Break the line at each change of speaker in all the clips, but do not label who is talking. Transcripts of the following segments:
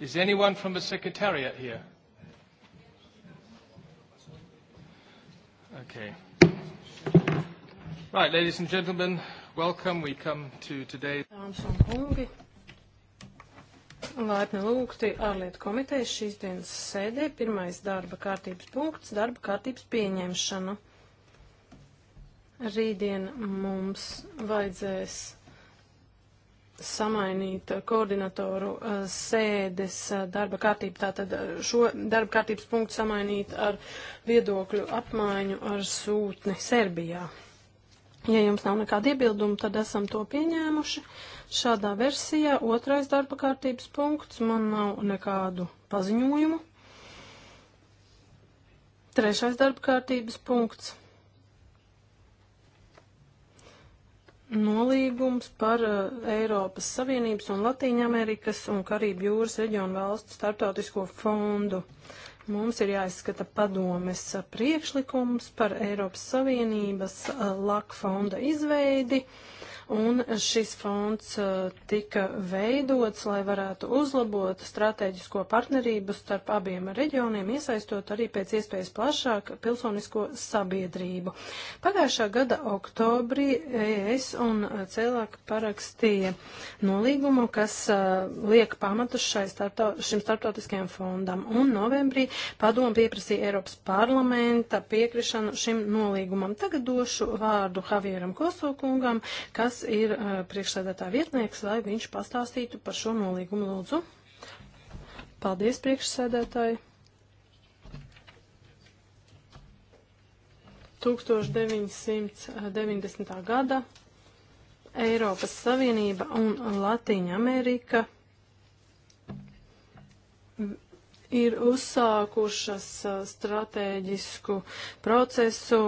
Is anyone from the Secretariat here? Okay. Right, ladies and gentlemen, welcome. We
come to today.
Laipni lūgti ārlietu komitejas šīs dienas sēdē. Pirmais darba kārtības punkts - darba kārtības pieņemšanu. Rītdien mums vajadzēs samainīt koordinatoru uh, sēdes uh, darba kārtību, tātad uh, šo darba kārtības punktu samainīt ar viedokļu apmaiņu ar sūtni Serbijā. Ja jums nav nekāda iebilduma, tad esam to pieņēmuši. Šādā versijā otrais darba kārtības punkts man nav nekādu paziņojumu. Trešais darba kārtības punkts nolīgums par uh, Eiropas Savienības un Latīņamerikas un Karību jūras reģionu valstu startautisko fondu. Mums ir jāizskata padomes priekšlikums par Eiropas Savienības uh, LAK fonda izveidi. Uh, Un šis fonds uh, tika veidots, lai varētu uzlabot strateģisko partnerību starp abiem reģioniem, iesaistot arī pēc iespējas plašāk pilsonisko sabiedrību. Pagājušā gada oktobrī ES un CELAK parakstīja nolīgumu, kas uh, liek pamatus starptau, šim starptautiskajam fondam. Un novembrī padomu pieprasīja Eiropas parlamenta piekrišanu šim nolīgumam. Tagad došu vārdu Javieram Kosokungam, kas kas ir uh, priekšsēdētā vietnieks, lai viņš pastāstītu par šo nolīgumu lūdzu. Paldies, priekšsēdētāji! 1990. gada Eiropas Savienība un Latīņa Amerika ir uzsākušas uh, stratēģisku procesu,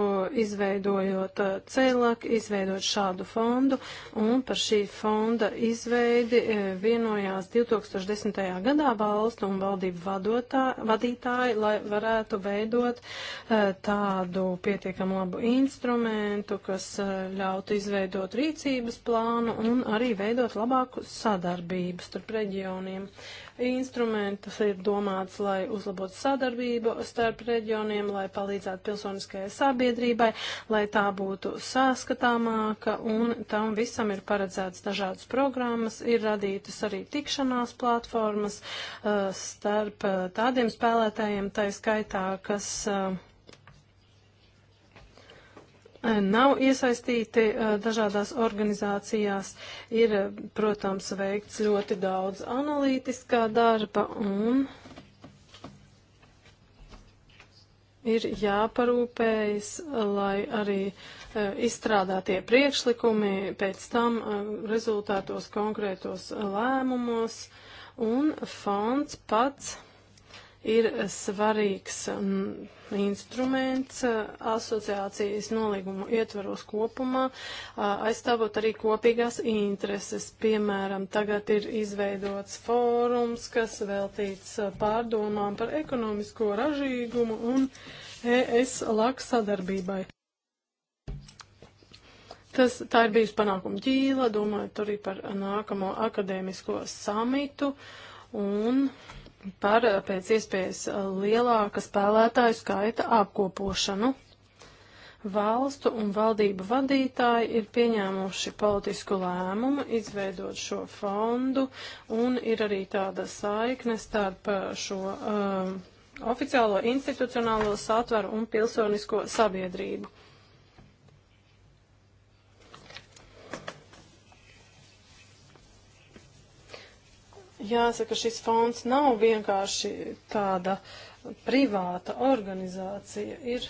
izveidojot uh, CELAK, izveidot šādu fondu, un par šī fonda izveidi uh, vienojās 2010. gadā valstu un valdību vadotā, vadītāji, lai varētu veidot tādu pietiekam labu instrumentu, kas ļautu izveidot rīcības plānu un arī veidot labāku sadarbību starp reģioniem. Uh, Instrumentas ir domāts, lai uzlabotu sadarbību starp reģioniem, lai palīdzētu pilsoniskajai sabiedrībai, lai tā būtu saskatāmāka, un tam visam ir paredzēts dažādas programmas, ir radītas arī tikšanās platformas uh, starp uh, tādiem spēlētājiem, tā skaitā, kas uh, nav iesaistīti dažādās organizācijās, ir, protams, veikts ļoti daudz analītiskā darba un ir jāparūpējas, lai arī izstrādātie priekšlikumi pēc tam rezultātos konkrētos lēmumos un fonds pats ir svarīgs mm, instruments eh, asociācijas nolīgumu ietvaros kopumā, aizstāvot arī kopīgās intereses. Piemēram, tagad ir izveidots fórums, kas veltīts eh, pārdomām par ekonomisko ražīgumu un ES laks sadarbībai. Tas, tā ir bijusi panākuma ķīla, domājot arī par nākamo akadēmisko samitu un par eh, pēc iespējas eh, lielāka spēlētāju skaita apkopošanu. Valstu un valdību vadītāji ir pieņēmuši politisku lēmumu izveidot šo fondu, un ir arī tāda saikne starp eh, šo um, oficiālo institucionālo satvaru un pilsonisko sabiedrību. Jāsaka, šis fonds nav vienkārši tāda privāta organizācija. Ir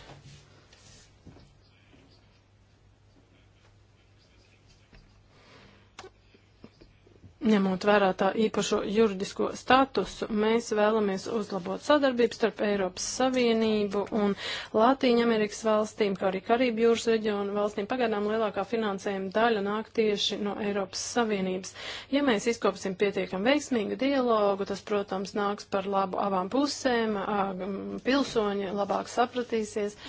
Ņemot vērā tā īpašo juridisko statusu, mēs vēlamies uzlabot sadarbību starp Eiropas Savienību un Latīņamerikas valstīm, kā arī Karību jūras reģionu valstīm. Pagaidām lielākā finansējuma daļa nāk tieši no Eiropas Savienības. Ja mēs izkopsim pietiekam veiksmīgu dialogu, tas, protams, nāks par labu abām pusēm, pilsoņi labāk sapratīsies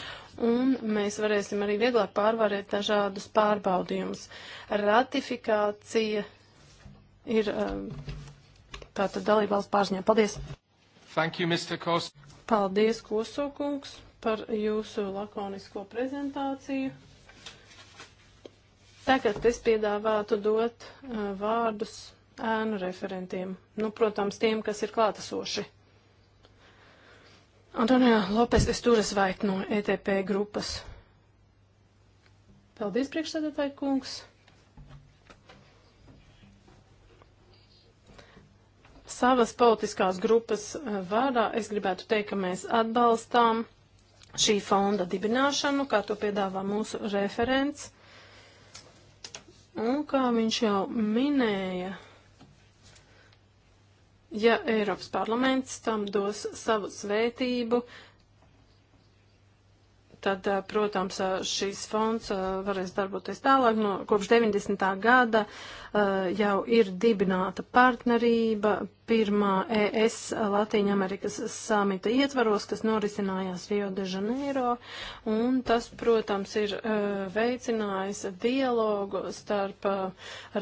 un mēs varēsim arī vieglāk pārvarēt dažādus pārbaudījumus. Ratifikācija ir um, tātad dalībvalsts pārziņā. Paldies!
Thank you, Mr. Kos.
Paldies, Kosokungs, par jūsu lakonisko prezentāciju. Tagad es piedāvātu dot uh, vārdus ēnu referentiem. Nu, protams, tiem, kas ir klātesoši. Antonija Lopes Esturas Vait no ETP grupas. Paldies, priekšsēdētāji kungs! savas politiskās grupas eh, vārdā es gribētu teikt, ka mēs atbalstām šī fonda dibināšanu, kā to piedāvā mūsu referents. Un kā viņš jau minēja, ja Eiropas parlaments tam dos savu svētību, uh, tad, eh, protams, eh, šīs fonds eh, varēs darboties tālāk. No, kopš 90. gada jau ir dibināta partnerība pirmā ES Latīņamerikas samita ietvaros, kas norisinājās Rio de Janeiro, un tas, protams, ir veicinājis dialogu starp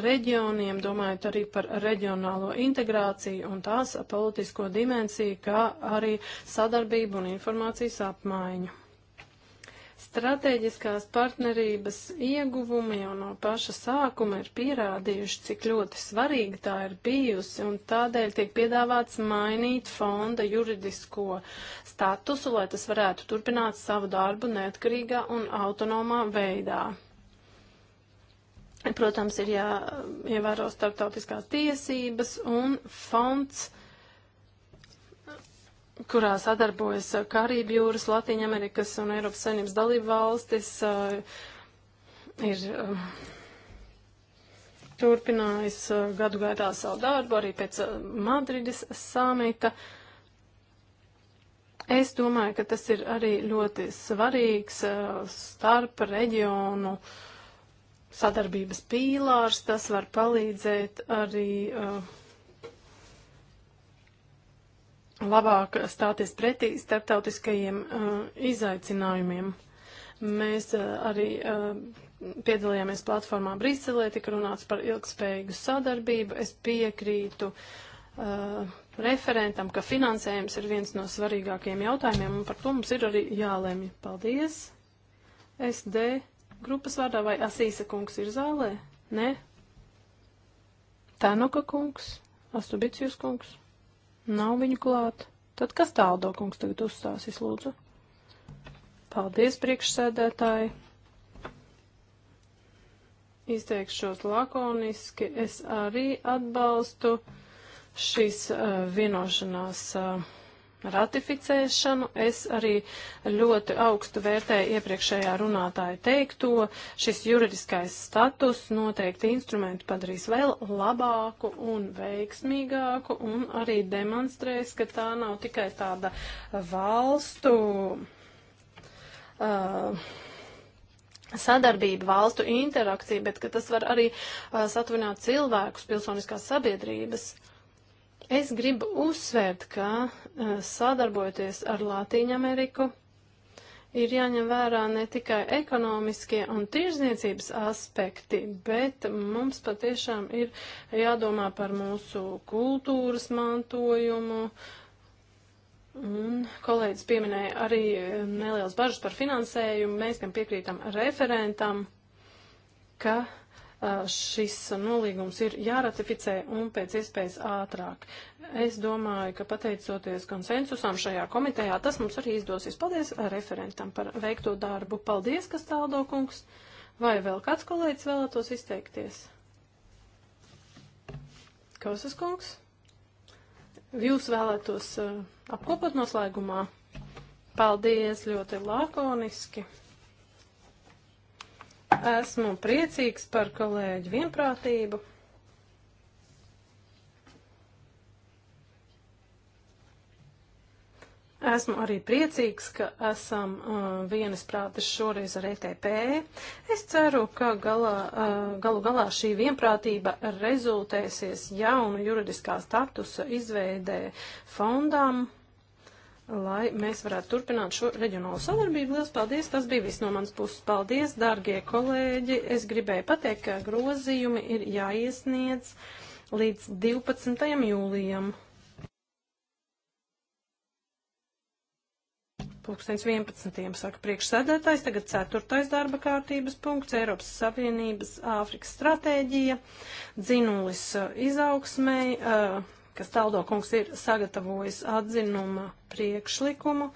reģioniem, domājot arī par reģionālo integrāciju un tās politisko dimensiju, kā arī sadarbību un informācijas apmaiņu. Stratēģiskās partnerības ieguvumi jau no paša sākuma ir pierādījuši, cik ļoti svarīga tā ir bijusi, un tādēļ tiek piedāvāts mainīt fonda juridisko statusu, lai tas varētu turpināt savu darbu neatkarīgā un autonomā veidā. Protams, ir jāievēro starptautiskās tiesības un fonds kurā sadarbojas uh, Karību jūras, Latīņamerikas un Eiropas saimnības dalību valstis, uh, ir uh, turpinājis gadu gaitā savu darbu arī pēc Madrides samita. Es domāju, ka tas ir arī ļoti svarīgs starp reģionu sadarbības pīlārs. Tas var palīdzēt arī uh, labāk stāties pretī starptautiskajiem uh, izaicinājumiem. Mēs uh, arī uh, piedalījāmies platformā Brīselē, tika runāts par ilgspējīgu sadarbību. Es piekrītu uh, referentam, ka finansējums ir viens no svarīgākajiem jautājumiem, un par to mums ir arī jālemj. Paldies! SD grupas vārdā vai Asīsa kungs ir zālē? Nē? Tēnoka kungs? Astubicius kungs? Nav viņu klāt. Tad kas tāldo, kungs, tagad uzstāsīs, lūdzu? Paldies, priekšsēdētāji. Izteikšos lakoniski. Es arī atbalstu šīs uh, vienošanās. Uh, ratificēšanu. Es arī ļoti augstu vērtēju iepriekšējā runātāja teikto. Šis juridiskais status noteikti instrumentu padarīs vēl labāku un veiksmīgāku un arī demonstrēs, ka tā nav tikai tāda valstu. Uh, sadarbība, valstu interakcija, bet ka tas var arī uh, satvināt cilvēkus, pilsoniskās sabiedrības Es gribu uzsvērt, ka e, sadarbojoties ar Latīņu Ameriku, ir jāņem vērā ne tikai ekonomiskie un tirzniecības aspekti, bet mums patiešām ir jādomā par mūsu kultūras mantojumu. Un kolēģis pieminēja arī e, nelielas bažas par finansējumu. Mēs gan piekrītam referentam, ka šis nolīgums ir jāratificē un pēc iespējas ātrāk. Es domāju, ka pateicoties konsensusam šajā komitejā, tas mums arī izdosies. Paldies referentam par veikto darbu. Paldies, Kastaldo kungs. Vai vēl kāds kolēģis vēlētos izteikties? Kausas kungs, jūs vēlētos apkopot noslēgumā? Paldies, ļoti lakoniski esmu priecīgs par kolēģu vienprātību. Esmu arī priecīgs, ka esam uh, vienisprātis šoreiz ar ETP. Es ceru, ka galā, uh, galu galā šī vienprātība rezultēsies jaunu juridiskā statusa izveidē fondām. Uh, lai mēs varētu turpināt šo reģionālo sadarbību. Lielas paldies! Tas bija viss no manas puses. Paldies, dārgie kolēģi! Es gribēju pateikt, ka grozījumi ir jāiesniedz līdz 12. jūlijam. Pūkstens 11. saka priekšsēdētājs, tagad 4. darba kārtības punkts, Eiropas Savienības Āfrikas stratēģija, dzinulis izaugsmēji. Uh, ka Staldo kungs ir sagatavojis atzinuma priekšlikumu,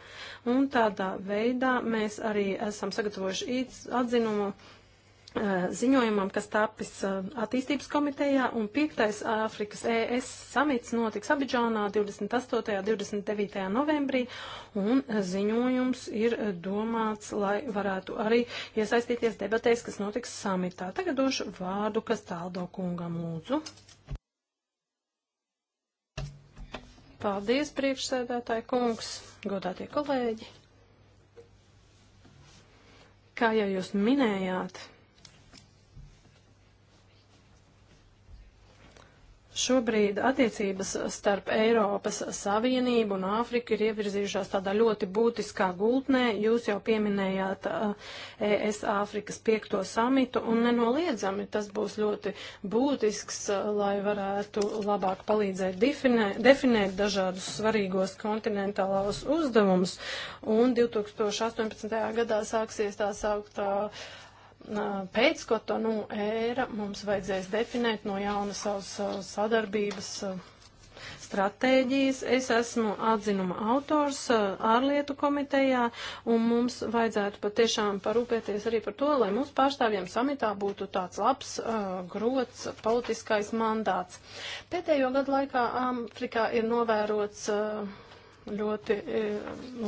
un tādā veidā mēs arī esam sagatavojuši atzinumu eh, ziņojumam, kas tapis eh, attīstības komitejā, un 5. Āfrikas ES samits notiks Abidžānā 28. un 29. novembrī, un ziņojums ir domāts, lai varētu arī iesaistīties debatēs, kas notiks samitā. Tagad došu vārdu Kastaldo kungam lūdzu. Paldies, priekšsēdētāji kungs, godātie kolēģi. Kā jau jūs minējāt, Šobrīd attiecības starp Eiropas Savienību un Āfriku ir ievirzījušās tādā ļoti būtiskā gultnē. Jūs jau pieminējāt uh, ES Āfrikas piekto samitu un nenoliedzami tas būs ļoti būtisks, uh, lai varētu labāk palīdzēt definē, definēt dažādus svarīgos kontinentālos uzdevumus. Un 2018. gadā sāksies tā sauktā. Uh, pēc Kotonu ēra mums vajadzēs definēt no jauna savas sadarbības stratēģijas. Es esmu atzinuma autors ārlietu komitejā, un mums vajadzētu patiešām parūpēties arī par to, lai mūsu pārstāvjiem samitā būtu tāds labs, uh, grots politiskais mandāts. Pēdējo gadu laikā Afrikā ir novērots uh, ļoti e,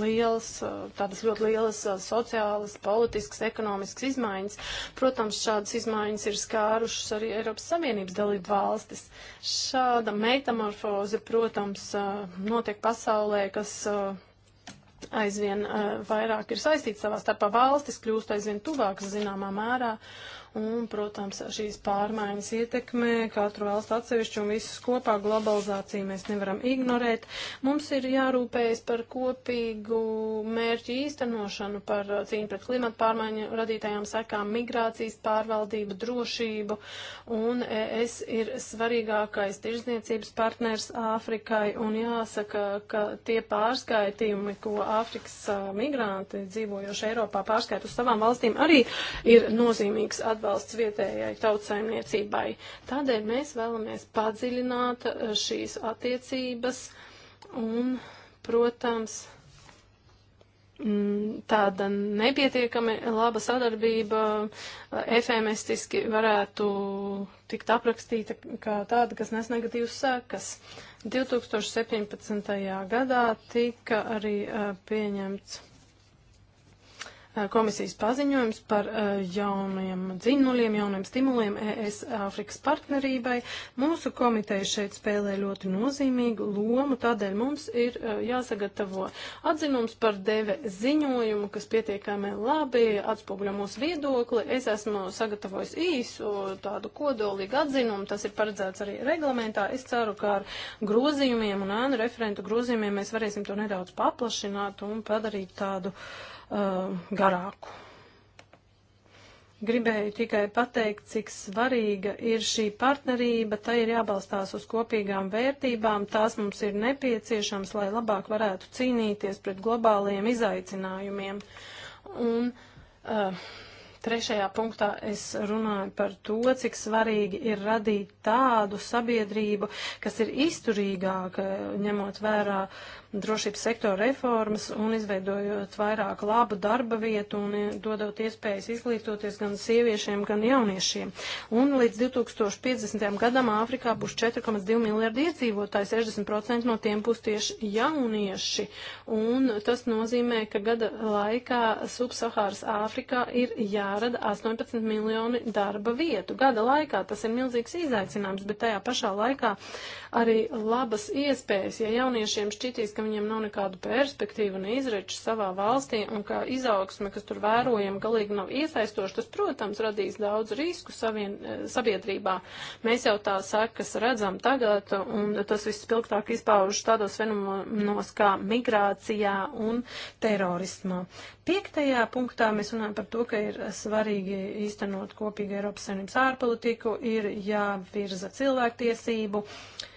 liels, e, tādas ļoti lielas e, sociālas, politiskas, ekonomiskas izmaiņas. Protams, šādas izmaiņas ir skārušas arī Eiropas Savienības dalību valstis. Šāda metamorfoze, protams, notiek pasaulē, kas aizvien vairāk ir saistīts savā starpā valstis, kļūst aizvien tuvākas zināmā mērā. Uh, Un, protams, šīs pārmaiņas ietekmē katru valstu atsevišķu un visus kopā globalizāciju mēs nevaram ignorēt. Mums ir jārūpējas par kopīgu mērķu īstenošanu, par cīņu pret klimatu pārmaiņu radītajām sekām, migrācijas pārvaldību, drošību. Un es ir svarīgākais tirzniecības partners Āfrikai. Un jāsaka, ka tie pārskaitījumi, ko Āfrikas migranti dzīvojoši Eiropā pārskait uz savām valstīm, arī ir nozīmīgs atbildības atbalsts vietējai tautsaimniecībai. Tādēļ mēs vēlamies padziļināt eh, šīs attiecības un, protams, mm, tāda nepietiekami laba sadarbība eh, efēmistiski varētu tikt aprakstīta kā tāda, kas nes negatīvas sekas. 2017. gadā tika arī eh, pieņemts komisijas paziņojums par jauniem dzinuļiem, jauniem stimuliem ES Āfrikas partnerībai. Mūsu komiteja šeit spēlē ļoti nozīmīgu lomu, tādēļ mums ir jāsagatavo atzinums par deve ziņojumu, kas pietiekami labi atspoguļo mūsu viedokli. Es esmu sagatavojis īsu tādu kodolīgu atzinumu, tas ir paredzēts arī reglamentā. Es ceru, ka ar grozījumiem un ēnu referentu grozījumiem mēs varēsim to nedaudz paplašināt un padarīt tādu uh, Uh, garāku. Gribēju tikai pateikt, cik svarīga ir šī partnerība, tai ir jābalstās uz kopīgām vērtībām, tās mums ir nepieciešams, lai labāk varētu cīnīties pret globāliem izaicinājumiem. Un, uh, Trešajā punktā es runāju par to, cik svarīgi ir radīt tādu sabiedrību, kas ir izturīgāka, ņemot vērā drošības sektora reformas un izveidojot vairāk labu darba vietu un dodot iespējas izglītoties gan sieviešiem, gan jauniešiem. Un līdz 2050. gadam Āfrikā būs 4,2 miljardi iedzīvotāji, 60% no tiem būs tieši jaunieši. Un tas nozīmē, ka gada laikā subsahāras Āfrikā ir jā jārada 18 miljoni darba vietu. Gada laikā tas ir milzīgs izaicinājums, bet tajā pašā laikā arī labas iespējas, ja jauniešiem šķitīs, ka viņiem nav nekādu perspektīvu un izreču savā valstī un ka izaugsme, kas tur vērojama, galīgi nav iesaistoša, tas, protams, radīs daudz risku savien, eh, sabiedrībā. Mēs jau tā sekas redzam tagad, un tas viss spilgtāk izpaužas tādos fenomenos kā migrācijā un terorismā. Piektajā punktā mēs runājam par to, ka ir svarīgi īstenot kopīgu Eiropas saimnības ārpolitiku, ir jāvirza cilvēktiesību, eh,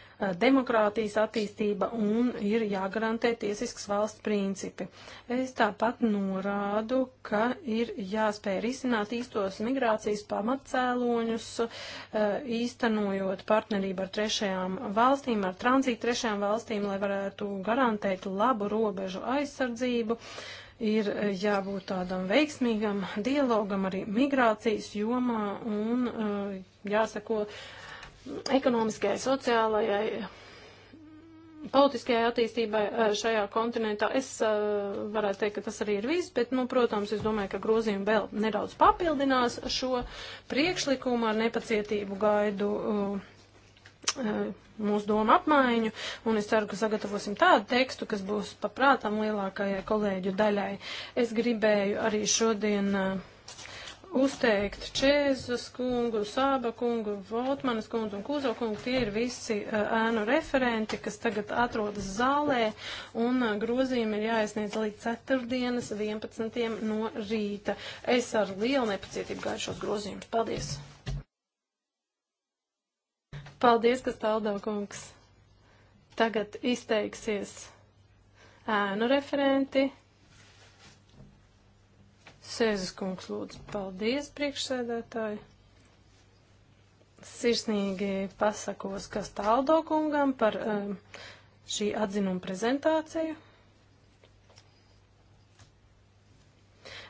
demokrātijas attīstība un ir jāgarantē tiesisks valsts principi. Es tāpat norādu, ka ir jāspēj risināt īstos migrācijas pamatcēloņus, eh, īstenojot partnerību ar trešajām valstīm, ar tranzītu trešajām valstīm, lai varētu garantēt labu robežu aizsardzību ir jābūt tādam veiksmīgam dialogam arī migrācijas jomā un uh, jāsako ekonomiskajai, sociālajai, politiskajai attīstībai uh, šajā kontinentā. Es uh, varētu teikt, ka tas arī ir viss, bet, nu, protams, es domāju, ka grozījumi vēl nedaudz papildinās šo priekšlikumu ar nepacietību gaidu. Uh, Eh, mūsu domu apmaiņu, un es ceru, ka sagatavosim tādu tekstu, kas būs paprātām lielākajai kolēģu daļai. Es gribēju arī šodien eh, uzteikt Čēzas kungu, Sāba kungu, Votmanas kungu un Kūzo kungu. Tie ir visi eh, ēnu referenti, kas tagad atrodas zālē, un grozījumi ir jāiesniedz līdz ceturtdienas 11. no rīta. Es ar lielu nepacietību gaidu šos grozījumus. Paldies! Paldies, kas taldā, kungs. Tagad izteiksies ēnu referenti. Sēzes kungs lūdzu. Paldies, priekšsēdētāji. Sirsnīgi pasakos, kas taldo kungam par um, šī atzinuma prezentāciju.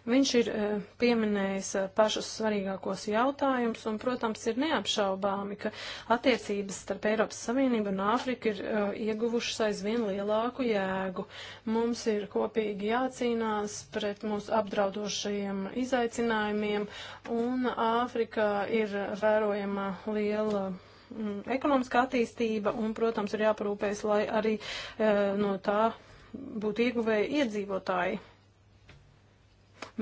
Viņš ir e, pieminējis e, pašus svarīgākos jautājumus, un, protams, ir neapšaubāmi, ka attiecības starp Eiropas Savienību un Āfriku ir e, ieguvušas aizvien lielāku jēgu. Mums ir kopīgi jācīnās pret mūsu apdraudošajiem izaicinājumiem, un Āfrikā ir vērojama liela mm, ekonomiskā attīstība, un, protams, ir jāparūpēs, lai arī e, no tā būtu ieguvēji iedzīvotāji.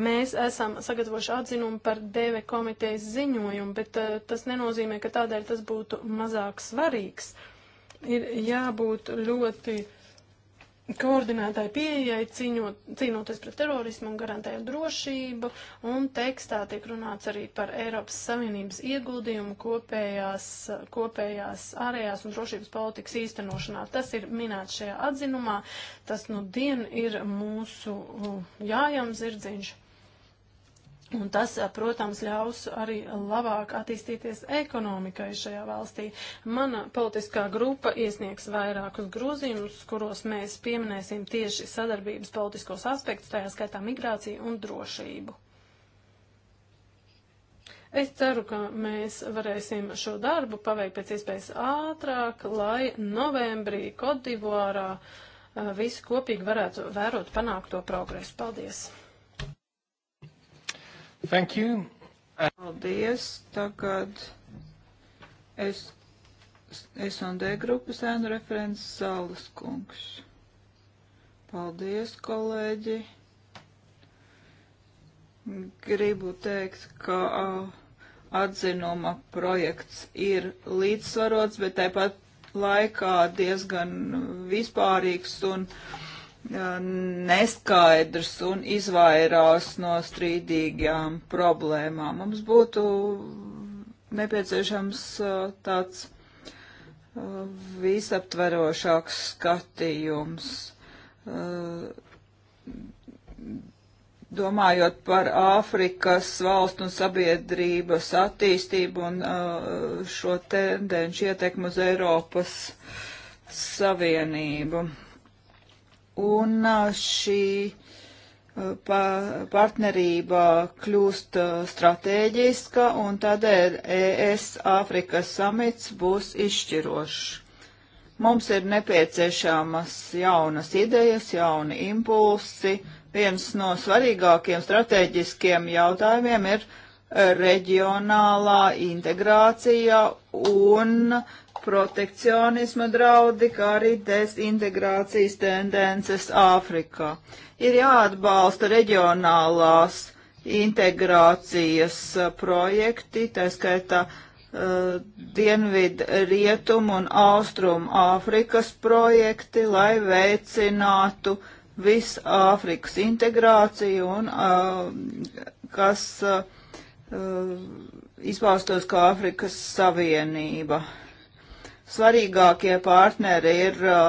Mēs esam sagatavojuši atzinumu par DV komitejas ziņojumu, bet uh, tas nenozīmē, ka tādēļ tas būtu mazāk svarīgs. Ir jābūt ļoti koordinētai pieejai, cīņot, cīnoties pret terorismu un garantējot drošību, un tekstā tiek runāts arī par Eiropas Savienības ieguldījumu kopējās, kopējās ārējās un drošības politikas īstenošanā. Tas ir minēts šajā atzinumā, tas nu dien ir mūsu uh, jājams zirdziņš. Un tas, eh, protams, ļaus arī labāk attīstīties ekonomikai šajā valstī. Mana politiskā grupa iesniegs vairākus grozījumus, kuros mēs pieminēsim tieši sadarbības politiskos aspektus, tajā skaitā migrāciju un drošību. Es ceru, ka mēs varēsim šo darbu paveikt pēc iespējas ātrāk, lai novembrī Kodivārā eh, visu kopīgi varētu vērot panākto progresu. Paldies!
Thank you. Paldies.
Tagad es,
es un D grupas ēnu referents Zāles kungs. Paldies, kolēģi. Gribu teikt, ka atzinuma projekts ir līdzsvarots, bet tāpat laikā diezgan vispārīgs un uh, neskaidrs un izvairās no strīdīgām problēmām. Mums būtu nepieciešams tāds visaptverošāks skatījums. Domājot par Āfrikas valstu un sabiedrības attīstību un šo tendenci ietekmu uz Eiropas Savienību un šī partnerība kļūst stratēģiska, un tādēļ ES Āfrikas samits būs izšķirošs. Mums ir nepieciešamas jaunas idejas, jauni impulsi. Viens no svarīgākiem strateģiskiem jautājumiem ir reģionālā integrācija un protekcionisma draudi, kā arī desintegrācijas tendences Āfrikā. Ir jāatbalsta reģionālās integrācijas uh, projekti, tā skaitā uh, Dienvidu, Rietumu un Austrumu Āfrikas projekti, lai veicinātu visu Āfrikas integrāciju un uh, kas uh, uh izpaustos kā Āfrikas Savienība svarīgākie partneri ir uh,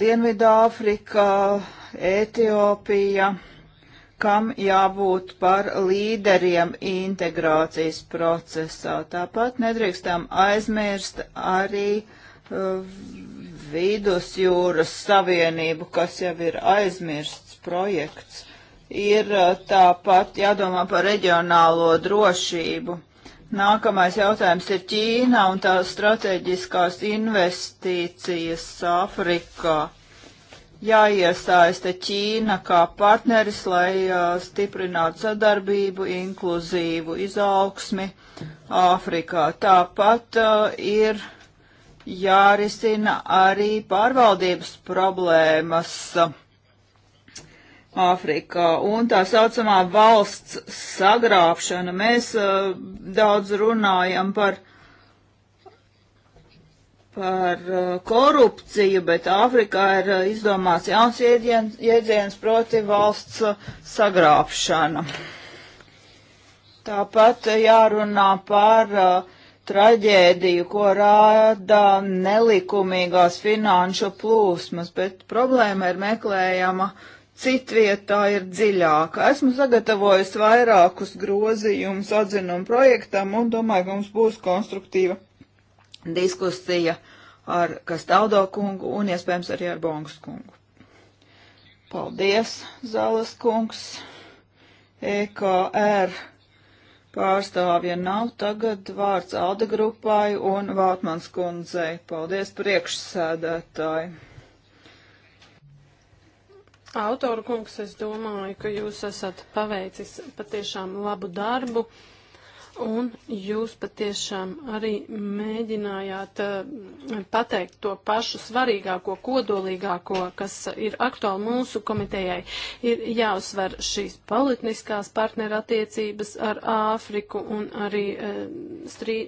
Dienvidāfrika, Etiopija, kam jābūt par līderiem integrācijas procesā. Tāpat nedrīkstam aizmirst arī uh, vidusjūras savienību, kas jau ir aizmirsts projekts. Ir uh, tāpat jādomā par reģionālo drošību Nākamais jautājums ir Ķīna un tās strateģiskās investīcijas Āfrikā. Jāiesaista Ķīna kā partneris, lai uh, stiprinātu sadarbību, inkluzīvu izaugsmi Āfrikā. Tāpat uh, ir jārisina arī pārvaldības problēmas. Uh, Āfrikā un tā saucamā valsts sagrābšana. Mēs uh, daudz runājam par, par uh, korupciju, bet Āfrikā ir uh, izdomāts jauns jēdziens, jēdziens proti valsts sagrābšana. Tāpat jārunā par traģēdiju, ko rāda nelikumīgās finanšu plūsmas, bet problēma ir meklējama uh, citvietā ir dziļāka. Esmu sagatavojis vairākus grozījumus atzinumu projektam un domāju, ka mums būs konstruktīva diskusija ar Kastaudo kungu un iespējams arī ar Bongas kungu. Paldies, Zāles kungs. EKR pārstāvja nav tagad vārds Alde grupai un Vātmans kundzei. Paldies priekšsēdētāji.
Autoru kungs, es domāju, ka jūs esat paveicis patiešām labu darbu. Uh, Un jūs patiešām arī mēģinājāt uh, pateikt to pašu svarīgāko, kodolīgāko, kas ir aktuāli mūsu komitejai. Ir jāuzsver šīs politiskās partnerattiecības ar Āfriku un arī uh, strī,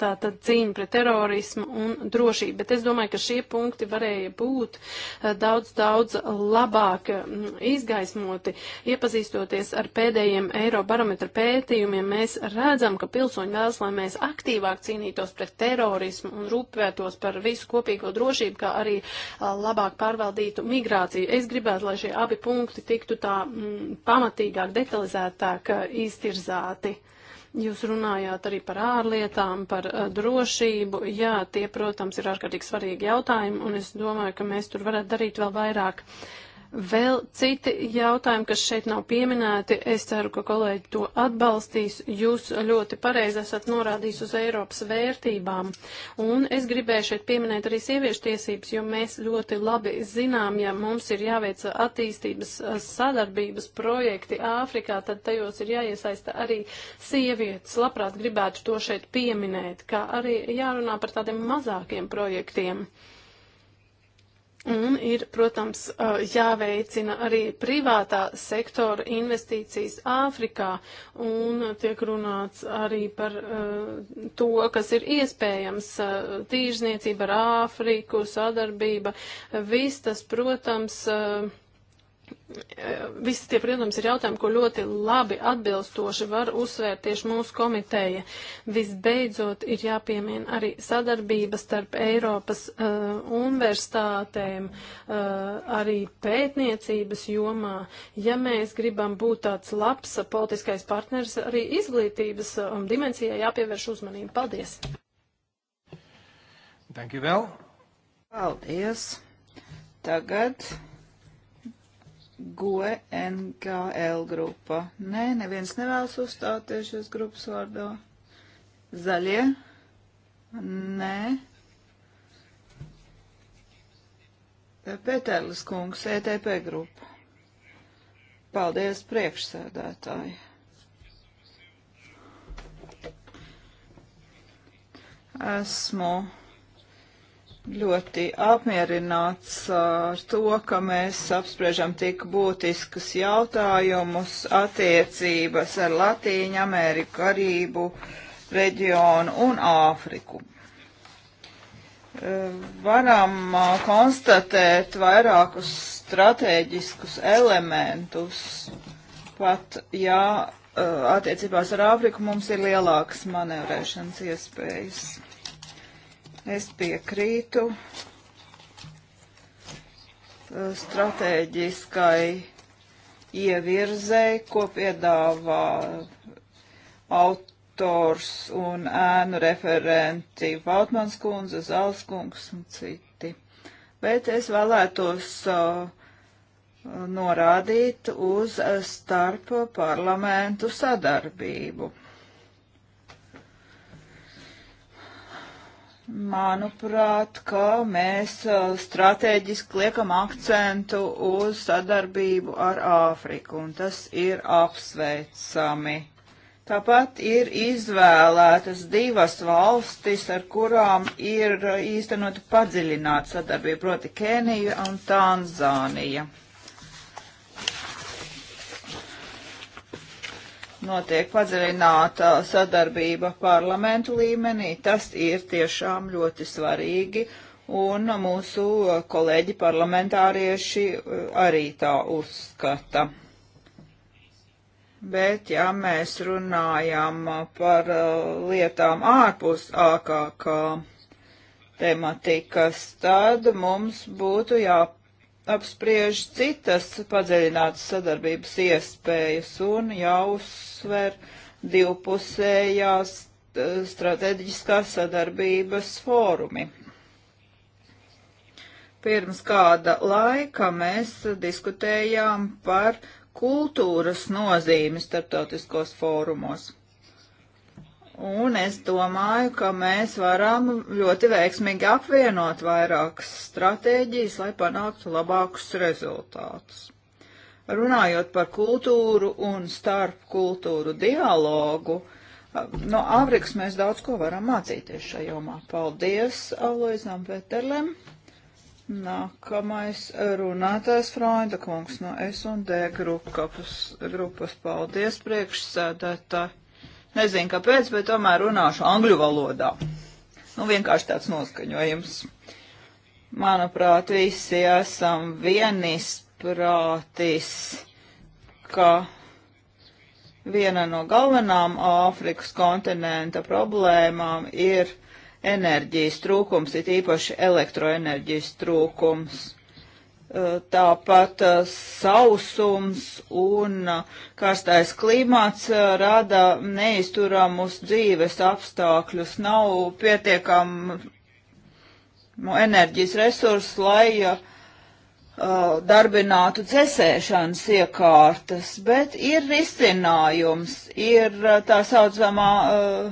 tātad cīņa pret terorismu un drošību. Bet es domāju, ka šie punkti varēja būt uh, daudz, daudz labāk mm, izgaismoti. Iepazīstoties ar pēdējiem Eirobarometra pētījumiem, mēs redzam, redzam, ka pilsoņi vēlas, lai mēs aktīvāk cīnītos pret terorismu un rūpētos par visu kopīgo drošību, kā arī labāk pārvaldītu migrāciju. Es gribētu, lai šie abi punkti tiktu tā m, mm, pamatīgāk, detalizētāk iztirzāti. Jūs runājāt arī par ārlietām, par drošību. Jā, tie, protams, ir ārkārtīgi svarīgi jautājumi, un es domāju, ka mēs tur varētu darīt vēl vairāk. Uh, Vēl citi jautājumi, kas šeit nav pieminēti, es ceru, ka kolēģi to atbalstīs. Jūs ļoti pareizi esat norādījis uz Eiropas vērtībām. Un es gribēju šeit pieminēt arī sieviešu tiesības, jo mēs ļoti labi zinām, ja mums ir jāveic attīstības sadarbības projekti Āfrikā, tad tajos ir jāiesaista arī sievietes. Labprāt gribētu to šeit pieminēt, kā arī jārunā par tādiem mazākiem projektiem. Thank you Un ir, protams, uh, jāveicina arī privātā sektora investīcijas Āfrikā, un tiek runāts arī par uh, to, kas ir iespējams uh, - tīrzniecība ar Āfriku, sadarbība. Viss tas, protams, visi tie, protams, ir jautājumi, ko ļoti labi atbilstoši var uzsvērt tieši mūsu komiteja. Visbeidzot, ir jāpiemina arī sadarbība starp Eiropas uh, universitātēm, uh, arī pētniecības jomā. Ja mēs gribam būt tāds labs politiskais partners, arī izglītības um, dimensijai jāpievērš uzmanība. Paldies!
Thank you, Val. Paldies! Tagad GNKL e grupa. Nē, neviens nevēlas uzstāties šīs grupas vārdā. Zaļie? Nē. Pēterlis kungs, ETP grupa. Paldies priekšsēdētāji. Esmu ļoti apmierināts uh, ar to, ka mēs apspriežam tik būtiskus jautājumus attiecības ar Latīņu Ameriku, Karību reģionu un Āfriku. Uh, varam uh, konstatēt vairākus strateģiskus elementus, pat ja attiecībās ar Āfriku mums ir lielākas manevrēšanas iespējas. Es piekrītu e, stratēģiskai ievirzei, ko piedāvā autors un ēnu referenti Vautmans kundze, Zāles kungs un citi. Bet es vēlētos uh, norādīt uz starp parlamentu sadarbību. Manuprāt, ka mēs uh, strateģiski liekam akcentu uz sadarbību ar Āfriku, un tas ir apsveicami. Tāpat ir izvēlētas divas valstis, ar kurām ir uh, īstenot padziļināta sadarbība, proti Kenija un Tanzānija. notiek padziļināta sadarbība parlamentu līmenī. Tas ir tiešām ļoti svarīgi, un mūsu kolēģi parlamentārieši eh, arī tā uzskata. Bet, ja mēs runājam par eh, lietām ārpus ākāk tematikas, tad mums būtu jāapspriež citas padziļinātas sadarbības iespējas un jāuz jāuzsver divpusējās strateģiskās sadarbības fórumi. Pirms kāda laika mēs diskutējām par kultūras nozīmi starptautiskos fórumos. Un es domāju, ka mēs varam ļoti veiksmīgi apvienot vairākas stratēģijas, lai panāktu labākus rezultātus. Runājot par kultūru un starp kultūru dialogu, no Āfrikas mēs daudz ko varam mācīties šajā jomā. Paldies Aloizam Peterlem. Nākamais runātājs Freunda kungs no S&D grupas, grupas. Paldies priekšsēdētāji. Nezinu, kāpēc, bet tomēr runāšu angļu valodā. Nu, vienkārši tāds noskaņojums. Manuprāt, visi esam vienis prātis, ka viena no galvenām Āfrikas kontinenta problēmām ir enerģijas trūkums, it īpaši elektroenerģijas trūkums. Tāpat sausums un karstais klimats rada neizturamus dzīves apstākļus. Nav pietiekam enerģijas resursu, lai uh, Uh, darbinātu dzēsēšanas iekārtas, bet ir risinājums, ir uh, tā saucamā uh,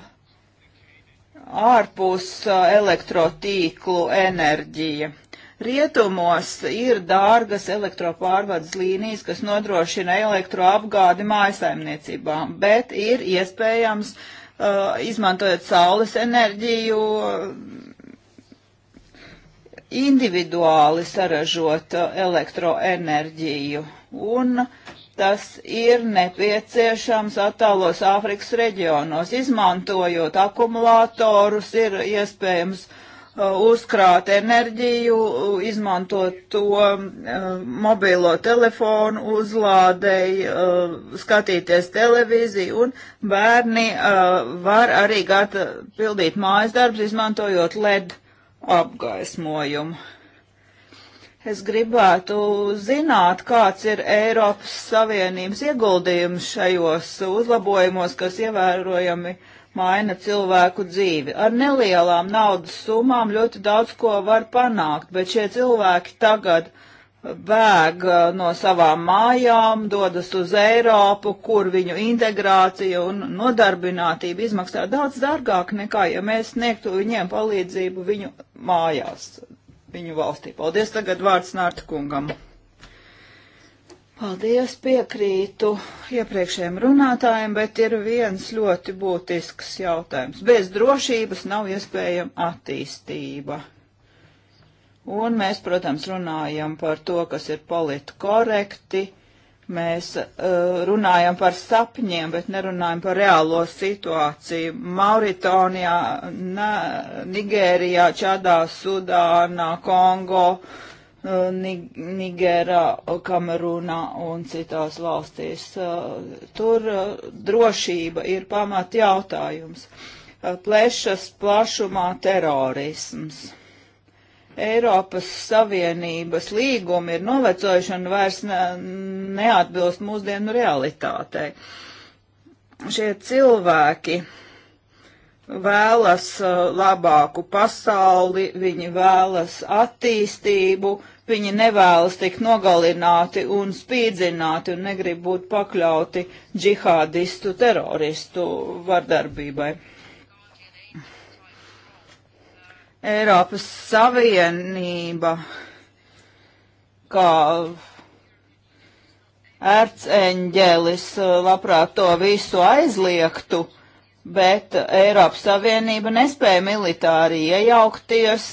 ārpus elektrotīklu enerģija. Rietumos ir dārgas elektropārvades līnijas, kas nodrošina elektroapgādi mājasaimniecībām, bet ir iespējams, uh, izmantojot saules enerģiju, individuāli saražot uh, elektroenerģiju, un tas ir nepieciešams attālos Āfrikas reģionos. Izmantojot akumulātorus, ir iespējams uh, uzkrāt enerģiju, uh, izmantot to uh, mobilo telefonu uzlādēji, uh, skatīties televīziju, un bērni uh, var arī gata pildīt mājas darbs, izmantojot LED apgaismojumu. Es gribētu zināt, kāds ir Eiropas Savienības ieguldījums šajos uzlabojumos, kas ievērojami maina cilvēku dzīvi. Ar nelielām naudas summām ļoti daudz ko var panākt, bet šie cilvēki tagad uh, bēg uh, no savām mājām, dodas uz Eiropu, kur viņu integrācija un nodarbinātība izmaksā daudz dārgāk nekā, ja mēs sniegtu viņiem palīdzību viņu mājās, viņu valstī. Paldies tagad vārds Nārta kungam. Paldies, piekrītu iepriekšējiem runātājiem, bet ir viens ļoti būtisks jautājums. Bez drošības nav iespējama attīstība Un mēs, protams, runājam par to, kas ir politkorekti, mēs uh, runājam par sapņiem, bet nerunājam par reālo situāciju. Mauritonijā, Nigērijā, Čadā, Sudānā, Kongo, uh, Nigērā, Kamerūnā un citās valstīs. Uh, tur uh, drošība ir pamat jautājums. Uh, plešas plašumā terorisms Eiropas Savienības līgumi ir novecojuši un vairs ne, neatbilst mūsdienu realitātei. Šie cilvēki vēlas uh, labāku pasauli, viņi vēlas attīstību, viņi nevēlas tikt nogalināti un spīdzināti un negrib būt pakļauti džihādistu teroristu vardarbībai. Eiropas Savienība kā ērceņģelis uh, labprāt to visu aizliegtu, bet Eiropas Savienība nespēja militāri iejaukties,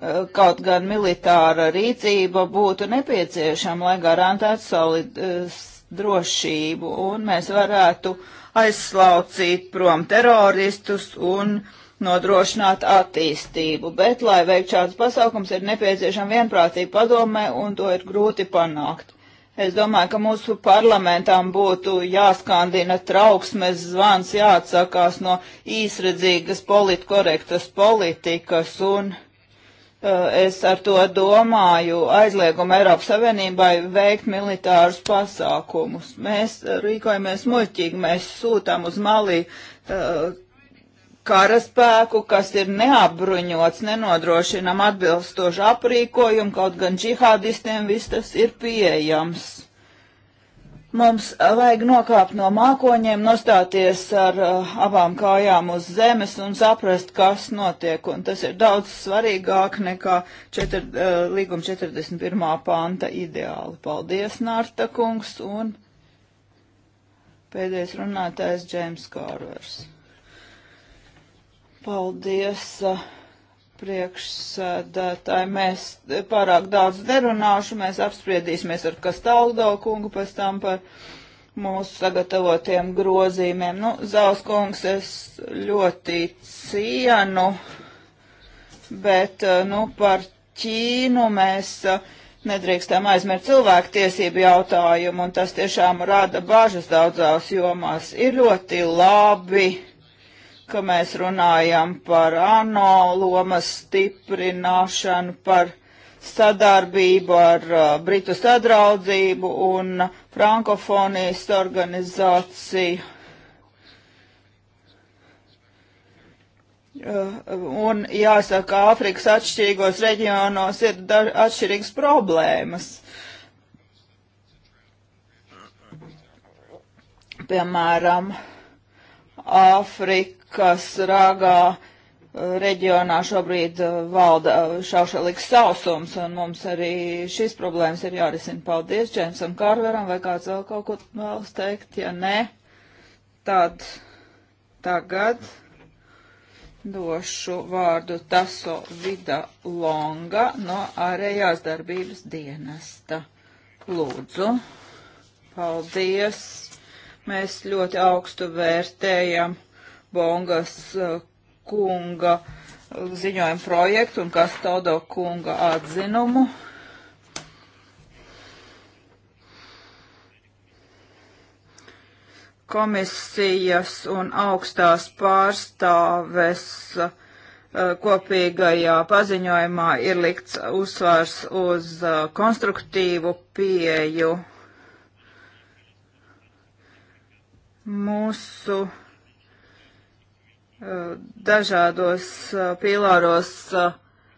uh, kaut gan militāra rīcība būtu nepieciešama, lai garantētu solid, uh, drošību, un mēs varētu aizslaucīt prom teroristus un uh, nodrošināt attīstību, bet, lai veikt šāds pasākums, ir nepieciešama vienprātība padomē, un to ir grūti panākt. Es domāju, ka mūsu parlamentām būtu jāskandina trauksmes zvans, jāatsakās no īsredzīgas politkorektas politikas, un uh, es ar to domāju aizliegumu Eiropas Savienībai veikt militārus pasākumus. Mēs rīkojamies muļķīgi, mēs sūtām uz malī uh, karaspēku, kas ir neapbruņots, nenodrošinam atbilstošu aprīkojumu, kaut gan džihādistiem viss tas ir pieejams. Mums vajag nokāpt no mākoņiem, nostāties ar uh, abām kājām uz zemes un saprast, kas notiek. Un tas ir daudz svarīgāk nekā četr, uh, līguma 41. panta ideāli. Paldies, Nārta kungs, un pēdējais runātājs Džeims Kārvers. Paldies, priekšsēdētāji. Mēs pārāk daudz nerunāšu, mēs apspriedīsimies ar Kastaldo kungu pēc tam par mūsu sagatavotiem grozīmiem. Nu, Zauskungs, es ļoti cienu, bet, nu, par Ķīnu mēs nedrīkstam aizmirst cilvēktiesību jautājumu, un tas tiešām rada bažas daudzās jomās. Ir ļoti labi ka mēs runājam par ANO lomas stiprināšanu, par sadarbību ar uh, Britu sadraudzību un frankofonijas organizāciju. Uh, un jāsaka, Āfrikas atšķirīgos reģionos ir atšķirīgas problēmas. Piemēram, uh, Āfrikas ragā eh, reģionā šobrīd eh, valda eh, šaušalīgs sausums, un mums arī šīs problēmas ir jārisina. Paldies Džēmsam Kārveram, vai kāds vēl kaut ko vēlas teikt? Ja nē, tad tagad došu vārdu Taso Vida Longa no ārējās darbības dienesta. Lūdzu, paldies! Mēs ļoti augstu vērtējam Bongas uh, kunga uh, ziņojumu projektu un Kastaudo kunga atzinumu. Komisijas un augstās pārstāves uh, kopīgajā paziņojumā ir likts uzsvars uz uh, konstruktīvu pieju mūsu uh, dažādos uh, pīlāros, uh,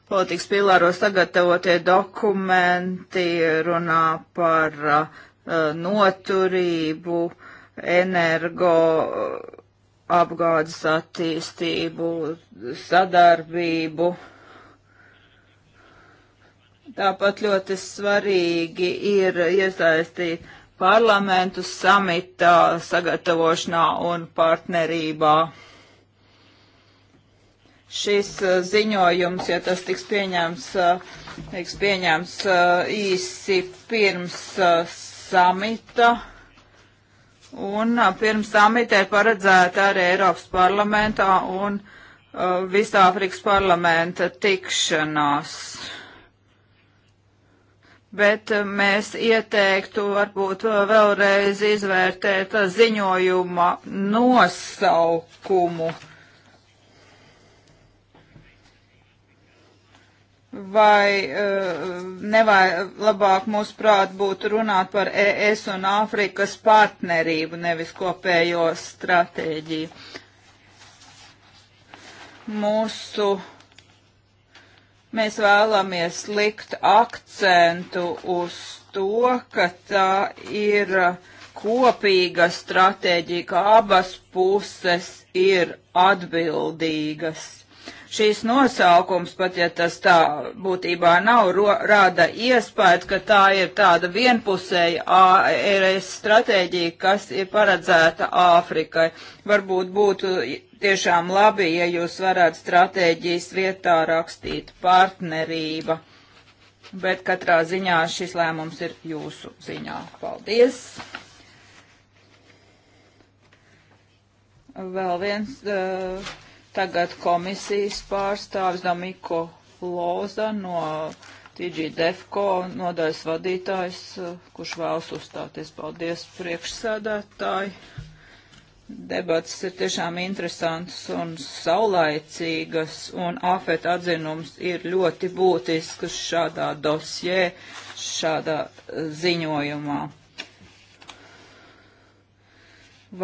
politikas pīlāros sagatavotie dokumenti runā par uh, noturību, energo uh, apgādes attīstību, sadarbību. Tāpat ļoti svarīgi ir iesaistīt parlamentu samitā sagatavošanā un partnerībā. Šis uh, ziņojums, ja tas tiks pieņēms, uh, tiks pieņēms uh, īsi pirms samita. Un pirms samita ir paredzēta arī Eiropas parlamentā un Visāfrikas parlamenta tikšanās bet eh, mēs ieteiktu varbūt eh, vēlreiz izvērtēt eh, ziņojuma nosaukumu. Vai nevai labāk mūs prāt būtu runāt par ES un Āfrikas partnerību, nevis kopējo stratēģiju? Mūsu Mēs vēlamies likt akcentu uz to, ka tā ir kopīga stratēģija, ka abas puses ir atbildīgas. Šīs nosaukums, pat ja tas tā būtībā nav, ro, rāda iespēju, ka tā ir tāda vienpusēja ARS stratēģija, kas ir paredzēta Āfrikai. Varbūt būtu tiešām labi, ja jūs varētu stratēģijas vietā rakstīt partnerība, bet katrā ziņā šis lēmums ir jūsu ziņā. Paldies! Vēl viens uh, tagad komisijas pārstāvis Damiko Loza no TG Defko nodaļas vadītājs, uh, kurš vēlas uzstāties. Paldies priekšsēdētāji! Debats ir tiešām interesants un saulaicīgas, un afet atzinums ir ļoti būtisks šādā dosjē, šādā eh, ziņojumā.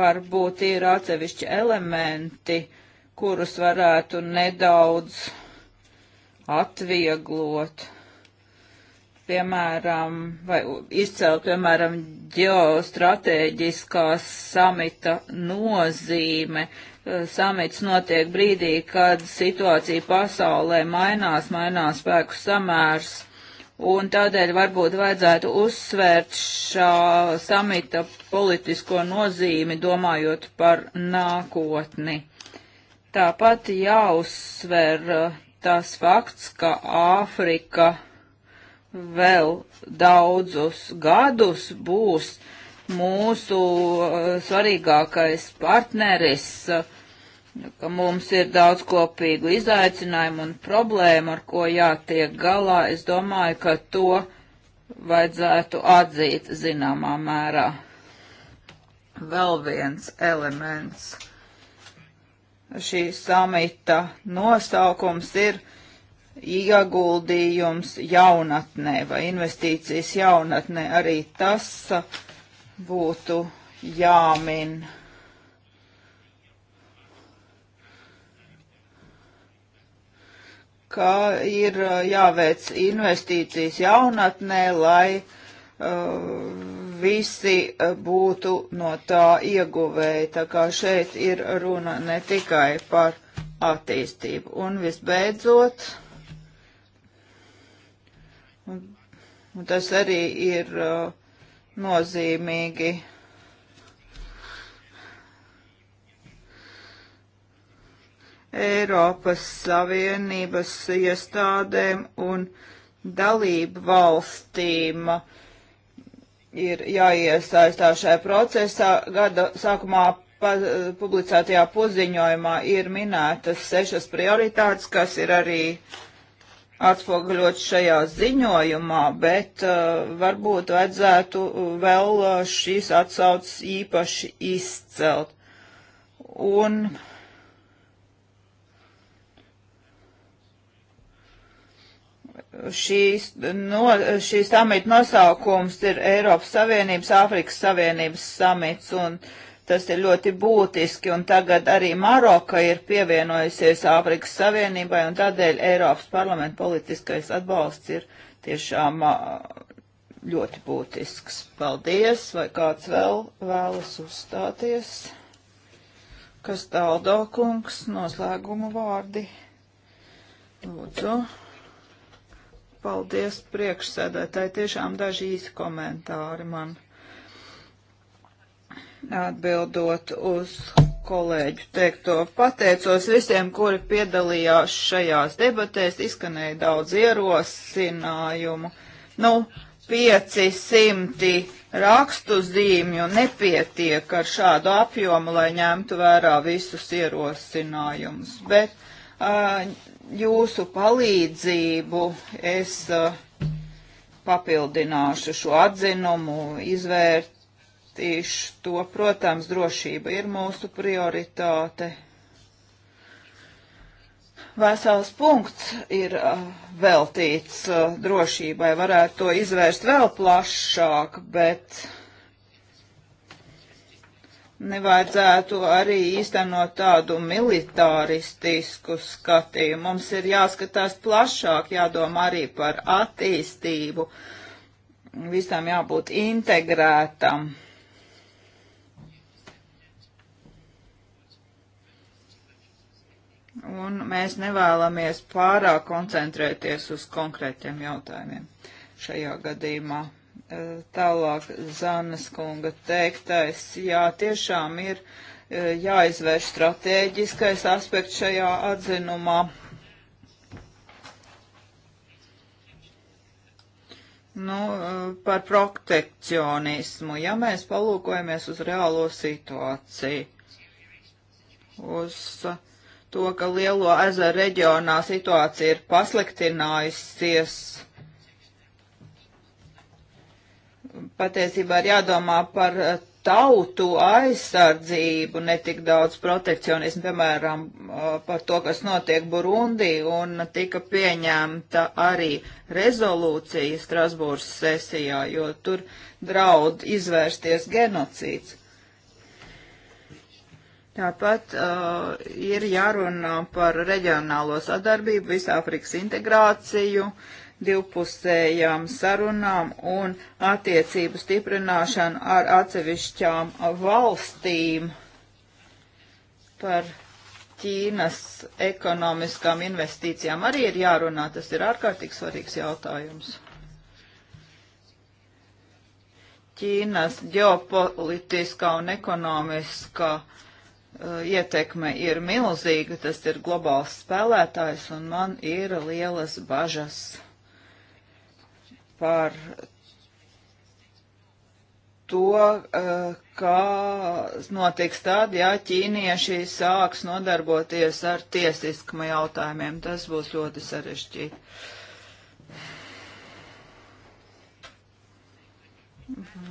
Varbūt ir atsevišķi elementi, kurus varētu nedaudz atvieglot piemēram, vai izcelt, piemēram, ģeostrateģiskās samita nozīme. E, samits notiek brīdī, kad situācija pasaulē mainās, mainās spēku samērs, un tādēļ varbūt vajadzētu uzsvērt šā samita politisko nozīmi, domājot par nākotni. Tāpat jāuzsver e, tas fakts, ka Āfrika vēl daudzus gadus būs mūsu uh, svarīgākais partneris, uh, ka mums ir daudz kopīgu izaicinājumu un problēmu, ar ko jātiek galā. Es domāju, ka to vajadzētu atzīt zināmā mērā. Vēl viens elements šī samita nosaukums ir ieguldījums jaunatnē vai investīcijas jaunatnē arī tas būtu jāmin. Kā ir uh, jāveic investīcijas jaunatnē, lai uh, visi uh, būtu no tā ieguvēji. Tā kā šeit ir runa ne tikai par attīstību. Un visbeidzot, Un, un tas arī ir uh, nozīmīgi. Eiropas Savienības iestādēm un dalību valstīm ir jāiesaistās šajā procesā. Gada sākumā publicētajā paziņojumā ir minētas sešas prioritātes, kas ir arī uh, atspoguļot šajā ziņojumā, bet uh, varbūt vajadzētu uh, vēl uh, šīs atsaucas īpaši izcelt. Un šīs, no, šīs samita nosaukums ir Eiropas Savienības, Āfrikas Savienības samits, un uh, Tas ir ļoti būtiski, un tagad arī Maroka ir pievienojusies Āfrikas Savienībai, un tādēļ Eiropas parlamenta politiskais atbalsts ir tiešām ļoti būtisks. Paldies, vai kāds vēl vēlas uzstāties? Kas taldo kungs, noslēgumu vārdi? Lūdzu. Paldies priekšsēdētāji, tiešām daži īsi komentāri man. Atbildot uz kolēģu teikto, pateicos visiem, kuri piedalījās šajās debatēs, izskanēja daudz ierosinājumu. Nu, 500 rakstuzīmju nepietiek ar šādu apjomu, lai ņemtu vērā visus ierosinājumus, bet uh, jūsu palīdzību es uh, papildināšu šo atzinumu, izvērt Atbalstīšu to, protams, drošība ir mūsu prioritāte. Vesels punkts ir uh, veltīts uh, drošībai, varētu to izvērst vēl plašāk, bet nevajadzētu arī īstenot tādu militaristisku skatījumu. Mums ir jāskatās plašāk, jādomā arī par attīstību. Visam jābūt integrētam. un mēs nevēlamies pārāk koncentrēties uz konkrētiem jautājumiem šajā gadījumā. E, tālāk Zanes kunga teiktais, jā, tiešām ir e, jāizvērš stratēģiskais aspekts šajā atzinumā. Nu, e, par protekcionismu, ja mēs palūkojamies uz reālo situāciju, uz uh, to, ka Lielo ezeru reģionā situācija ir pasliktinājusies. Patiesībā ir jādomā par eh, tautu aizsardzību, ne tik daudz protekcionismu, piemēram, eh, par to, kas notiek Burundī, un tika pieņemta arī rezolūcija Strasbūras sesijā, jo tur draud izvērsties genocīds. Tāpat uh, ir jārunā par reģionālo sadarbību, visāfrikas integrāciju, divpusējām sarunām un attiecību stiprināšanu ar atsevišķām valstīm par Ķīnas ekonomiskām investīcijām. Arī ir jārunā, tas ir ārkārtīgi svarīgs jautājums. Ķīnas ģeopolitiskā un ekonomiskā uh, Eh, ietekme ir milzīga, tas ir globāls spēlētājs, un man ir lielas bažas par to, eh, kā notiks tad, ja ķīnieši sāks nodarboties ar tiesiskuma jautājumiem. Tas būs ļoti sarežģīti.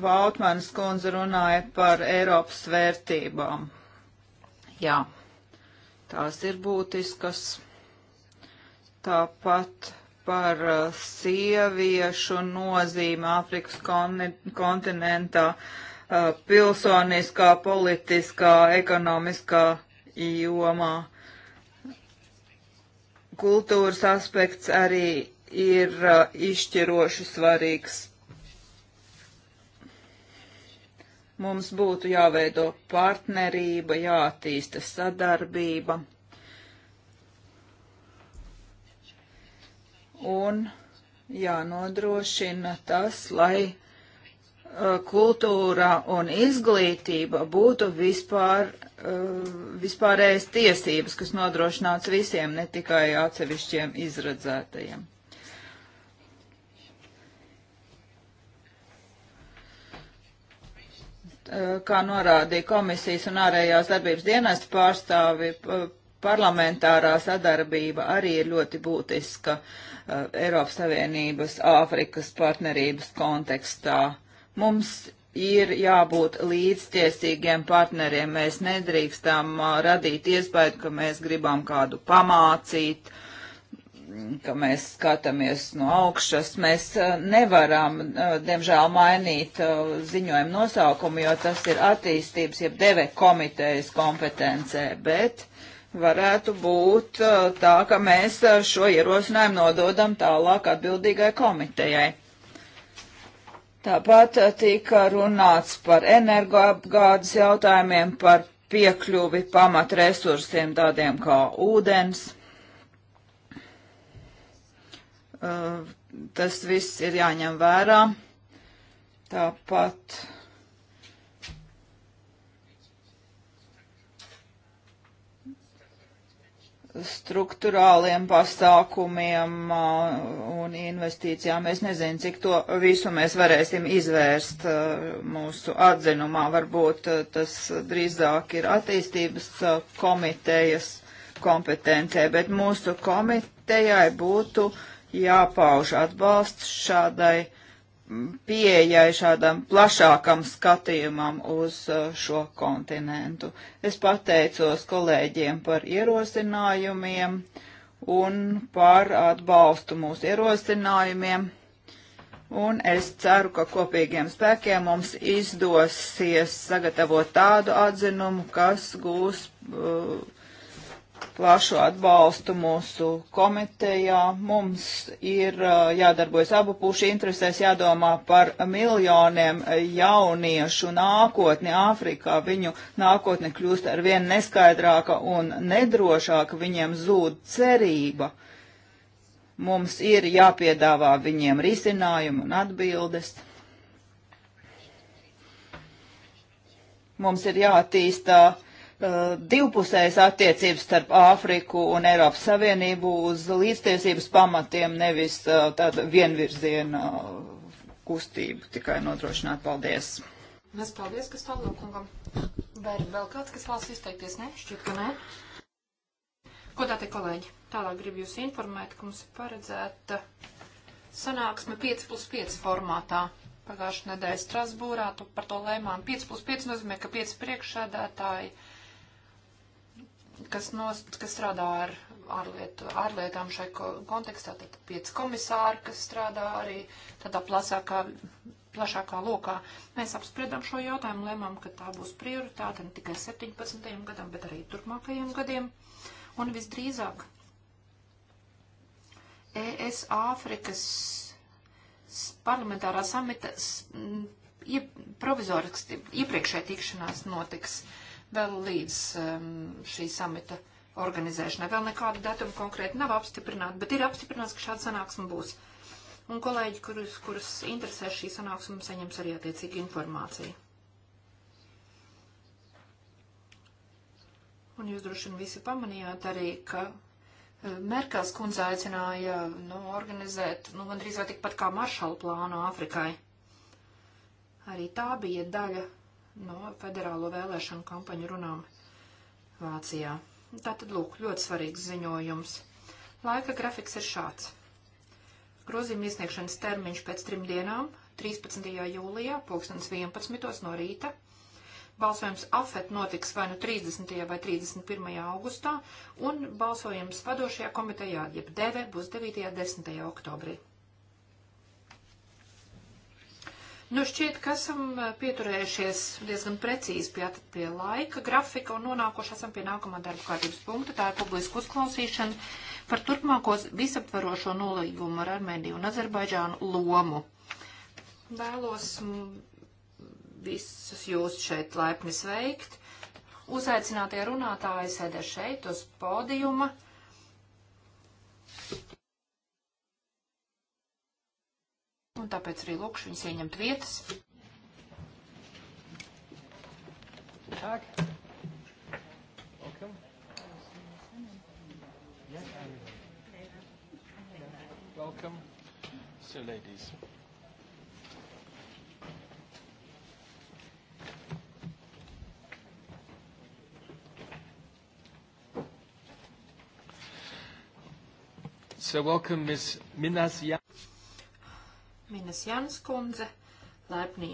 Vautmanis kundze runāja par Eiropas vērtībām. Jā, tās ir būtiskas. Tāpat par uh, sieviešu nozīmi Āfrikas kontinentā, uh, pilsoniskā, politiskā, ekonomiskā jomā. Kultūras aspekts arī ir uh, izšķiroši svarīgs Mums būtu jāveido partnerība, jātīsta sadarbība. Un jānodrošina tas, lai uh, kultūra un izglītība būtu vispār, uh, vispārējais tiesības, kas nodrošināts visiem, ne tikai atsevišķiem izredzētajiem. Eh, kā norādīja komisijas un ārējās darbības dienas pārstāvi, parlamentārā sadarbība arī ir ļoti būtiska uh, Eiropas Savienības Āfrikas partnerības kontekstā. Mums ir jābūt līdztiesīgiem partneriem. Mēs nedrīkstam uh, radīt iespēju, ka mēs gribam kādu pamācīt, uh, ka mēs skatāmies no augšas, mēs eh, nevaram, eh, diemžēl, mainīt eh, ziņojumu nosaukumu, jo tas ir attīstības, jeb deve komitejas kompetencē, bet varētu būt tā, ka mēs šo ierosinājumu nododam tālāk atbildīgai komitejai. Tāpat tika runāts par energoapgādes jautājumiem, par piekļuvi pamatresursiem tādiem kā ūdens Eh, tas viss ir jāņem vērā. Tāpat. struktūrāliem pasākumiem eh, un investīcijām. Es nezinu, cik to visu mēs varēsim izvērst eh, mūsu atzinumā. Varbūt tas drīzāk ir attīstības komitejas kompetencē, bet mūsu komitejai būtu uh, jāpauž atbalsts šādai pieejai šādam plašākam skatījumam uz uh, šo kontinentu. Es pateicos kolēģiem par ierosinājumiem un par atbalstu mūsu ierosinājumiem. Un es ceru, ka kopīgiem spēkiem mums izdosies sagatavot tādu atzinumu, kas gūs uh, plašu atbalstu mūsu komitejā. Mums ir uh, jādarbojas abu pušu interesēs, jādomā par miljoniem jauniešu nākotni Āfrikā. Viņu nākotne kļūst ar vien neskaidrāka un nedrošāka, viņiem zūd cerība. Mums ir jāpiedāvā viņiem risinājumi un atbildes. Mums ir jātīstā uh, Uh, divpusējas attiecības starp Āfriku un Eiropas Savienību uz līdztiesības pamatiem, nevis uh, tāda vienvirziena uh, kustību tikai nodrošināt. Paldies!
Mēs paldies, kas tālāk kungam. Vai ir vēl kāds, kas vēlas izteikties? Ne, šķiet, ka nē. Ko tā te kolēģi? Tālāk gribu jūs informēt, ka mums ir paredzēta sanāksme 5 plus 5 formātā pagājušajā nedēļā Strasbūrā. Tu par to lēmām 5 plus 5 nozīmē, ka 5 priekšsēdētāji kas, nost, kas strādā ar ārlietu, ārlietām šai kontekstā, tad pieci komisāri, kas strādā arī tādā plasākā, plašākā lokā. Mēs apspriedām šo jautājumu, lēmām, ka tā būs prioritāte ne tikai 17. gadam, bet arī turpmākajiem gadiem. Un visdrīzāk ES Āfrikas parlamentārā samita provizoriski iepriekšē tikšanās notiks. Uh, vēl līdz um, šī samita organizēšanai. Vēl nekāda datuma konkrēti nav apstiprināta, bet ir apstiprināts, ka šāda sanāksme būs. Un kolēģi, kurus, kurus interesē šī sanāksme, saņems arī attiecīgu informāciju. Un jūs droši vien visi pamanījāt arī, ka eh, Merkels kundze aicināja nu, organizēt, nu, gandrīz vai tikpat kā maršala plānu Āfrikai. Arī tā bija daļa no federālo vēlēšanu kampaņu runām Vācijā. Tātad, lūk, ļoti svarīgs ziņojums. Laika grafiks ir šāds. Grozījuma iesniegšanas termiņš pēc trim dienām, 13. jūlijā, 2011. no rīta. Balsojums AFET notiks vai nu 30. vai 31. augustā, un balsojums vadošajā komitejā, jeb DV, būs 9. un 10. oktobrī. Nu, šķiet, ka esam eh, pieturējušies diezgan precīzi pie, pie laika grafika un nonākuši esam pie nākamā darba kārtības punkta. Tā ir publiska uzklausīšana par turpmākos visaptvarošo nolīgumu ar Armēniju un Azerbaidžānu lomu. Vēlos mm, visus jūs šeit laipni sveikt. Uzaicinātie runātāji sēdē šeit uz pódiuma. un tāpēc arī lūkšu viņus ieņemt vietas. Tag. Welcome. Yes, I'm
welcome. So, ladies. So welcome Ms. Minas
Agnes Jans kundze, laipnī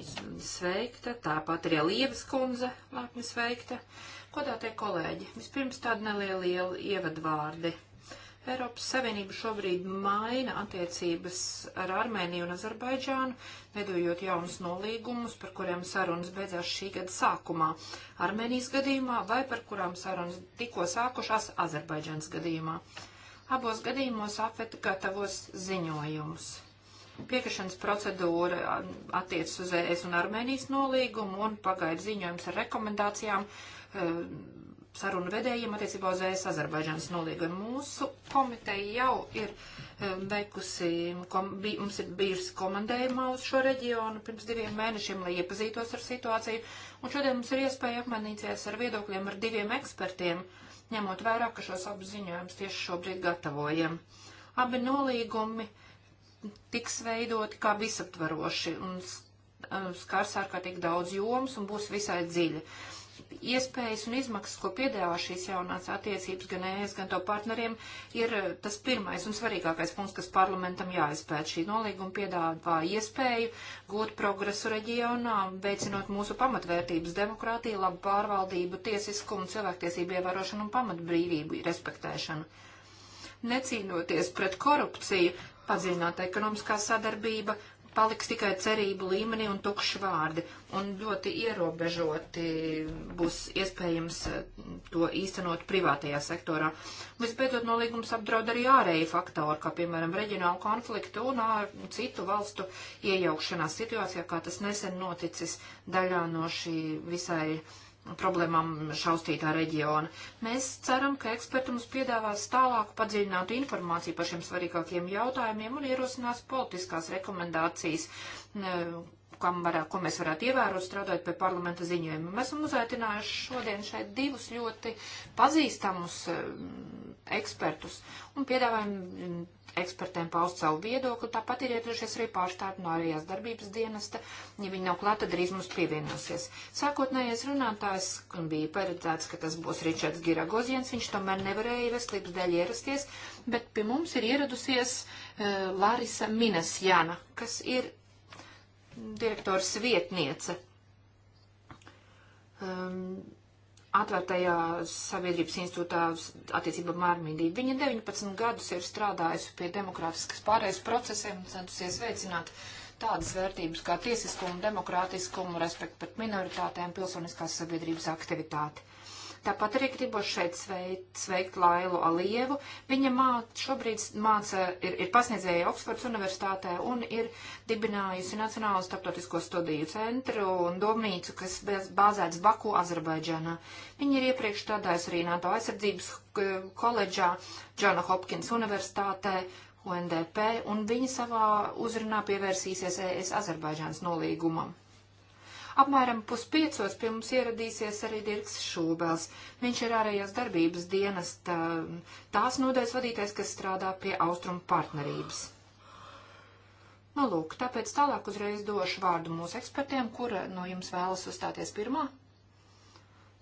sveikta, tāpat arī Lievas kundze, laipni sveikta. Kodātie kolēģi, vispirms tādi nelieli ievadvārdi. Eiropas Savienība šobrīd maina attiecības ar Armēniju un Azerbaidžānu, veidojot jaunus nolīgumus, par kuriem sarunas beidzās šī gada sākumā Armēnijas gadījumā vai par kurām sarunas tikko sākušās Azerbaidžānas gadījumā. Abos gadījumos apveta gatavos ziņojumus. Piekrišanas procedūra attiecas uz ES un Armēnijas nolīgumu un pagaidu ziņojums ar rekomendācijām e, sarunu vedējiem attiecībā uz ES Azerbaidžānas nolīgumu. Mūsu komiteja jau ir e, veikusi, kom, bij, mums ir bijusi komandējumā uz šo reģionu pirms diviem mēnešiem, lai iepazītos ar situāciju. Un šodien mums ir iespēja apmainīties ar viedokļiem ar diviem ekspertiem, ņemot vērā, ka šos apziņojumus tieši šobrīd gatavojam. Abi nolīgumi uh, tiks veidoti kā visaptvaroši un um, skars ārkārtīgi daudz jomas un būs visai dziļi. Iespējas un izmaksas, ko piedāvā šīs jaunās attiecības gan ES, gan to partneriem, ir uh, tas pirmais un svarīgākais punkts, kas parlamentam jāizpēt. Šī nolīguma piedāvā iespēju gūt progresu reģionā, veicinot mūsu pamatvērtības demokrātiju, labu pārvaldību, tiesiskumu, cilvēktiesību ievērošanu un pamatbrīvību respektēšanu necīnoties pret korupciju, Padziļināta ekonomiskā sadarbība paliks tikai cerību līmenī un tukši vārdi, un ļoti ierobežoti būs iespējams eh, to īstenot privātajā sektorā. Visbeidzot, nolīgums apdraud arī ārēji faktori, kā piemēram reģionālu konfliktu un citu valstu iejaukšanās situācijā, kā tas nesen noticis daļā no šī visai uh, problēmām šaustītā reģiona. Mēs ceram, ka eksperti mums piedāvās tālāku padziļinātu informāciju par šiem svarīgākiem jautājumiem un ierosinās politiskās rekomendācijas, kam varētu, ko mēs varētu ievērot strādājot pie parlamenta ziņojuma. Mēs esam uzaicinājuši šodien šeit divus ļoti pazīstamus eh, ekspertus un piedāvājam ekspertiem paust savu viedokli, tāpat ir ieradušies arī pārstāvi no ārējās darbības dienesta. Ja viņi nav klāt, tad drīz mums pievienosies. Sākotnējais runātājs bija paredzēts, ka tas būs Ričards Giragoziens, viņš tomēr nevarēja veselības dēļ ierasties, bet pie mums ir ieradusies uh, Larisa Minasjana, kas ir direktors vietniece. Um, atvērtajā sabiedrības institūtā attiecībā mārmīdību. Viņa 19 gadus ir strādājusi pie demokrātiskas pārējas procesiem un centusies veicināt tādas vērtības kā tiesiskumu, demokrātiskumu, respektu pret minoritātēm, pilsoniskās sabiedrības aktivitāti. Tāpat arī gribu šeit sveikt, sveikt Lailu Alievu. Viņa māc, šobrīd māca, ir, ir pasniedzēja Oksfords universitātē un ir dibinājusi Nacionālo starptautisko studiju centru un domnīcu, kas bāzēts Baku, Azerbaidžānā. Viņa ir iepriekš strādājusi arī NATO aizsardzības koledžā, Džona Hopkins universitātē, UNDP, un viņa savā uzrunā pievērsīsies ES Azerbaidžānas nolīgumam. Apmēram puspiecos pie mums ieradīsies arī Dirks Šūbels. Viņš ir ārējās darbības dienas tā, tās nodaļas vadītājs, kas strādā pie austrumu partnerības. Nu, lūk, tāpēc tālāk uzreiz došu vārdu mūsu ekspertiem, kura no jums vēlas uzstāties pirmā.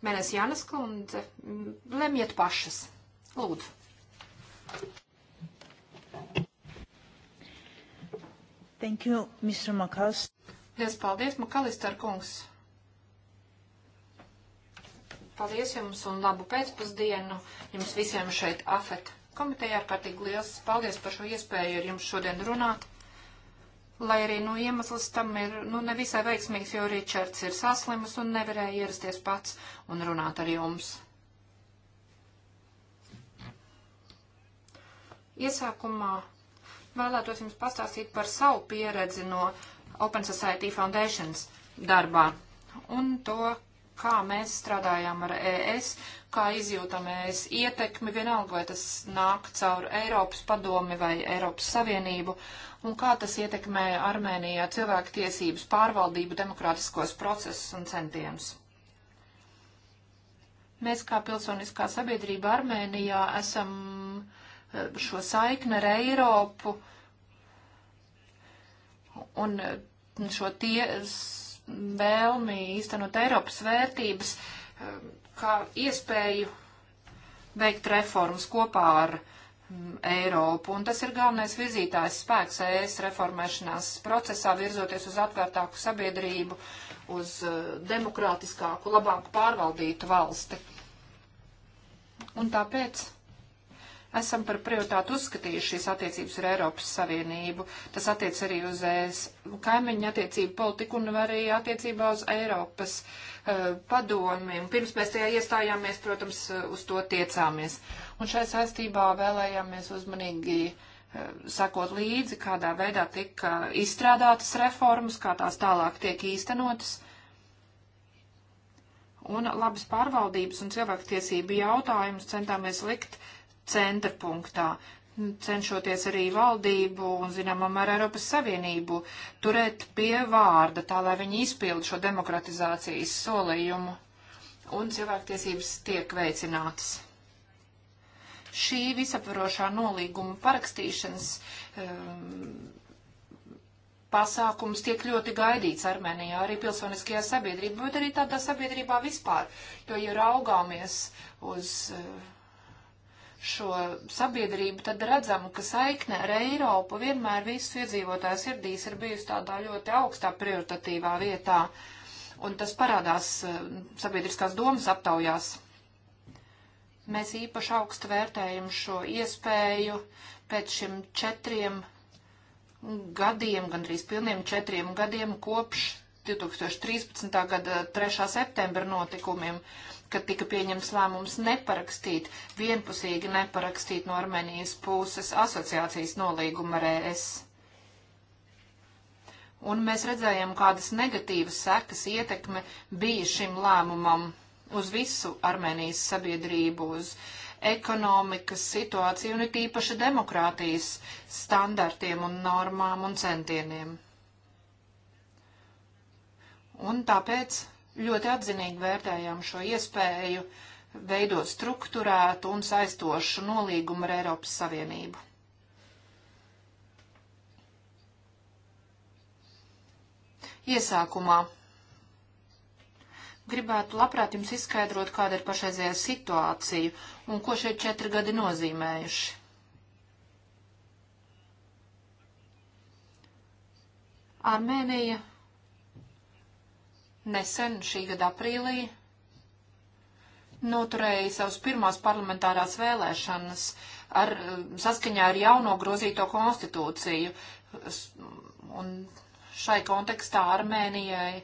Mēnes Jānis Kundze, lemjiet pašas. Lūdzu. Thank you, Mr. Makas. Liels paldies, Makalister kungs! Paldies jums un labu pēcpusdienu jums visiem šeit afet. Komiteja ārkārtīgi liels paldies par šo iespēju ar jums šodien runāt. Lai arī, nu, iemesls tam ir, nu, nevisai veiksmīgs, jo Ričards ir saslimis un nevarēja ierasties pats un runāt ar jums. Iesākumā vēlētos jums pastāstīt par savu pieredzi no uh, Open Society Foundations darbā un to, kā mēs strādājām ar ES, kā izjūtam ES ietekmi, vienalga vai tas nāk caur Eiropas padomi vai Eiropas Savienību, un kā tas ietekmē Armēnijā cilvēku tiesības pārvaldību, demokrātiskos procesus un centienus. Mēs kā pilsoniskā sabiedrība Armēnijā esam eh, šo saikni ar Eiropu, uh, un eh, šo tie vēlmi īstenot Eiropas vērtības eh, kā iespēju veikt reformas kopā ar mm, Eiropu. Un tas ir galvenais vizītājs spēks ES reformēšanās procesā, virzoties uz atvērtāku sabiedrību, uz eh, demokrātiskāku, labāku pārvaldītu valsti. Un tāpēc esam par prioritātu uzskatījuši šīs attiecības ar Eiropas Savienību. Tas attiec arī uz ES kaimiņu attiecību politiku un arī attiecībā uz Eiropas uh, padomi. Un pirms mēs tajā iestājāmies, protams, eh, uz to tiecāmies. Un šai saistībā vēlējāmies uzmanīgi uh, sakot līdzi, kādā veidā tika izstrādātas reformas, kā tās tālāk tiek īstenotas. Un labas pārvaldības un cilvēktiesību jautājumus centāmies likt uh, centra punktā, cenšoties arī valdību un, zināmā mērā, Eiropas Savienību turēt pie vārda, tā lai viņi izpildu šo demokratizācijas solījumu un cilvēktiesības tiek veicinātas. Šī visaptvarošā nolīguma parakstīšanas um, pasākums tiek ļoti gaidīts Armēnijā, arī pilsoniskajā sabiedrībā, bet arī tādā sabiedrībā vispār. Jo, ja raugāmies uz uh, šo sabiedrību, tad redzam, ka saikne ar Eiropu vienmēr visu iedzīvotāju sirdīs ir bijusi tādā ļoti augstā prioritatīvā vietā, un tas parādās eh, sabiedriskās domas aptaujās. Mēs īpaši augstu vērtējam šo iespēju pēc šiem četriem gadiem, gandrīz pilniem četriem gadiem kopš 2013. gada 3. septembra notikumiem kad tika pieņems lēmums neparakstīt, vienpusīgi neparakstīt no Armēnijas puses asociācijas nolīgumu ar ES. Un mēs redzējām, kādas negatīvas sekas ietekme bija šim lēmumam uz visu Armēnijas sabiedrību, uz ekonomikas situāciju un it īpaši demokrātijas standartiem un normām un centieniem. Un tāpēc ļoti atzinīgi vērtējām šo iespēju veidot struktūrētu un saistošu nolīgumu ar Eiropas Savienību. Iesākumā gribētu labprāt jums izskaidrot, kāda ir pašreizējā situācija un ko šie četri gadi nozīmējuši. Armēnija nesen šī gada aprīlī noturēja savas pirmās parlamentārās vēlēšanas ar, saskaņā ar jauno grozīto konstitūciju. Un šai kontekstā Armēnijai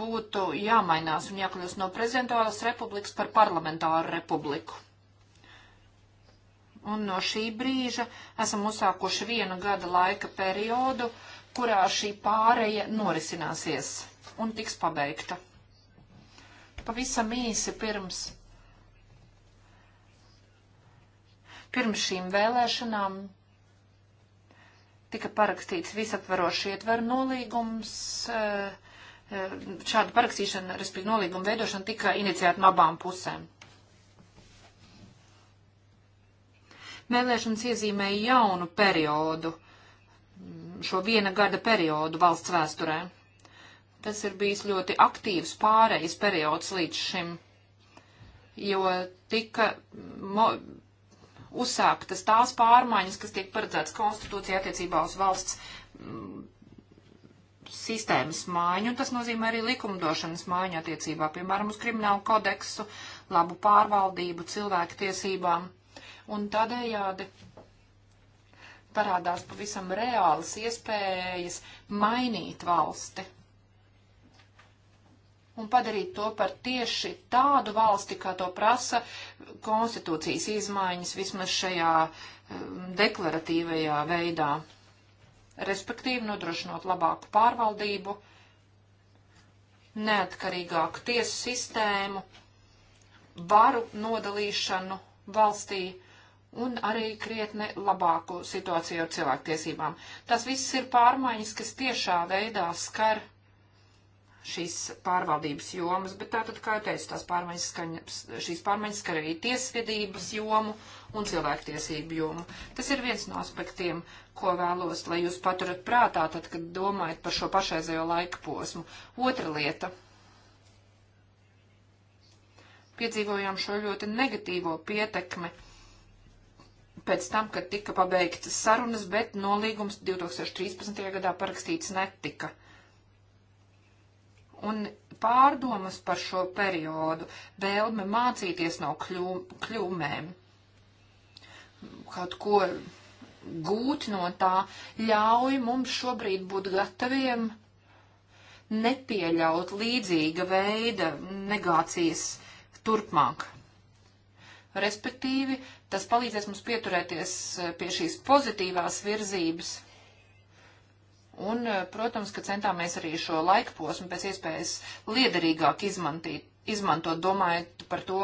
būtu jāmainās un jākļūst no prezidentuālas republikas par parlamentāru republiku. Un no šī brīža esam uzsākuši viena gada laika periodu, uh, kurā šī pāreja norisināsies un tiks pabeigta. Pavisam īsi pirms, pirms šīm vēlēšanām tika parakstīts visaptvarošs ietveru nolīgums. Eh, eh, šāda parakstīšana, respektīvi nolīguma veidošana, tika iniciēta no abām pusēm. Vēlēšanas iezīmēja jaunu periodu uh, šo viena gada periodu valsts vēsturē. Tas ir bijis ļoti aktīvs pārejas periods līdz šim, jo tika uzsāktas tās pārmaiņas, kas tiek paredzētas konstitūcijā attiecībā uz valsts m, mm, sistēmas māju, un tas nozīmē arī likumdošanas māju attiecībā, piemēram, uz kriminālu kodeksu, labu pārvaldību, cilvēku tiesībām. Un tādējādi parādās pavisam reālas iespējas mainīt valsti un padarīt to par tieši tādu valsti, kā to prasa konstitūcijas izmaiņas vismaz šajā um, deklaratīvajā veidā, respektīvi nodrošinot labāku pārvaldību, neatkarīgāku tiesu sistēmu, varu nodalīšanu valstī un arī krietni labāku situāciju ar cilvēktiesībām. Tas viss ir pārmaiņas, kas tiešā veidā skar šīs pārvaldības jomas, bet tātad, kā jau teicu, tās pārmaiņas skaņas, šīs pārmaiņas skar arī tiesvedības jomu un cilvēktiesību jomu. Tas ir viens no aspektiem, ko vēlos, lai jūs paturat prātā, tad, kad domājat par šo pašreizējo laika posmu. Otra lieta. Piedzīvojām šo ļoti negatīvo pietekmi pēc tam, kad tika pabeigtas sarunas, bet nolīgums 2013. gadā parakstīts netika. Un pārdomas par šo periodu, vēlme mācīties no kļūm, kļūmēm, kaut ko gūt no tā, ļauj mums šobrīd būt gataviem nepieļaut līdzīga veida negācijas turpmāk. Respektīvi, tas palīdzēs mums pieturēties eh, pie šīs pozitīvās virzības. Un, eh, protams, ka centāmies arī šo laikposmu pēc iespējas liederīgāk izmantīt, izmantot, domājot par to,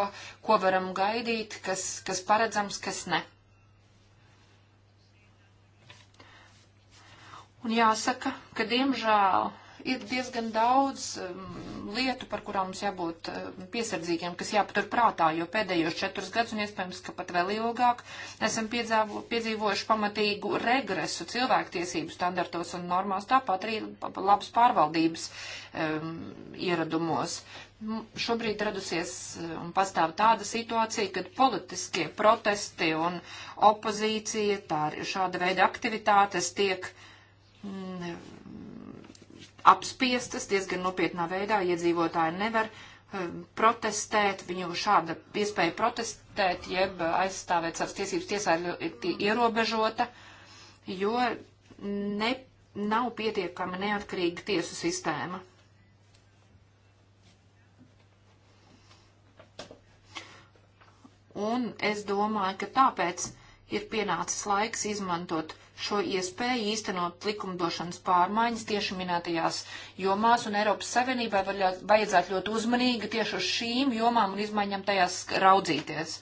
ko varam gaidīt, kas, kas paredzams, kas ne. Un jāsaka, ka diemžēl ir diezgan daudz um, lietu, par kurām mums jābūt um, piesardzīgiem, kas jāpatur prātā, jo pēdējos četrus gadus, un iespējams, ka pat vēl ilgāk, esam piedzāvo, piedzīvojuši pamatīgu regresu cilvēktiesību standartos un normās, tāpat arī labas pārvaldības um, ieradumos. Šobrīd radusies um, un pastāv tāda situācija, kad politiskie protesti un opozīcija, tā ir šāda veida aktivitātes tiek. Mm, apspiestas diezgan nopietnā veidā, iedzīvotāji nevar eh, protestēt, viņu šāda iespēja protestēt, jeb aizstāvēt savas tiesības tiesā ir ierobežota, jo ne, nav pietiekama neatkarīga tiesu sistēma. Un es domāju, ka tāpēc ir pienācis laiks izmantot uh, šo iespēju īstenot likumdošanas pārmaiņas tieši minētajās jomās, un Eiropas Savienībai vajadzētu ļoti uzmanīgi tieši uz šīm jomām un izmaiņām tajās raudzīties.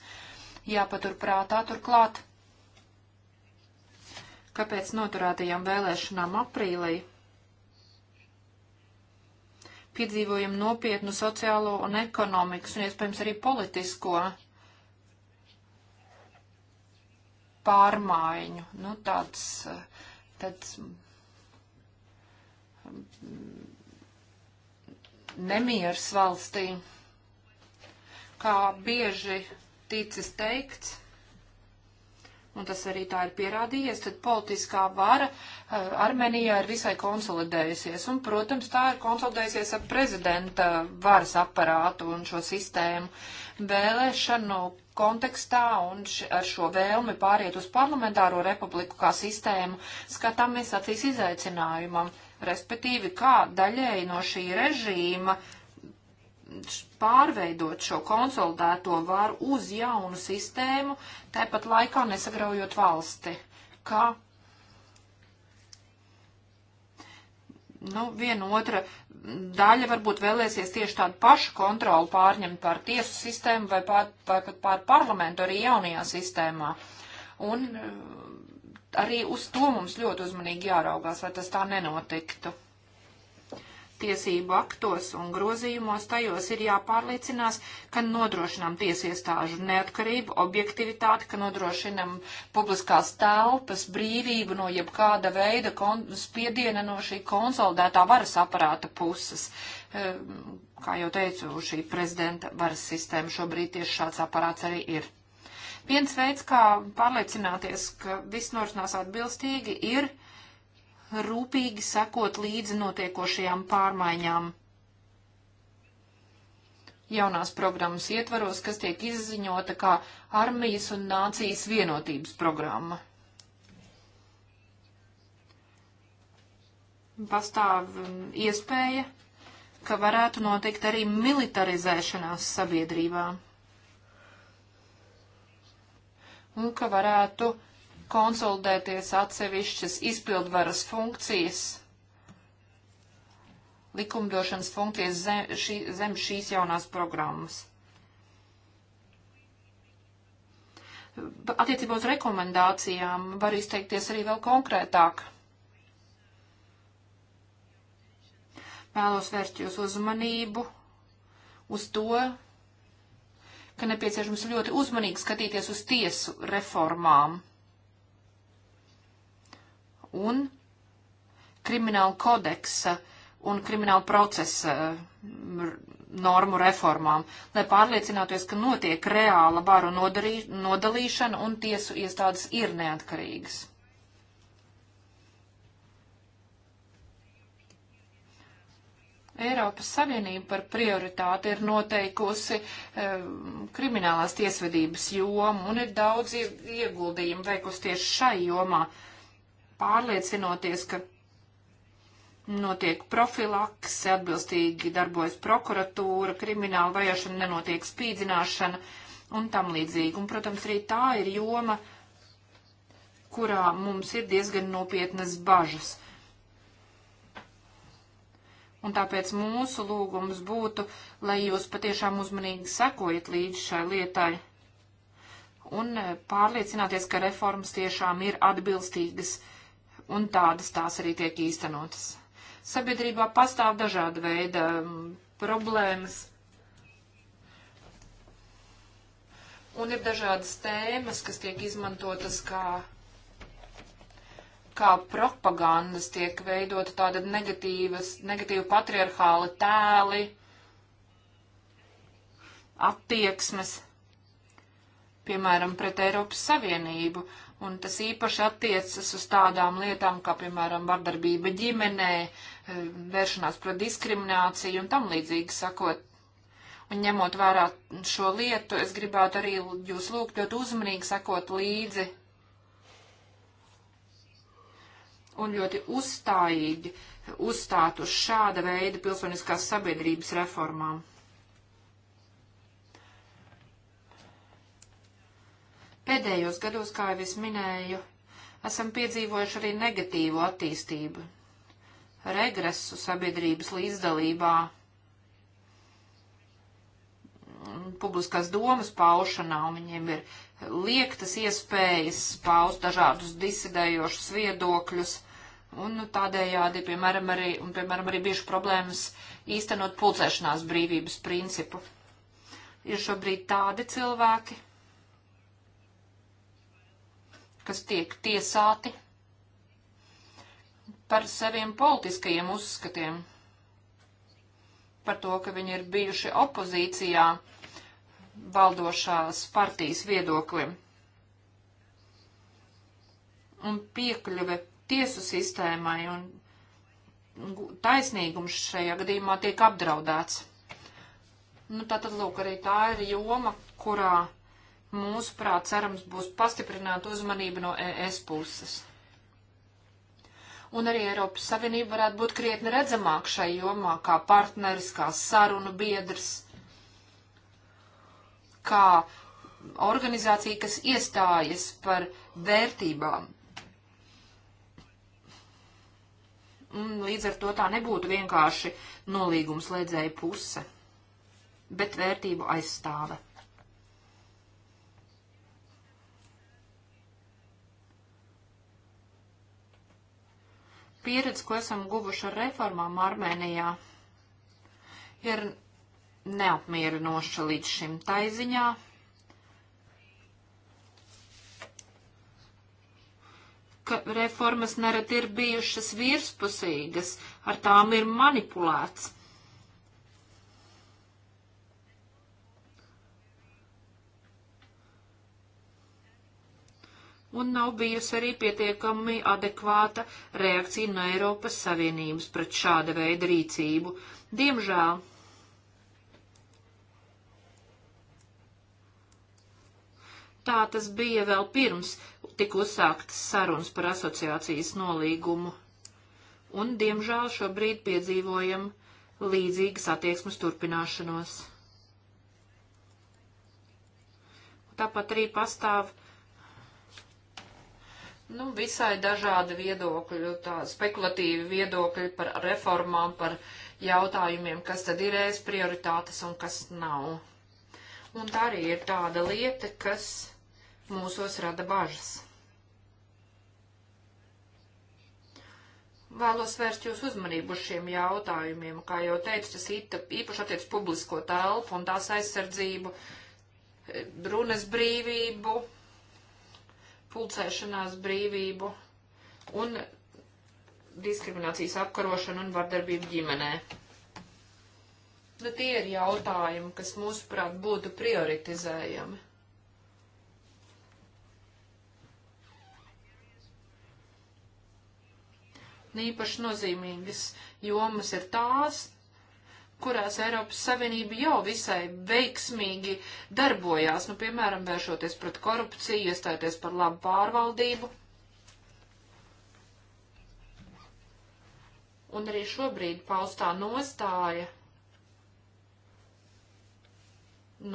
Jāpaturprātā turklāt, kāpēc noturētajām vēlēšanām aprīlī piedzīvojam nopietnu sociālo un ekonomikas un iespējams arī politisko pārmaiņu. Nu, tāds, tāds mm, nemieras valstī, kā bieži ticis teikts un tas arī tā ir pierādījies, tad politiskā vara eh, Armenijā ir visai konsolidējusies. Un, protams, tā ir konsolidējusies ar prezidenta varas aparātu un šo sistēmu vēlēšanu kontekstā un š, ar šo vēlmi pāriet uz parlamentāro republiku kā sistēmu skatāmies acīs izaicinājumam, respektīvi kā daļēji no šī režīma pārveidot šo konsolidēto varu uz jaunu sistēmu, tāpat laikā nesagraujot valsti. Kā nu, viena otra daļa varbūt vēlēsies tieši tādu pašu kontroli pārņemt pār tiesu sistēmu vai pār, pār, pār parlamentu arī jaunajā sistēmā. Un eh, arī uz to mums ļoti uzmanīgi jāraugās, lai tas tā nenotiktu tiesību aktos un grozījumos tajos ir jāpārliecinās, ka nodrošinām tiesiestāžu neatkarību, objektivitāti, ka nodrošinam publiskās telpas brīvību no jebkāda veida spiediena no šī konsolidētā varas aparāta puses. Ehm, kā jau teicu, šī prezidenta varas sistēma šobrīd tieši šāds aparāts arī ir. Viens veids, kā pārliecināties, ka viss norisinās atbilstīgi, ir uh, rūpīgi sekot līdzi notiekošajām pārmaiņām. Jaunās programmas ietvaros, kas tiek izziņota kā armijas un nācijas vienotības programma. Pastāv um, iespēja, ka varētu notikt arī militarizēšanās sabiedrībā. Un ka varētu uh, konsolidēties atsevišķas izpildvaras funkcijas, likumdošanas funkcijas zem, šī, zem šīs jaunās programmas. Attiecībā uz rekomendācijām var izteikties arī vēl konkrētāk. Vēlos vērst jūs uzmanību uz to, ka nepieciešams ļoti uzmanīgi skatīties uz tiesu reformām un krimināla kodeksa un krimināla procesa mm, normu reformām, lai pārliecinātos, ka notiek reāla varu nodalīšana un tiesu iestādes ir neatkarīgas. Eiropas Savienība par prioritāti ir noteikusi e, kriminālās tiesvedības jomu un ir daudz ieguldījumu veikusi tieši šai jomā. E, pārliecinoties, ka notiek profilakse, atbilstīgi darbojas prokuratūra, krimināla vajāšana, nenotiek spīdzināšana un tam līdzīgi. Un, protams, arī tā ir joma, kurā mums ir diezgan nopietnas bažas. Un tāpēc mūsu lūgums būtu, lai jūs patiešām uzmanīgi sekojat līdz šai lietai un pārliecināties, ka reformas tiešām ir atbilstīgas uh, un tādas tās arī tiek īstenotas. Sabiedrībā pastāv dažāda veida mm, problēmas. Un ir dažādas tēmas, kas tiek izmantotas kā, kā propagandas, tiek veidota tāda negatīvas, negatīva patriarchāla tēli, attieksmes, piemēram, pret Eiropas Savienību. Uh, Un tas īpaši attiecas uz tādām lietām, kā, piemēram, vardarbība ģimenē, eh, vēršanās pret diskrimināciju un tam līdzīgi sakot. Un ņemot vērā šo lietu, es gribētu arī jūs lūgt ļoti uzmanīgi sakot līdzi un ļoti uzstājīgi uzstāt uz šāda veida pilsoniskās sabiedrības reformām. Pēdējos gados, kā jau es minēju, esam piedzīvojuši arī negatīvu attīstību, regresu sabiedrības līdzdalībā, publiskās domas paušanā, un viņiem ir liektas iespējas paust dažādus disidējošus viedokļus, un nu, tādējādi, piemēram, arī, un, piemēram, arī bieži problēmas īstenot pulcēšanās brīvības principu. Ir šobrīd tādi cilvēki, kas tiek tiesāti par saviem politiskajiem uzskatiem, par to, ka viņi ir bijuši opozīcijā valdošās partijas viedoklim. Un piekļuve tiesu sistēmai un taisnīgums šajā gadījumā tiek apdraudēts. Nu, tā tad, lūk, arī tā ir joma, kurā mūsuprāt, cerams, būs pastiprināta uzmanība no ES puses. Un arī Eiropas Savienība varētu būt krietni redzamāk šai jomā, kā partneris, kā sarunu biedrs, kā organizācija, kas iestājas par vērtībām. Un līdz ar to tā nebūtu vienkārši nolīgums ledzēja puse, bet vērtību aizstāve. pieredze, ko esam guvuši ar reformām Armēnijā, ir neapmierinoša līdz šim taiziņā. ka reformas nerad ir bijušas virspusīgas, ar tām ir manipulēts. un nav bijusi arī pietiekami adekvāta reakcija no Eiropas Savienības pret šāda veida rīcību. Diemžēl. Tā tas bija vēl pirms tika uzsāktas sarunas par asociācijas nolīgumu. Un, diemžēl, šobrīd piedzīvojam līdzīgas attieksmes turpināšanos. Tāpat arī pastāv uh, nu, visai dažādi viedokļi, tā spekulatīvi viedokļi par reformām, par jautājumiem, kas tad ir ēs prioritātes un kas nav. Un tā arī ir tāda lieta, kas mūsos rada bažas. Vēlos vērst jūsu uzmanību uz šiem jautājumiem. Kā jau teicu, tas īpaši attiec publisko telpu un tās aizsardzību, runas brīvību, pulcēšanās brīvību un diskriminācijas apkarošanu un vardarbību ģimenē. Nu, tie ir jautājumi, kas mūsuprāt būtu prioritizējami. Nu, īpaši nozīmīgas jomas ir tās, kurās Eiropas Savienība jau visai veiksmīgi darbojās, nu, piemēram, vēršoties pret korupciju, iestāties par labu pārvaldību. Un arī šobrīd paustā nostāja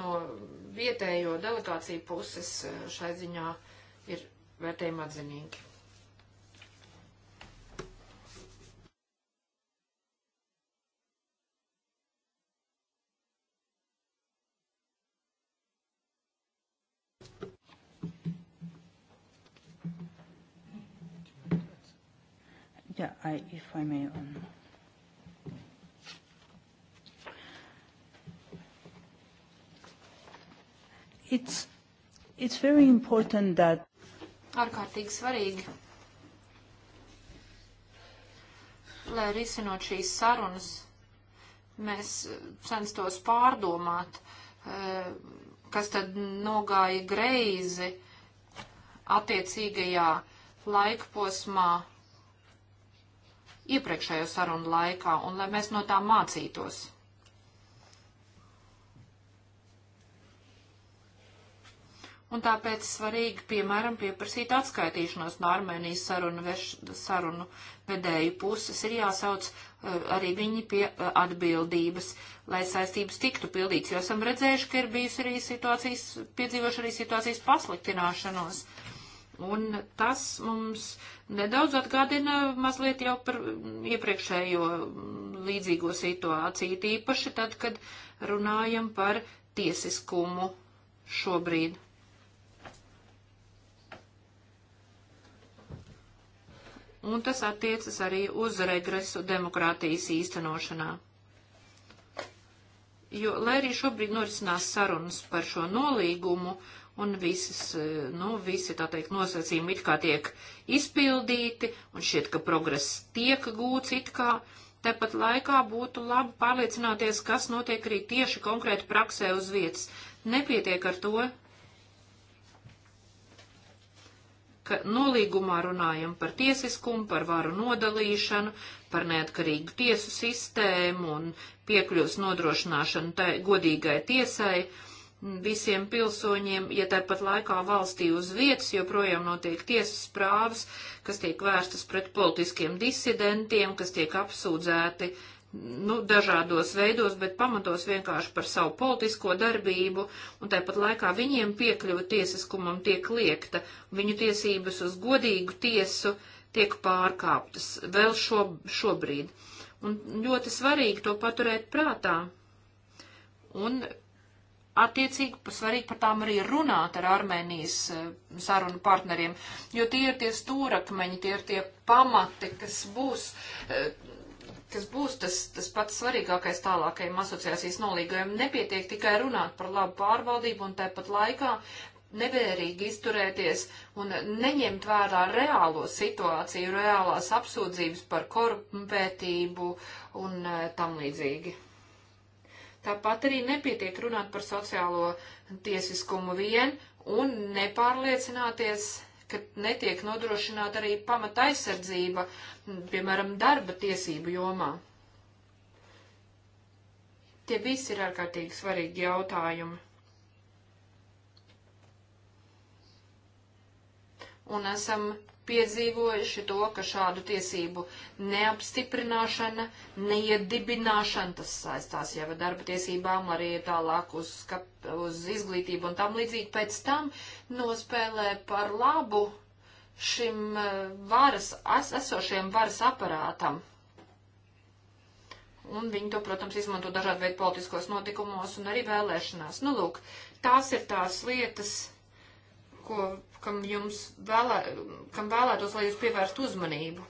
no vietējo delegāciju puses eh, šai ziņā ir vērtējuma atzinīgi.
Yeah, I, if I may. Um, it's, it's very important that
ārkārtīgi svarīgi, lai risinot šīs sarunas, mēs eh, censtos pārdomāt, eh, kas tad nogāja greizi attiecīgajā laikposmā iepriekšējo sarunu laikā un lai mēs no tā mācītos. Un tāpēc svarīgi, piemēram, pieprasīt atskaitīšanos no Armēnijas sarunu, veš, sarunu vedēju puses. Ir jāsauc eh, arī viņi pie eh, atbildības, lai saistības tiktu pildīts, jo esam redzējuši, ka ir bijusi arī situācijas, piedzīvoši arī situācijas pasliktināšanos. Uh, Un tas mums nedaudz atgādina mazliet jau par iepriekšējo līdzīgo situāciju, tīpaši tad, kad runājam par tiesiskumu šobrīd. Un tas attiecas arī uz regresu demokrātijas īstenošanā. Jo, lai arī šobrīd norisinās sarunas par šo nolīgumu, uh, un visas, eh, nu, visi, tā teikt, nosacījumi it kā tiek izpildīti, un šķiet, ka progress tiek gūts it kā. Tāpat laikā būtu labi pārliecināties, kas notiek arī tieši konkrēti praksē uz vietas. Nepietiek ar to, ka nolīgumā runājam par tiesiskumu, par varu nodalīšanu, par neatkarīgu tiesu sistēmu un piekļuvs nodrošināšanu tai, godīgai tiesai. Uh, visiem pilsoņiem, ja tāpat laikā valstī uz vietas joprojām notiek tiesas prāvas, kas tiek vērstas pret politiskiem disidentiem, kas tiek apsūdzēti nu, dažādos veidos, bet pamatos vienkārši par savu politisko darbību, un tāpat laikā viņiem piekļuva tiesiskumam tiek liekta, viņu tiesības uz godīgu tiesu tiek pārkāptas vēl šo, šobrīd. Un ļoti svarīgi to paturēt prātā. Un attiecīgi svarīgi par tām arī runāt ar Armēnijas eh, sarunu partneriem, jo tie ir tie stūrakmeņi, tie ir tie pamati, kas būs, eh, kas būs tas, tas pats svarīgākais tālākajiem asociācijas nolīgajiem. Nepietiek tikai runāt par labu pārvaldību un tāpat laikā nevērīgi izturēties un neņemt vērā reālo situāciju, reālās apsūdzības par korupētību un eh, tam līdzīgi. Tāpat arī nepietiek runāt par sociālo tiesiskumu vien un nepārliecināties, ka netiek nodrošināta arī pamata aizsardzība, piemēram, darba tiesību jomā. Tie visi ir ārkārtīgi svarīgi jautājumi. Un esam piedzīvojuši to, ka šādu tiesību neapstiprināšana, neiedibināšana, tas saistās jau ar darba tiesībām, arī tālāk uz, kap, uz izglītību un tam līdzīgi pēc tam nospēlē par labu šim eh, varas, es, esošajam varas aparātam. Un viņi to, protams, izmanto dažādu veidu politiskos notikumos un arī vēlēšanās. Nu, lūk, tās ir tās lietas, ko, kam jums vēlē, kam vēlētos, lai jūs pievērstu uzmanību.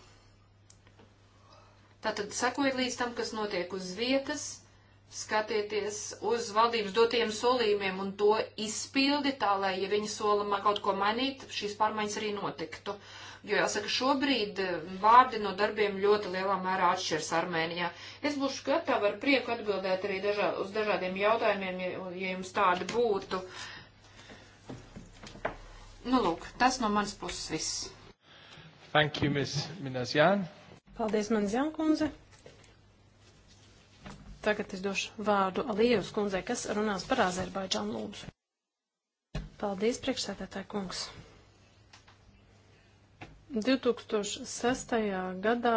Tātad sekojiet līdz tam, kas notiek uz vietas, skatieties uz valdības dotiem solījumiem un to izpildi tā, lai, ja viņi solamā kaut ko mainīt, šīs pārmaiņas arī notiktu. Jo jāsaka, šobrīd eh, vārdi no darbiem ļoti lielā mērā atšķiras Armēnijā. Es būšu gatava ar prieku atbildēt arī dažā, uz dažādiem jautājumiem, ja, ja jums tādi būtu. Uh, Nu, lūk, tas no manas puses viss.
Thank you, Ms. Minazjan.
Paldies, Minazjan kundze. Tagad es došu vārdu Alievas kundzei, kas runās par Azerbaidžānu lūdzu. Paldies, priekšsēdētāji kungs. 2006. gadā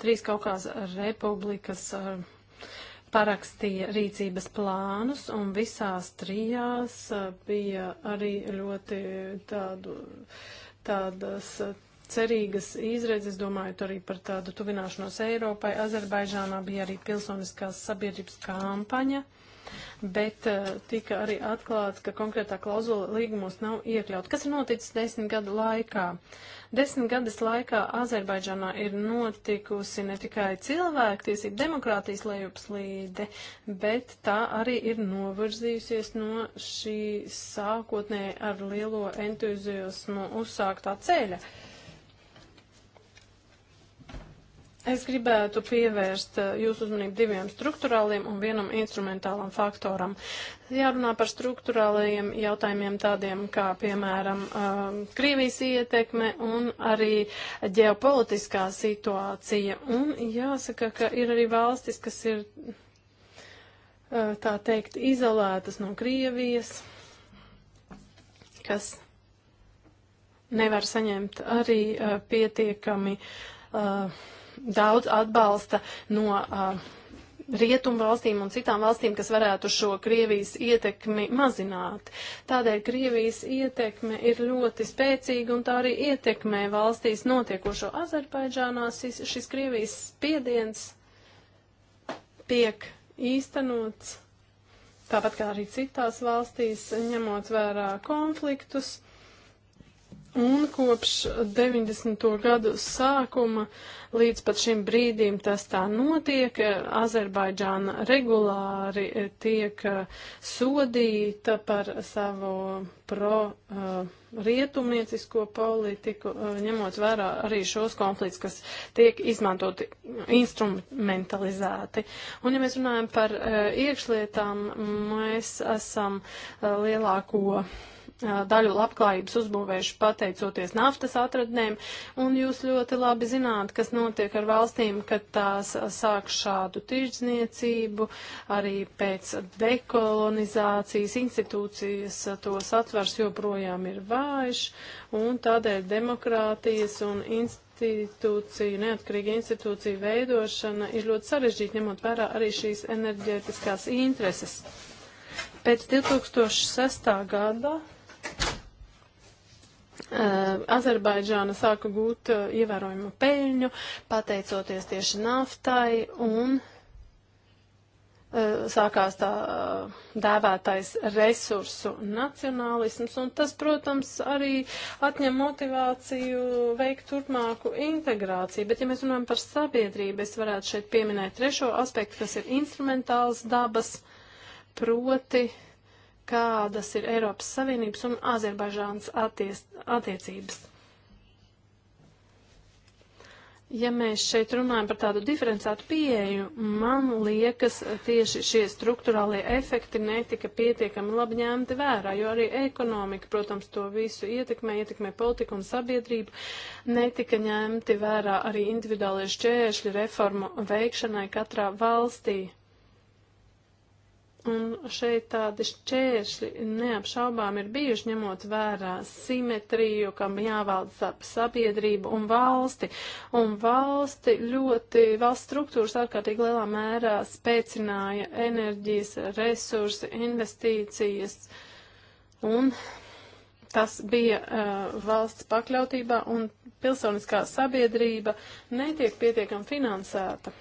trīs Kaukāza republikas uh, parakstīja rīcības plānus, un visās trijās uh, bija arī ļoti tādu, tādas cerīgas izredzes, domājot arī par tādu tuvināšanos Eiropai. Azerbaidžānā bija arī pilsoniskās sabiedrības kampaņa. Uh, bet eh, tika arī atklāts, ka konkrētā klauzula līgumos nav iekļauta. Kas ir noticis desmit gadu laikā? Desmit gadus laikā Azerbaidžānā ir notikusi ne tikai cilvēktiesība demokrātijas lejupslīde, bet tā arī ir novirzījusies no šī sākotnē ar lielo entuziasmu uzsāktā ceļa. Uh, Es gribētu pievērst eh, jūsu uzmanību diviem struktūrāliem un vienam instrumentālam faktoram. Jārunā par struktūrālajiem jautājumiem tādiem kā, piemēram, eh, Krievijas ietekme un arī ģeopolitiskā situācija. Un jāsaka, ka ir arī valstis, kas ir, eh, tā teikt, izolētas no Krievijas, kas nevar saņemt arī pietiekami. Uh, daudz atbalsta no uh, rietumu valstīm un citām valstīm, kas varētu šo Krievijas ietekmi mazināt. Tādēļ Krievijas ietekme ir ļoti spēcīga un tā arī ietekmē valstīs notiekošo Azerbaidžānā. Šis, šis Krievijas spiediens tiek īstenots tāpat kā arī citās valstīs, ņemot vērā konfliktus Un kopš 90. gadu sākuma līdz pat šim brīdim tas tā notiek. Azerbaidžāna regulāri tiek sodīta par savu pro-rietumniecisko eh, politiku, eh, ņemot vērā arī šos konflikts, kas tiek izmantoti instrumentalizēti. Un ja mēs runājam par eh, iekšlietām, mēs esam lielāko daļu labklājības uzbūvējuši pateicoties naftas atradnēm, un jūs ļoti labi zināt, kas notiek ar valstīm, kad tās sāk šādu tirdzniecību, arī pēc dekolonizācijas institūcijas tos atvars joprojām ir vājš, un tādēļ demokrātijas un institūcijas institūciju, neatkarīga institūciju veidošana ir ļoti sarežģīta, ņemot vērā arī šīs enerģētiskās intereses. Pēc 2006. gada Eh, Azerbaidžāna sāka gūt eh, ievērojumu peļņu, pateicoties tieši naftai, un eh, sākās tā dēvētais resursu nacionālisms, un tas, protams, arī atņem motivāciju veikt turpmāku integrāciju. Bet, ja mēs runājam par sabiedrību, es varētu šeit pieminēt trešo aspektu, kas ir instrumentāls dabas, proti. Uh, kādas ir Eiropas Savienības un Azerbaidžānas attiecības. Ja mēs šeit runājam par tādu diferencētu pieeju, man liekas, tieši šie struktūrālie efekti netika pietiekami labi ņemti vērā, jo arī ekonomika, protams, to visu ietekmē, ietekmē politiku un sabiedrību, netika ņemti vērā arī individuālie šķēršļi reformu veikšanai katrā valstī. Un šeit tādi šķēršļi neapšaubām ir bijuši ņemot vērā simetriju, kam jāvalda ap sabiedrību un valsti. Un valsti ļoti, valsts struktūras ārkārtīgi lielā mērā spēcināja enerģijas, resursi, investīcijas. Un tas bija uh, valsts pakļautībā un pilsoniskā sabiedrība netiek pietiekam finansēta.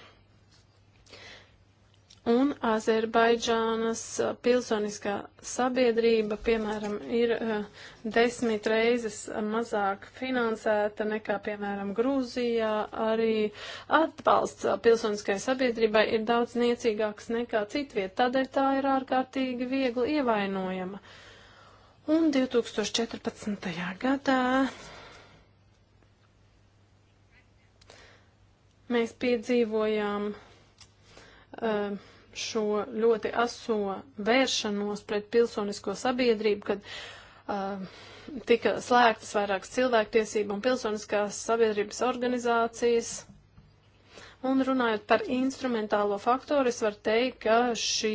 Un Azerbaidžānas uh, pilsoniskā sabiedrība, piemēram, ir uh, desmit reizes mazāk finansēta nekā, piemēram, Grūzijā. Arī atbalsts uh, pilsoniskai sabiedrībai ir daudz niecīgāks nekā citviet, tādēļ tā ir ārkārtīgi viegli ievainojama. Un 2014. gadā mēs piedzīvojām. Uh, šo ļoti aso vēršanos pret pilsonisko sabiedrību, kad uh, tika slēgtas vairākas cilvēktiesību un pilsoniskās sabiedrības organizācijas. Un runājot par instrumentālo faktoru, es varu teikt, ka šī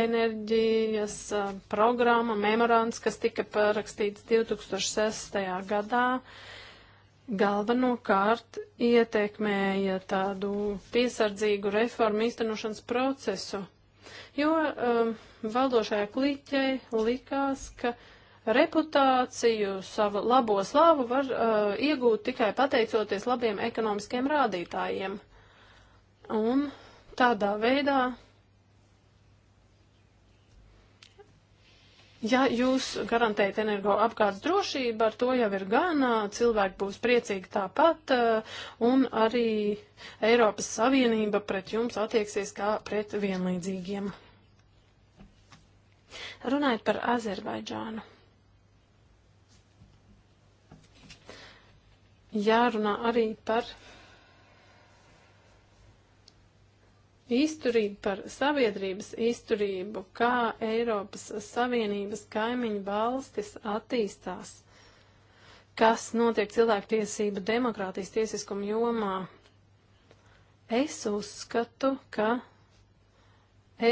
enerģijas uh, programma, memorands, kas tika parakstīts 2006. gadā, uh, galvenokārt ietekmēja tādu piesardzīgu reformu īstenošanas procesu, jo um, valdošajā kliķei likās, ka reputāciju, savu labo slavu var uh, iegūt tikai pateicoties labiem ekonomiskiem rādītājiem. Un tādā veidā Ja jūs garantējat energoapgādes drošību, ar to jau ir gana, cilvēki būs priecīgi tāpat, eh, un arī Eiropas Savienība pret jums attieksies kā pret vienlīdzīgiem. Runājot par Azerbaidžānu. Jārunā arī par izturību par sabiedrības izturību, kā Eiropas Savienības kaimiņu valstis attīstās, kas notiek cilvēktiesību demokrātijas tiesiskuma jomā. Es uzskatu, ka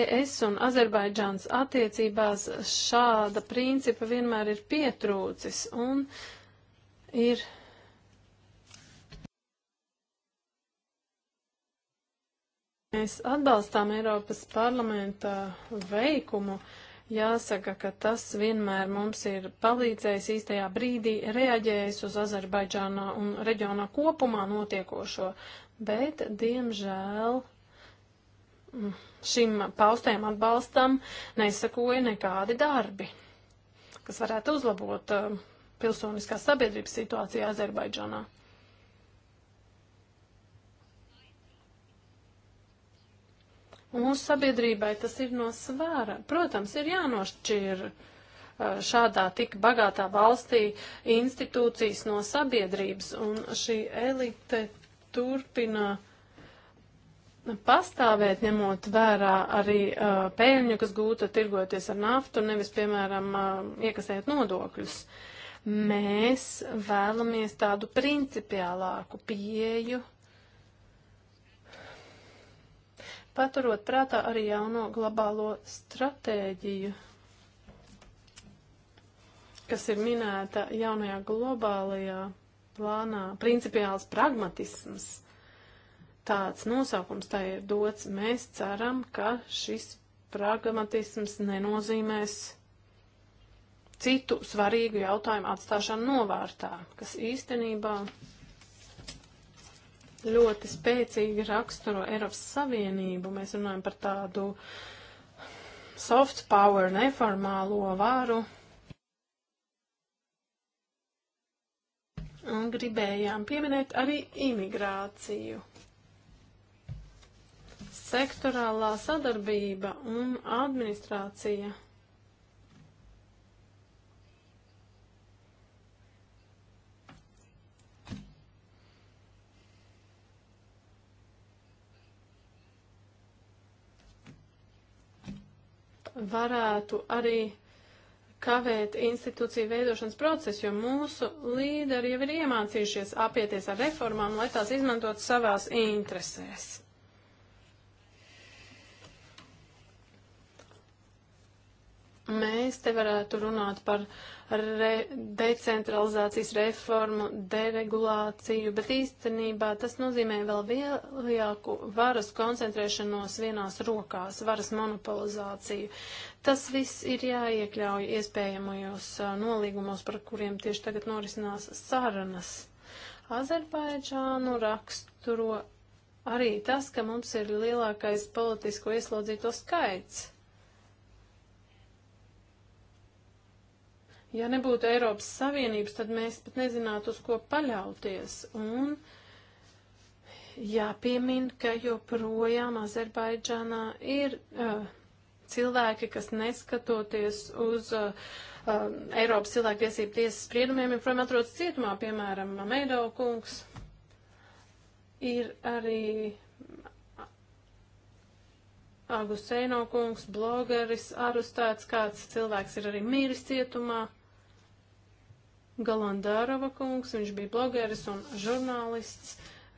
ES un Azerbaidžāns attiecībās šāda principa vienmēr ir pietrūcis un ir Mēs atbalstām Eiropas parlamenta veikumu. Jāsaka, ka tas vienmēr mums ir palīdzējis īstajā brīdī, reaģējis uz Azerbaidžānā un reģionā kopumā notiekošo, bet, diemžēl, mm, šim paustajam atbalstam nesakoja nekādi darbi, kas varētu uzlabot eh, pilsoniskās sabiedrības situāciju Azerbaidžānā. Mūsu sabiedrībai tas ir no svēra. Protams, ir jānošķir šādā tik bagātā valstī institūcijas no sabiedrības, un šī elite turpina pastāvēt, ņemot vērā arī uh, pēļņu, kas gūta tirgoties ar naftu, nevis, piemēram, uh, iekasēt nodokļus. Mēs vēlamies tādu principiālāku pieju paturot prātā arī jauno globālo stratēģiju, kas ir minēta jaunajā globālajā plānā, principiāls pragmatisms. Tāds nosaukums tā ir dots. Mēs ceram, ka šis pragmatisms nenozīmēs citu svarīgu jautājumu atstāšanu novārtā, kas īstenībā ļoti spēcīgi raksturo Eiropas Savienību. Mēs runājam par tādu soft power, neformālo varu. Un gribējām pieminēt arī imigrāciju. Sektorālā sadarbība un administrācija varētu arī kavēt institūciju veidošanas procesu, jo mūsu līderi jau ir iemācījušies apieties ar reformām, lai tās izmantot savās interesēs. Mēs te varētu runāt par re decentralizācijas reformu, deregulāciju, bet īstenībā tas nozīmē vēl lielāku varas koncentrēšanos vienās rokās, varas monopolizāciju. Tas viss ir jāiekļauj iespējamajos nolīgumos, par kuriem tieši tagad norisinās sarunas. Azerbaidžānu raksturo arī tas, ka mums ir lielākais politisko ieslodzīto skaits Ja nebūtu Eiropas Savienības, tad mēs pat nezinātu, uz ko paļauties. Un jāpiemin, ka joprojām Azerbaidžānā ir uh, cilvēki, kas neskatoties uz uh, uh, Eiropas cilvēktiesību tiesas spriedumiem, joprojām atrodas cietumā, piemēram, Mameido kungs. Ir arī Aguseino kungs, blogeris, arustēts, kāds cilvēks ir arī mīris cietumā. Galandārava kungs, viņš bija blogeris un žurnālists,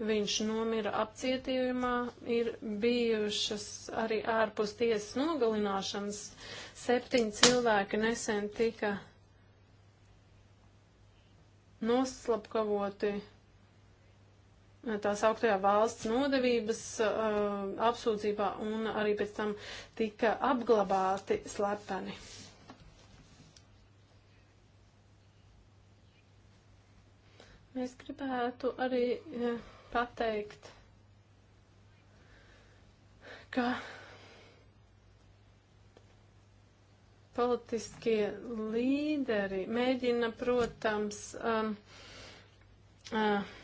viņš nomira apcietījumā, ir bijušas arī ārpus tiesas nogalināšanas, septiņi cilvēki nesen tika noslapkavoti tās augtajā valsts nodevības uh, apsūdzībā un arī pēc tam tika apglabāti slepeni. Mēs gribētu arī eh, pateikt, ka politiskie līderi mēģina, protams, um, uh,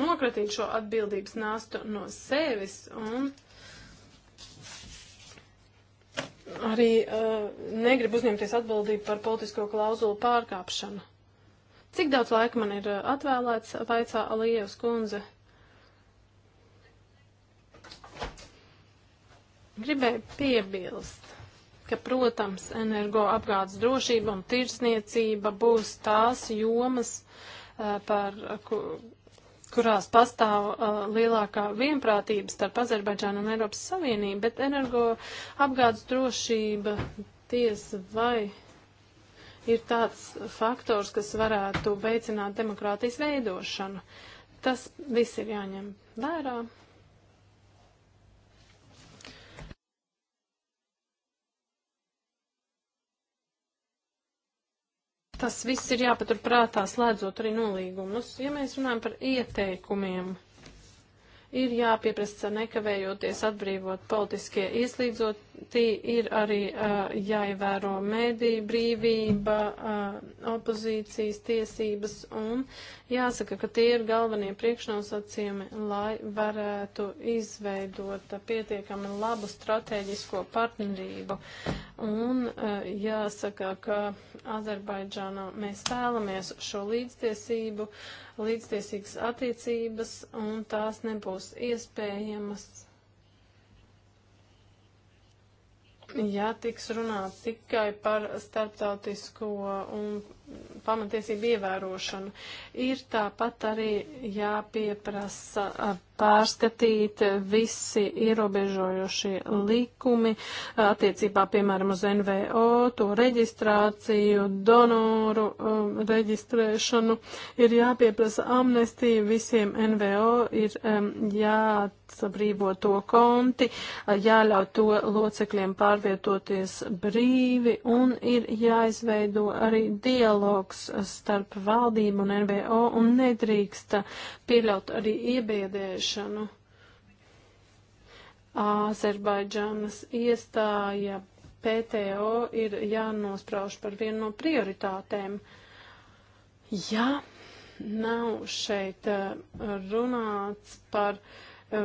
nokratīt šo atbildības nāstu no sevis un arī uh, negrib uzņemties atbildību par politisko klauzulu pārkāpšanu. Cik daudz laika man ir uh, atvēlēts, vaicā Alijevs kundze? Gribēju piebilst, ka, protams, energoapgādes drošība un tirsniecība būs tās jomas, uh, par, kurās pastāv uh, lielākā vienprātība starp Azerbaidžānu un Eiropas Savienību, bet energo apgādes drošība ties vai ir tāds faktors, kas varētu veicināt demokrātijas veidošanu. Tas viss ir jāņem vērā. Tas viss ir jāpaturprātā, slēdzot arī nolīgumus. Ja mēs runājam par ieteikumiem, ir jāpieprasa nekavējoties atbrīvot politiskie ieslīdzotī, ir arī uh, jāievēro mēdīja brīvība, uh, opozīcijas tiesības un jāsaka, ka tie ir galvenie priekšnosacījumi, lai varētu izveidot pietiekami labu strateģisko partnerību. Un uh, jāsaka, ka Azerbaidžānā mēs vēlamies šo līdztiesību. Uh, līdztiesīgas attiecības, un tās nebūs iespējamas, ja tiks runāts tikai par starptautisko un pamatiesību ievērošanu. Ir tāpat arī jāpieprasa pārskatīt visi ierobežojošie likumi attiecībā, piemēram, uz NVO, to reģistrāciju, donoru um, reģistrēšanu. Ir jāpieprasa amnestija visiem NVO, ir um, jāatbrīvo to konti, jāļauj to locekļiem pārvietoties brīvi un ir jāizveido arī dialogu dialogs starp valdību un NVO un nedrīksta pieļaut arī iebiedēšanu. Azerbaidžānas iestāja PTO ir jānosprauž par vienu no prioritātēm. Ja nav šeit eh, runāts par uh, E,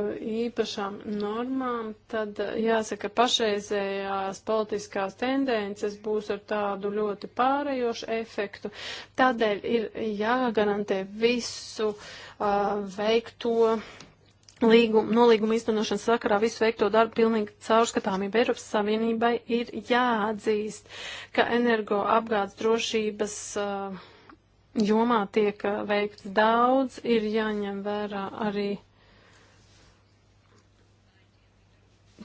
īpašām normām, tad e, jāsaka, pašreizējās politiskās tendences būs ar tādu ļoti pārējošu efektu. Tādēļ ir jāgarantē visu uh, veikto. Līguma, nolīguma īstenošanas sakarā visu veikto darbu pilnīgi caurskatāmība Eiropas Savienībai ir jāatzīst, ka energoapgādes drošības uh, jomā tiek veikts daudz, ir jāņem vērā arī uh,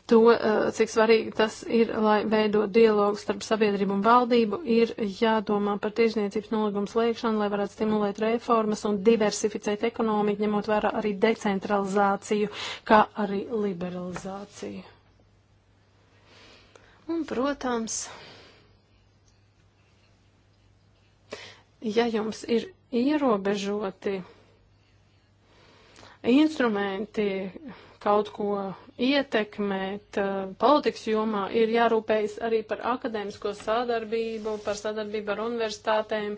to, eh, cik svarīgi tas ir, lai veidot dialogu starp sabiedrību un valdību, ir jādomā par tirzniecības nolīgumu slēgšanu, lai varētu stimulēt reformas un diversificēt ekonomiku, ņemot vērā arī decentralizāciju, kā arī liberalizāciju. Un, protams, ja jums ir ierobežoti instrumenti kaut ko ietekmēt uh, politikas jomā, ir jārūpējas arī par akadēmisko sadarbību, par sadarbību ar universitātēm,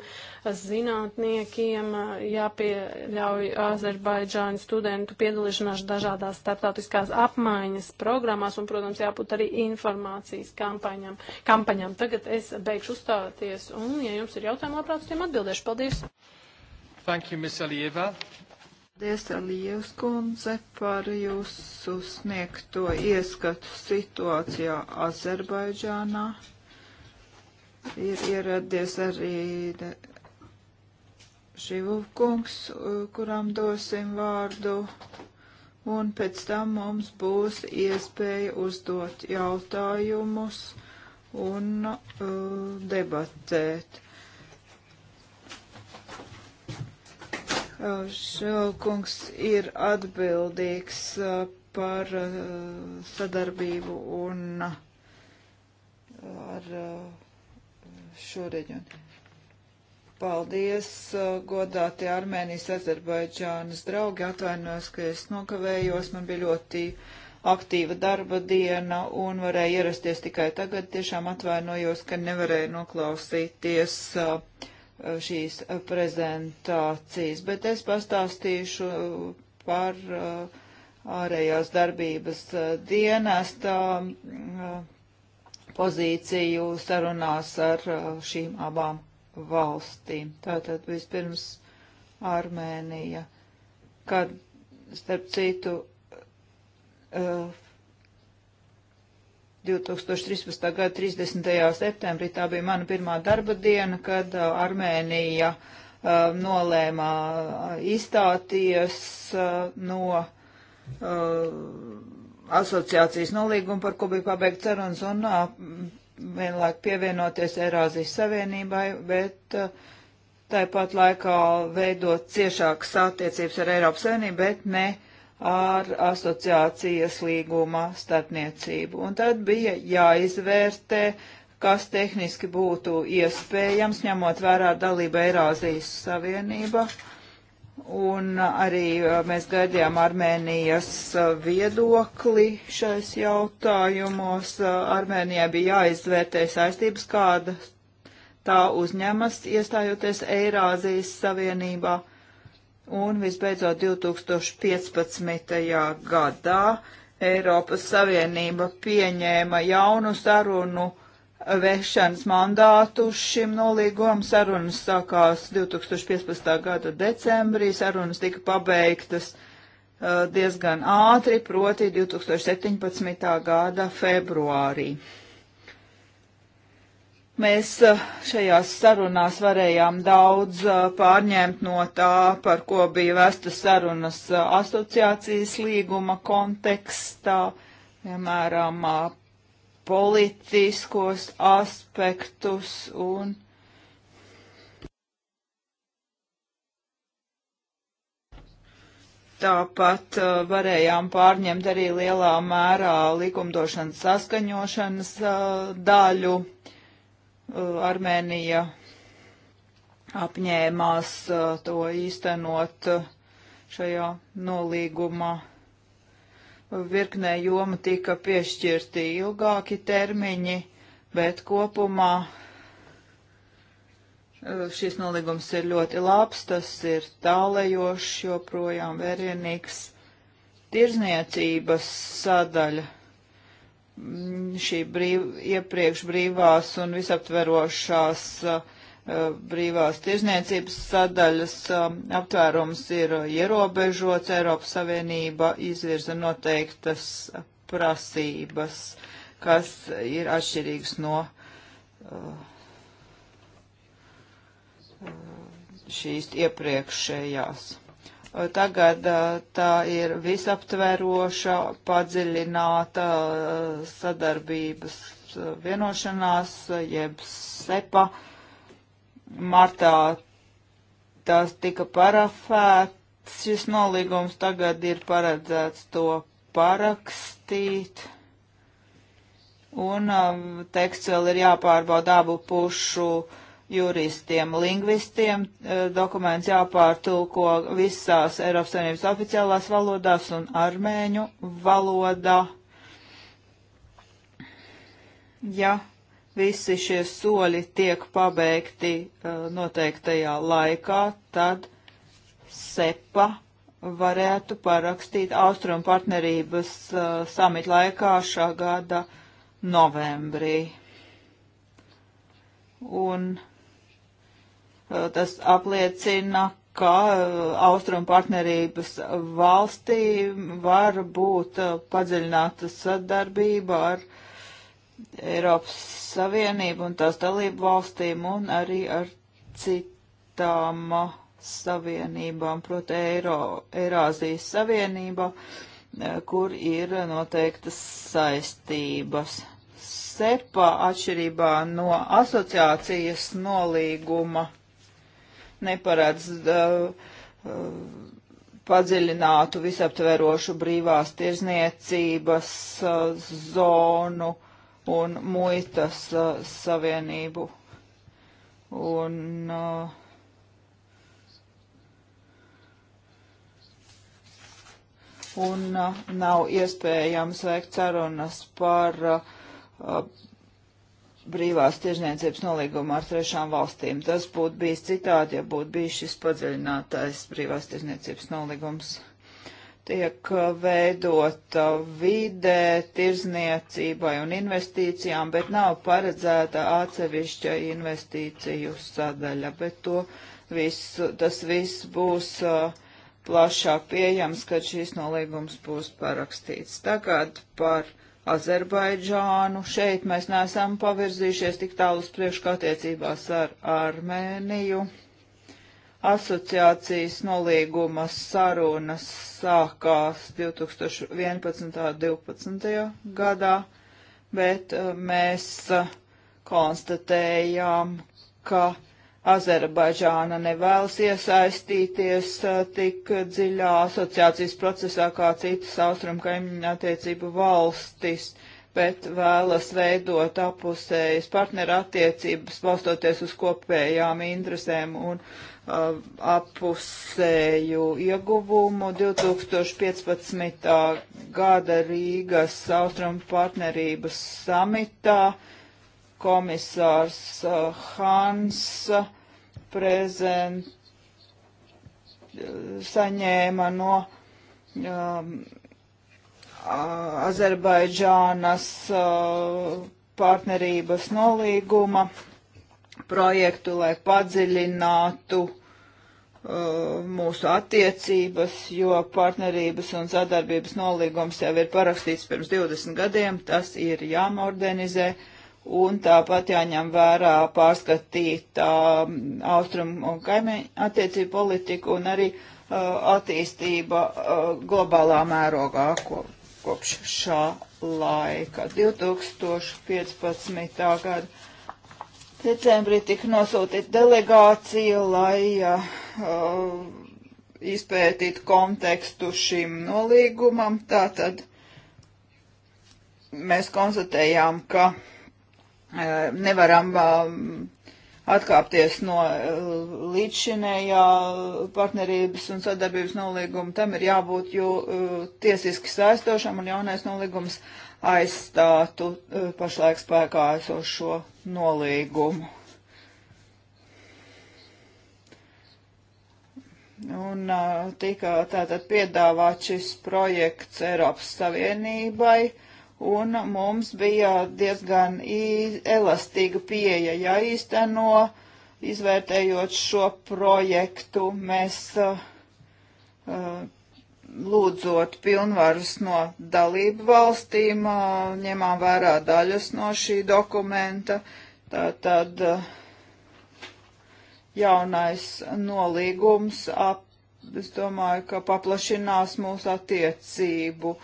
zinātniekiem, uh, jāpieļauj Azerbaidžāņu studentu piedalīšanās dažādās starptautiskās apmaiņas programmās un, protams, jābūt arī informācijas kampaņam. kampaņam. Tagad es beigšu uzstāties un, ja jums ir jautājumi, labprāt, uz tiem atbildēšu. Paldies!
Thank you, Ms. Alieva. Paldies, Lievs kundze, par jūsu sniegto ieskatu situācijā Azerbaidžānā. Ir ieradies arī Šivuvkungs, uh, kuram dosim vārdu, un pēc tam mums būs iespēja uzdot jautājumus un uh, debatēt. Šilkungs ir atbildīgs uh, par uh, sadarbību un uh, ar šo reģionu. Paldies, godātie Armēnijas Azerbaidžānas draugi. Atvainojos, ka es nokavējos. Man bija ļoti aktīva darba diena un varēju ierasties tikai tagad. Tiešām atvainojos, ka nevarēju noklausīties. Uh, šīs prezentācijas, bet es pastāstīšu par uh, ārējās darbības uh, dienestā mm, uh, pozīciju sarunās ar šīm abām valstīm. Tātad vispirms Armēnija, kad, starp citu, 2013. gada 30. septembrī. Tā bija mana pirmā darba diena, kad uh, Armēnija uh, nolēma uh, izstāties no asociācijas nolīguma, par ko bija pabeigts sarunas, un vienlaik pievienoties Eirāzijas Savienībai, bet tāpat laikā veidot ciešākas attiecības ar Eiropas Savienību, bet ne uh, ar asociācijas līguma starpniecību. Un tad bija jāizvērtē, kas tehniski būtu iespējams, ņemot vērā dalību Eirāzijas Savienība. Un arī uh, mēs gaidījām Armēnijas uh, viedokli šais jautājumos. Uh, Armēnijai bija jāizvērtē saistības, kāda tā uzņemas, iestājoties Eirāzijas Savienībā. Uh, Un visbeidzot 2015. gadā Eiropas Savienība pieņēma jaunu sarunu vešanas mandātu šim nolīgumam. Sarunas sākās 2015. gada decembrī, sarunas tika pabeigtas uh, diezgan ātri, proti 2017. gada februārī. Mēs eh, šajās sarunās varējām daudz eh, pārņemt no tā, par ko bija vēsta sarunas eh, asociācijas līguma kontekstā, piemēram, politiskos aspektus un. Tāpat varējām pārņemt arī lielā mērā likumdošanas saskaņošanas daļu. Uh, Eh, Armēnija apņēmās eh, to īstenot eh, šajā nolīgumā. Virknē joma tika piešķirti ilgāki termiņi, bet kopumā šis nolīgums ir ļoti labs, tas ir tālējošs, joprojām vērienīgs tirzniecības sadaļa Mm, šī brīv, iepriekš brīvās un visaptverošās uh, brīvās tirzniecības sadaļas um, aptvērums ir ierobežots. Eiropas Savienība izvirza noteiktas prasības, kas ir atšķirīgs no uh, uh, šīs iepriekšējās. Tagad tā ir visaptveroša, padziļināta sadarbības vienošanās, jeb sepa. Martā tās tika parafēts, šis nolīgums tagad ir paredzēts to parakstīt. Un teksts vēl ir jāpārbauda abu pušu uh, juristiem, lingvistiem. E, dokuments jāpārtulko visās Eiropas Savienības oficiālās valodās un armēņu valodā. Ja visi šie soļi tiek pabeigti e, noteiktajā laikā, tad SEPA varētu parakstīt Austrum partnerības e, samit laikā šā gada novembrī. Un Eh, tas apliecina, ka eh, austrumu partnerības valstī var būt eh, padziļināta sadarbība ar Eiropas Savienību un tās dalību valstīm un arī ar citām savienībām, proti Eiro, Eirāzijas Savienība, kur ir noteiktas saistības. SEPA atšķirībā no asociācijas nolīguma neparedz uh, padziļinātu visaptverošu brīvās tirzniecības uh, zonu un muitas uh, savienību. Un, uh, un nav iespējams veikt sarunas par uh, brīvās tirzniecības nolīgumu ar trešām valstīm. Tas būtu bijis citādi, ja būtu bijis šis padziļinātais brīvās tirzniecības nolīgums. Tiek uh, veidota vidē, tirzniecībai un investīcijām, bet nav paredzēta atsevišķa investīciju sadaļa, bet to visu, tas viss būs uh, plašāk pieejams, kad šīs nolīgums būs parakstīts. Tagad par Azerbaidžānu. Šeit mēs neesam pavirzījušies tik tālu uz priekšu kā attiecībās ar Armēniju. Asociācijas nolīguma sarunas sākās 2011. un 2012. gadā, bet uh, mēs uh, konstatējām, ka Azerbaidžāna nevēlas iesaistīties uh, tik dziļā asociācijas procesā kā citas austrumkaimiņa attiecību valstis, bet vēlas veidot apusējas partneru attiecības, balstoties uz kopējām interesēm un uh, apusēju ieguvumu. 2015. gada Rīgas austrumu partnerības samitā komisārs uh, Hans uh, prezent, saņēma no um, Azerbaidžānas uh, partnerības nolīguma projektu, lai padziļinātu uh, mūsu attiecības, jo partnerības un sadarbības nolīgums jau ir parakstīts pirms 20 gadiem, tas ir jāmodernizē. Uh, un tāpat jāņem vērā pārskatītā um, austrumu un kaimiņu attiecību politiku un arī uh, attīstība uh, globālā mērogā ko, kopš šā laika. 2015. gada decembrī tika nosūtīta delegācija, lai uh, uh, izpētītu kontekstu šim nolīgumam. Tātad mēs konstatējām, ka uh, nevaram atkāpties no līdzšinējā partnerības un sadarbības nolīguma. Tam ir jābūt jo tiesiski saistošam un jaunais nolīgums aizstātu pašlaik spēkā esošo nolīgumu. Un tika tātad piedāvāt šis projekts Eiropas Savienībai un mums bija diezgan elastīga pieeja jāīsteno, izvērtējot šo projektu, mēs uh, uh lūdzot pilnvarus no dalību valstīm, uh, ņemām vērā daļas no šī dokumenta, tātad uh, jaunais nolīgums ap, es domāju, ka paplašinās mūsu attiecību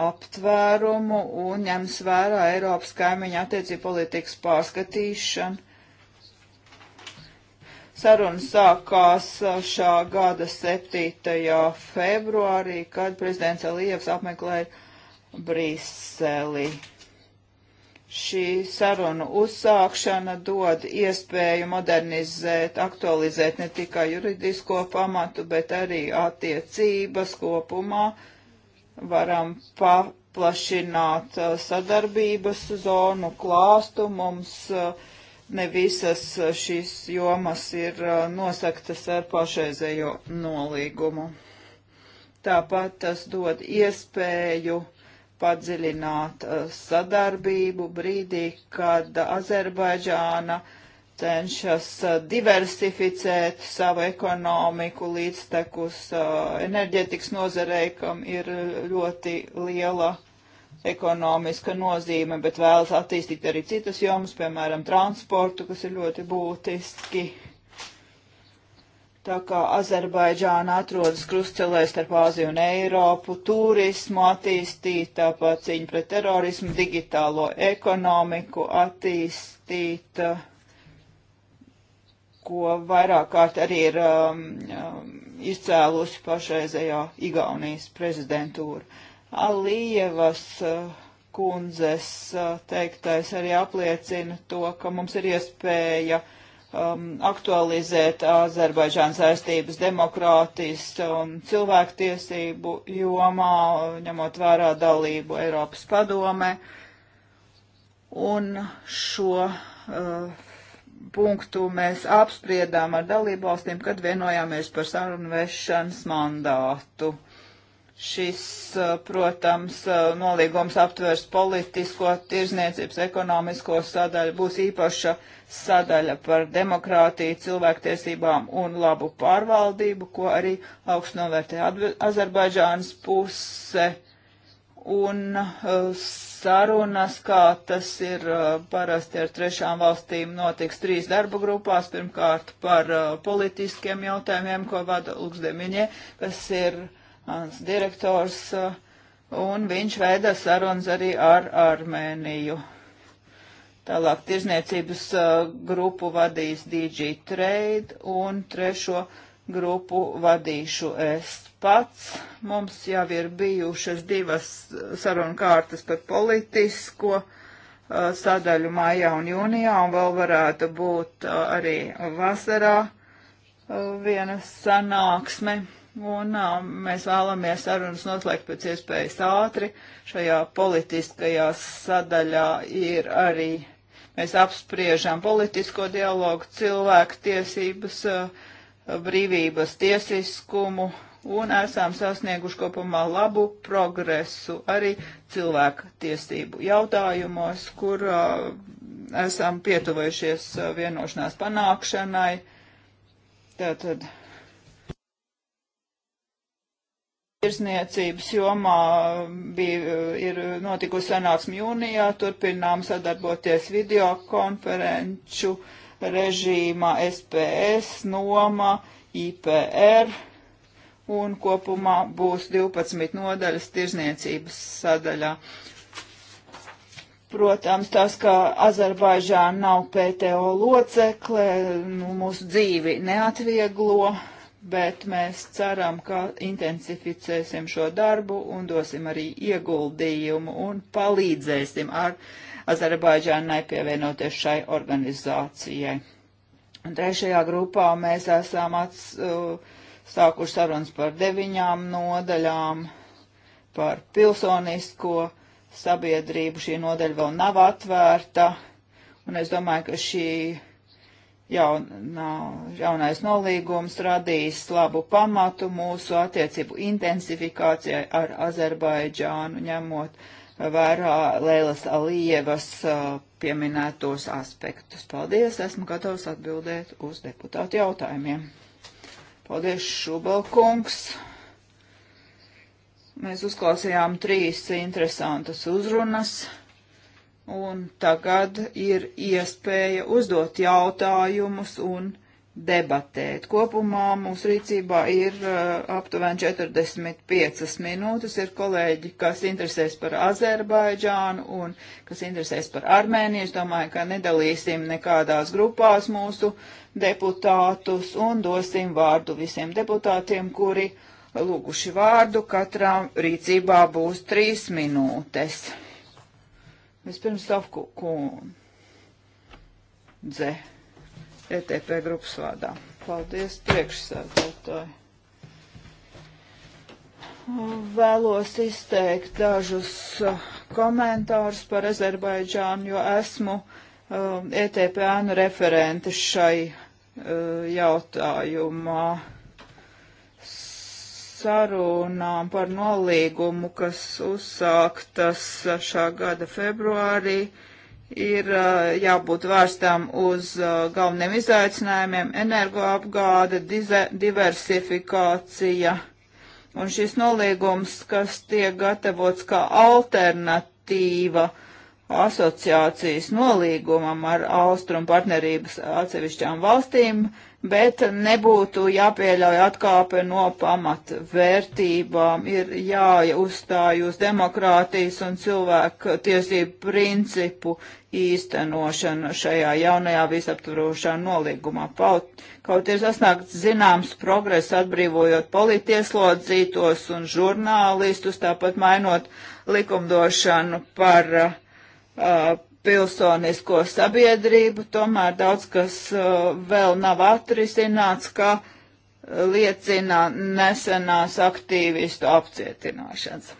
aptvērumu un ņems vērā Eiropas kaimiņa attiecību politikas pārskatīšanu. Saruna sākās uh, šā gada 7. februārī, kad prezidents Alievs apmeklēja Briseli. Šī saruna uzsākšana dod iespēju modernizēt, aktualizēt ne tikai juridisko pamatu, bet arī attiecības kopumā varam paplašināt uh, sadarbības zonu klāstu. Mums uh, ne visas uh, šīs jomas ir nosaktas ar pašreizējo nolīgumu. Tāpat tas dod iespēju padziļināt sadarbību brīdī, kad Azerbaidžāna uh, cenšas uh, diversificēt savu ekonomiku līdztekus uh, enerģetikas nozarei, kam ir uh, ļoti liela ekonomiska nozīme, bet vēlas attīstīt arī citas jomas, piemēram, transportu, kas ir ļoti būtiski. Tā kā Azerbaidžāna atrodas krustcelē starp Āziju un Eiropu, turismu attīstīt, tāpat cīņu pret terorismu, digitālo ekonomiku attīstīt. Uh, ko vairāk kārt arī ir um, um izcēlusi pašreizējā Igaunijas prezidentūra. Alievas uh, kundzes uh, teiktais arī apliecina to, ka mums ir iespēja um, aktualizēt Azerbaidžānas saistības demokrātijas un cilvēktiesību jomā, ņemot vērā dalību Eiropas padomē. Un šo uh, punktu mēs apspriedām ar dalībvalstīm, kad vienojāmies par sarunu vešanas mandātu. Šis, protams, nolīgums aptvers politisko, tirzniecības, ekonomisko sadaļu, būs īpaša sadaļa par demokrātiju, cilvēktiesībām un labu pārvaldību, ko arī augstnovērtē Azerbaidžānas puse un uh, sarunas, kā tas ir uh, parasti ar trešām valstīm, notiks trīs darba grupās. Pirmkārt par uh, politiskiem jautājumiem, ko vada Luksdemiņie, kas ir mans direktors, un viņš veida sarunas arī ar Armēniju. Tālāk tirzniecības grupu vadīs DG Trade un trešo grupu vadīšu es pats. Mums jau ir bijušas divas sarunu kārtas par politisko uh, sadaļu maijā un jūnijā, un vēl varētu būt uh, arī vasarā uh, viena sanāksme. Un mēs vēlamies sarunas noslēgt pēc iespējas ātri. Šajā politiskajā sadaļā ir arī, mēs apspriežam politisko dialogu, cilvēku tiesības, uh, brīvības tiesiskumu un esam sasnieguši kopumā labu progresu arī cilvēku tiesību jautājumos, kur uh, esam pietuvojušies uh, vienošanās panākšanai. Tātad tirsniecības jomā um, bija, uh, ir notikusi sanāksme jūnijā, turpinām sadarboties video konferenču uh, režīmā, SPS, NOMA, IPR un kopumā būs 12 nodaļas tirzniecības sadaļā. Protams, tas, ka Azerbaidžāna nav PTO locekle, nu, mūsu dzīvi neatvieglo, bet mēs ceram, ka intensificēsim šo darbu un dosim arī ieguldījumu un palīdzēsim ar uh, Azerbaidžānai pievienoties šai organizācijai. Un trešajā grupā mēs esam ats, uh, sākuši sarunas par deviņām nodaļām, par pilsonisko sabiedrību. Šī nodaļa vēl nav atvērta, un es domāju, ka šī jaunā, jaunais nolīgums radīs labu pamatu mūsu attiecību intensifikācijai ar Azerbaidžānu, ņemot vērā Lēlas Alievas pieminētos aspektus. Paldies, esmu gatavs atbildēt uz deputātu jautājumiem. Paldies, Šubalkungs. Mēs uzklausījām trīs interesantas uzrunas, un tagad ir iespēja uzdot jautājumus un jautājumus debatēt. Kopumā mums rīcībā ir uh, aptuveni 45 minūtes. Ir kolēģi, kas interesēs par Azerbaidžānu un kas interesēs par Armēniju. Es domāju, ka nedalīsim nekādās grupās mūsu deputātus un dosim vārdu visiem deputātiem, kuri lūguši vārdu. Katrām rīcībā būs trīs minūtes. Vispirms Savku kundze. Ku... ETP grupas vārdā. Paldies priekšsēdētāji. Vēlos izteikt dažus uh, komentārus par Azerbaidžānu, jo esmu um, ETP ānu referente šai uh, jautājumā sarunām par nolīgumu, kas uzsāktas šā gada februārī. Uh, ir eh, jābūt vērstām uz eh, galveniem izaicinājumiem - energoapgāde, diversifikācija. Un šis nolīgums, kas tiek gatavots kā alternatīva, uh, asociācijas nolīgumam ar Austrum partnerības atsevišķām valstīm, bet nebūtu jāpieļauj atkāpe no pamatvērtībām, ir jāuzstāj uz demokrātijas un cilvēku tiesību principu īstenošanu šajā jaunajā visaptvarošā nolīgumā. Paut, kaut ir sasniegts zināms progress atbrīvojot politieslodzītos un žurnālistus, tāpat mainot likumdošanu par uh, Uh, pilsonisko sabiedrību, tomēr daudz kas uh, vēl nav atrisināts, kā liecina nesenās aktīvistu apcietināšanas.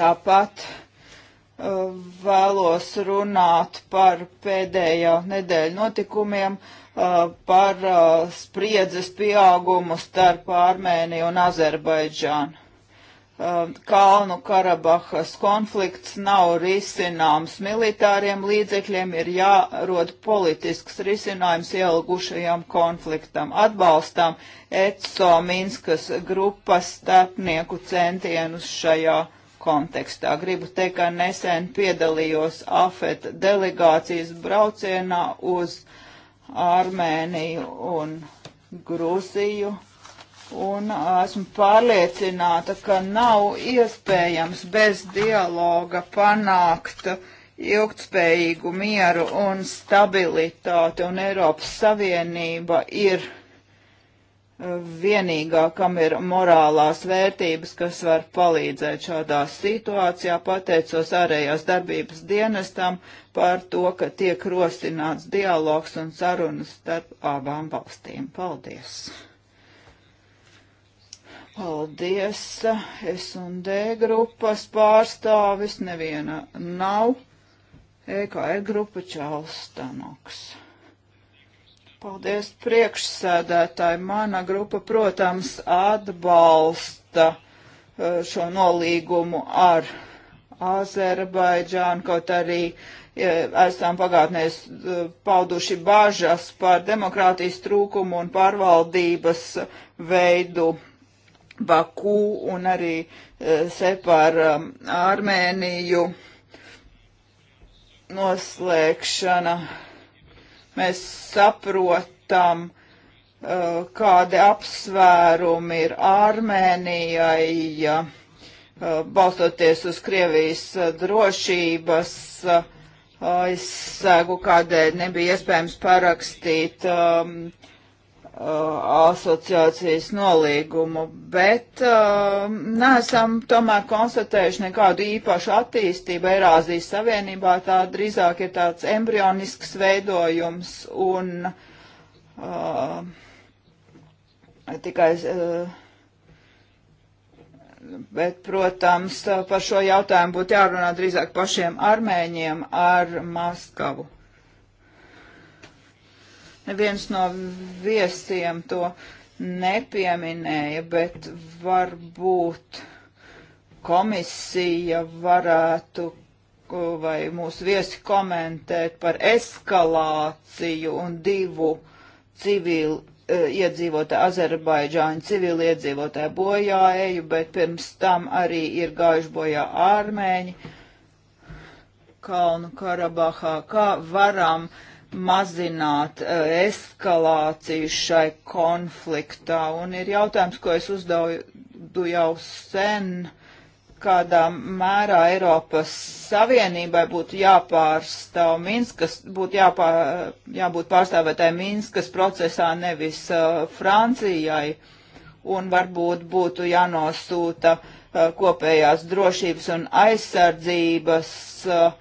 Tāpat uh, vēlos runāt par pēdējo nedēļu notikumiem, par spriedzes pieaugumu starp Armēniju un Azerbaidžānu. Um, Kalnu Karabahas konflikts nav risināms militāriem līdzekļiem, ir jārod politisks risinājums ielgušajam konfliktam. Atbalstām ECO Minskas grupas starpnieku centienus šajā kontekstā. Gribu teikt, ka nesen piedalījos AFET delegācijas braucienā uz Armēniju un Grūziju un esmu pārliecināta, ka nav iespējams bez dialoga panākt ilgtspējīgu mieru un stabilitāti, un Eiropas Savienība ir eh, vienīgā, kam ir morālās vērtības, kas var palīdzēt šādā situācijā. Pateicos ārējās darbības dienestam par to, ka tiek rosināts dialogs un sarunas starp abām valstīm. Paldies! Paldies, S un D grupas pārstāvis neviena nav. EKR grupa Čāls Stanoks. Paldies priekšsēdētāji. Mana grupa, protams, atbalsta e, šo nolīgumu ar Azerbaidžānu, kaut arī e, esam pagātnē e, pauduši bažas par demokrātijas trūkumu un pārvaldības veidu Baku un arī e, separ um, Armēniju noslēgšana. Mēs saprotam, e, kādi apsvērumi ir Armēnijai, e, balstoties uz Krievijas drošības aizsegu, kādēļ nebija iespējams parakstīt um, Uh, asociācijas nolīgumu, bet uh, neesam tomēr konstatējuši nekādu īpašu attīstību Eirāzijas Savienībā. Tā drīzāk ir tāds embrionisks veidojums un uh, tikai. Uh, Bet, protams, par šo jautājumu būtu jārunā drīzāk pašiem armēņiem ar Maskavu. Neviens no viesiem to nepieminēja, bet varbūt komisija varētu vai mūsu viesi komentēt par eskalāciju un divu civilu e, iedzīvotāji, Azerbaidžāņu civili iedzīvotāji bojāēju, bet pirms tam arī ir gājuši bojā ārmēņi Kalnu Karabahā. Kā varam uh, mazināt eh, eskalāciju šai konfliktā. Un ir jautājums, ko es uzdevu jau sen, kādā mērā Eiropas Savienībai būtu jāpārstāv Minskas, būtu jāpā, jābūt pārstāvētāji Minskas procesā, nevis uh, Francijai. Un varbūt būtu jānosūta uh, kopējās drošības un aizsardzības uh,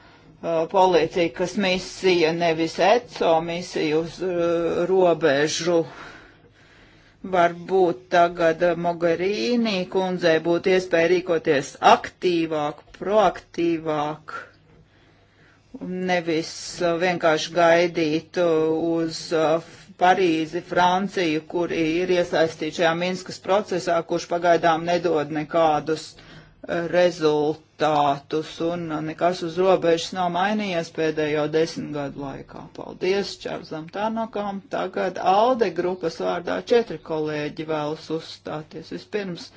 Uh, politikas misija, nevis ECO misija uz uh, robežu varbūt tagad Mogarīnī kundzei būtu iespēja rīkoties aktīvāk, proaktīvāk, nevis uh, vienkārši gaidīt uz Parīzi, Franciju, kur ir iesaistīta šajā Minskas procesā, kurš pagaidām nedod nekādus uh, rezultātus, un nekas uz robežas nav mainījies pēdējo desmit gadu laikā. Paldies Čārzam Tanokam. Tagad Alde grupas vārdā četri kolēģi vēlas uzstāties. Vispirms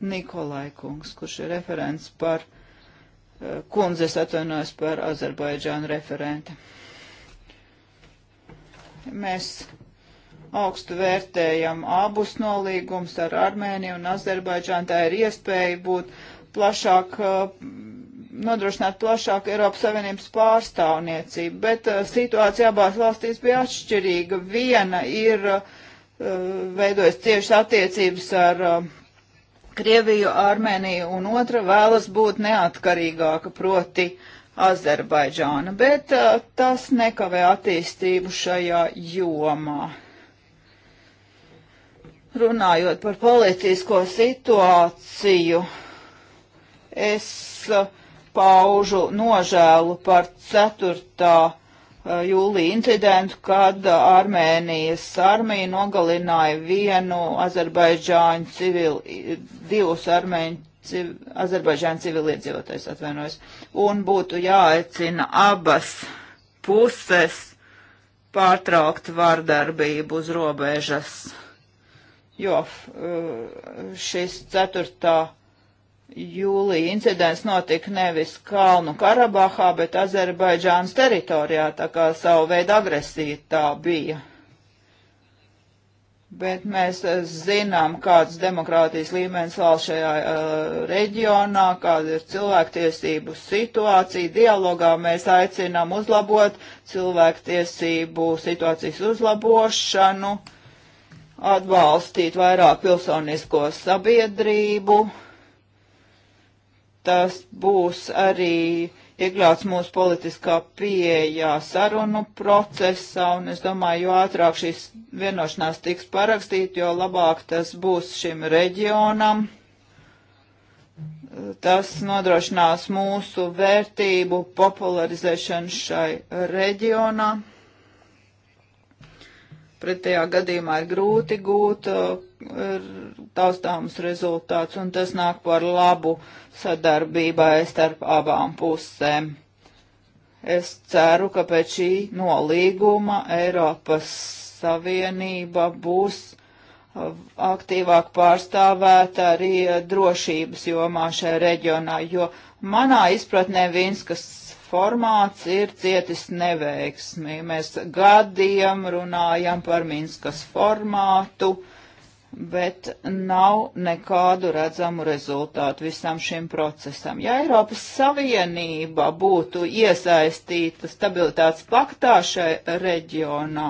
Nikolai Kungs, kurš ir referents par eh, kundzes atvainojas par Azerbaidžānu referenti. Mēs augstu vērtējam abus nolīgumus ar Armēniju un Azerbaidžānu. Tā ir iespēja būt plašāk, uh, nodrošināt plašāku Eiropas Savienības pārstāvniecību, bet uh, situācija abās valstīs bija atšķirīga. Viena ir uh, veidojas ciešas attiecības ar Krieviju, Armēniju, un otra vēlas būt neatkarīgāka, proti Azerbaidžāna, bet tas nekavē attīstību šajā jomā. Runājot par politisko situāciju, uh, Es uh, paužu nožēlu par 4. Uh, jūlija incidentu, kad uh, Armēnijas armija nogalināja vienu Azerbaidžāņu civilu, divus armēņu civ, Azerbaidžāņu civiliedzīvotājs atvainojas. Un būtu jāaicina abas puses pārtraukt vārdarbību uz robežas, jo šis ceturtā jūlija incidents notika nevis Kalnu Karabahā, bet Azerbaidžānas teritorijā, tā kā savu veidu agresija tā bija. Bet mēs eh, zinām, kāds demokrātijas līmenis vēl šajā uh, reģionā, kāda ir cilvēktiesību situācija. Dialogā mēs aicinām uzlabot cilvēktiesību situācijas uzlabošanu, atbalstīt vairāk pilsonisko sabiedrību. Uh, tas būs arī iekļauts mūsu politiskā pieejā sarunu procesā, un es domāju, jo ātrāk šīs vienošanās tiks parakstīt, jo labāk tas būs šim reģionam. Tas nodrošinās mūsu vērtību popularizēšanu šai reģionā. Pretējā gadījumā ir grūti gūt uh, taustāms rezultāts, un tas nāk par labu sadarbībai starp abām pusēm. Es ceru, ka pēc šī nolīguma Eiropas Savienība būs uh, aktīvāk pārstāvēta arī uh, drošības jomā šajā reģionā, jo manā izpratnē Vinskas formāts ir cietis neveiksmi. Mēs gadiem runājam par Minskas formātu, uh, bet nav nekādu redzamu rezultātu visam šim procesam. Ja Eiropas Savienība būtu iesaistīta stabilitātes paktā šai reģionā,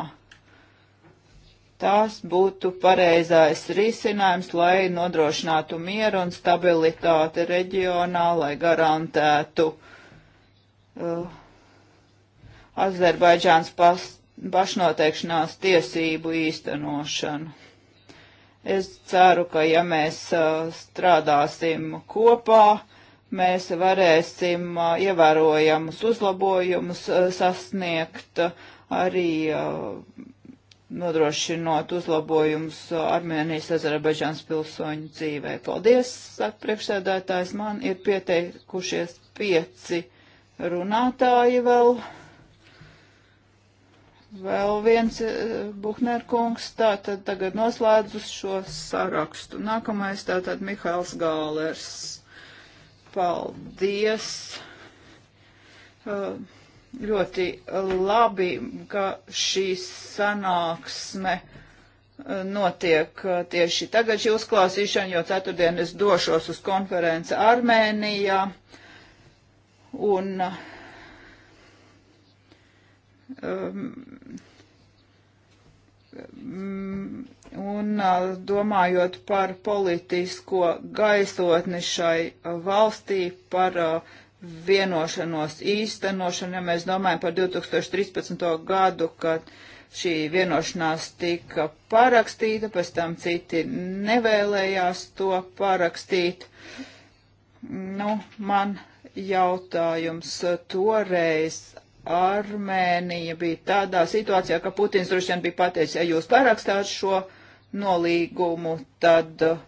tās būtu pareizais risinājums, lai nodrošinātu mieru un stabilitāti reģionā, lai garantētu uh, Azerbaidžāns pašnoteikšanās tiesību īstenošanu. Es ceru, ka ja mēs strādāsim kopā, mēs varēsim ievērojamus uzlabojumus sasniegt arī nodrošinot uzlabojumus Armēnijas Azerbaidžāns pilsoņu dzīvē. Paldies, saka priekšsēdētājs, man ir pieteikušies pieci runātāji vēl. Vēl viens eh, Buhner kungs, tātad tagad noslēdzus šo sarakstu. Nākamais tātad Mihails Gālers. Paldies! Uh, ļoti labi, ka šī sanāksme eh, notiek tieši tagad šī uzklausīšana, jo ceturtdien es došos uz konferenci Armēnijā. Un uh, Um, un uh, domājot par politisko gaisotni šai uh, valstī, par uh, vienošanos īstenošanu, ja mēs domājam par 2013. gadu, kad šī vienošanās tika parakstīta, pēc tam citi nevēlējās to parakstīt. Nu, man jautājums toreiz Armēnija bija tādā situācijā, ka Putins droši vien bija pateicis, ja jūs parakstāt šo nolīgumu, tad uh,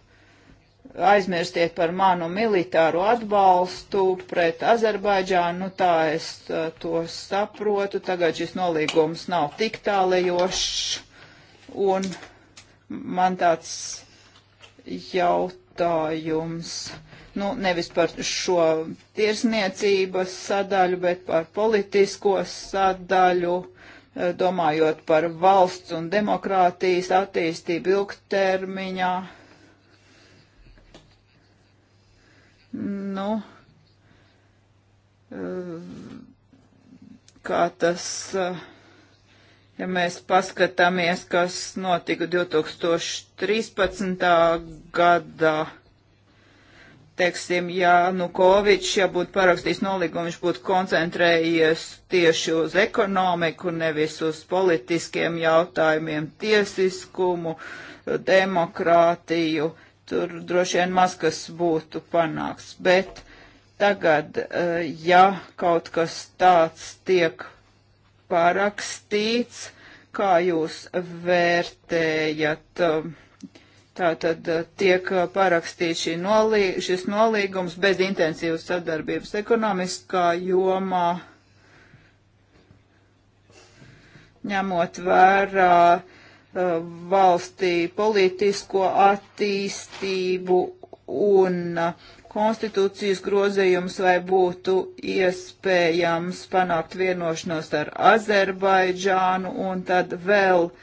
aizmirstiet par manu militāru atbalstu pret Azerbaidžānu, nu tā es uh, to saprotu. Tagad šis nolīgums nav tik tālējošs, un man tāds jautājums nu, nevis par šo tirsniecības sadaļu, bet par politisko sadaļu, eh, domājot par valsts un demokrātijas attīstību ilgtermiņā. Nu, eh, kā tas, eh, ja mēs paskatāmies, kas notika 2013. gadā, Teiksim, ja Nukovičs, ja būtu parakstījis nolīgumu, viņš būtu koncentrējies tieši uz ekonomiku, nevis uz politiskiem jautājumiem, tiesiskumu, demokrātiju. Tur droši vien maz kas būtu panāks. Bet tagad, eh, ja kaut kas tāds tiek parakstīts, kā jūs vērtējat? Um, Tātad eh, tiek eh, parakstīts nolī, šis nolīgums bez intensīvas sadarbības ekonomiskā jomā, ņemot vērā eh, valstī politisko attīstību un konstitūcijas grozījums, vai būtu iespējams panākt vienošanos ar Azerbaidžānu un tad vēl uh,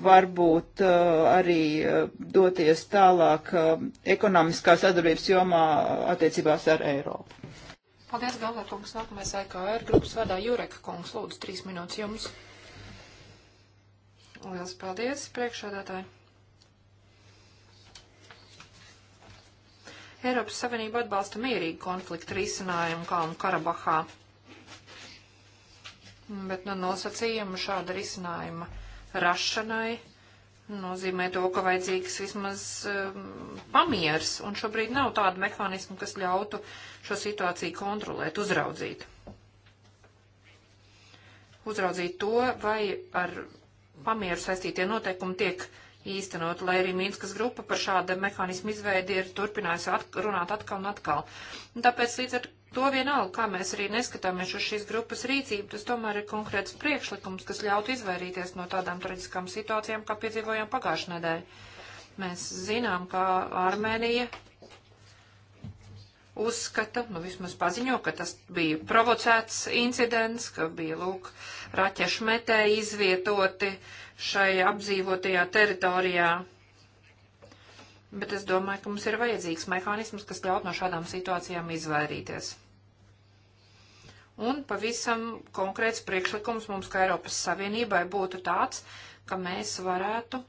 varbūt eh, arī eh, doties tālāk eh, ekonomiskā sadarbības jomā attiecībās ar Eiropu.
Paldies, Galvā kungs. Nākamais AKR e grupas vadā Jureka kungs. Lūdzu, trīs minūtes jums. Liels paldies, priekšādātāji. Eiropas Savienība atbalsta mierīgu konfliktu risinājumu Kalnu Karabahā. Bet no nosacījuma šāda risinājuma rašanai nozīmē to, ka vajadzīgs vismaz um, pamiers, un šobrīd nav tāda mehānisma, kas ļautu šo situāciju kontrolēt, uzraudzīt. Uzraudzīt to, vai ar pamieru saistītie noteikumi tiek īstenot, lai arī Mīnskas grupa par šādu mehānismu izveidi ir turpinājusi at runāt atkal un atkal. Un tāpēc līdz ar To vienalga, kā mēs arī neskatāmies uz šīs grupas rīcību, tas tomēr ir konkrēts priekšlikums, kas ļautu izvairīties no tādām traģiskām situācijām, kā piedzīvojām pagājušajā nedēļā. Mēs zinām, ka Armēnija uzskata, nu vismaz paziņo, ka tas bija provocēts incidents, ka bija, lūk, raķešu metēji izvietoti šai apdzīvotajā teritorijā bet es domāju, ka mums ir vajadzīgs mehānisms, kas ļaut no šādām situācijām izvairīties. Un pavisam konkrēts priekšlikums mums, kā Eiropas Savienībai, būtu tāds, ka mēs varētu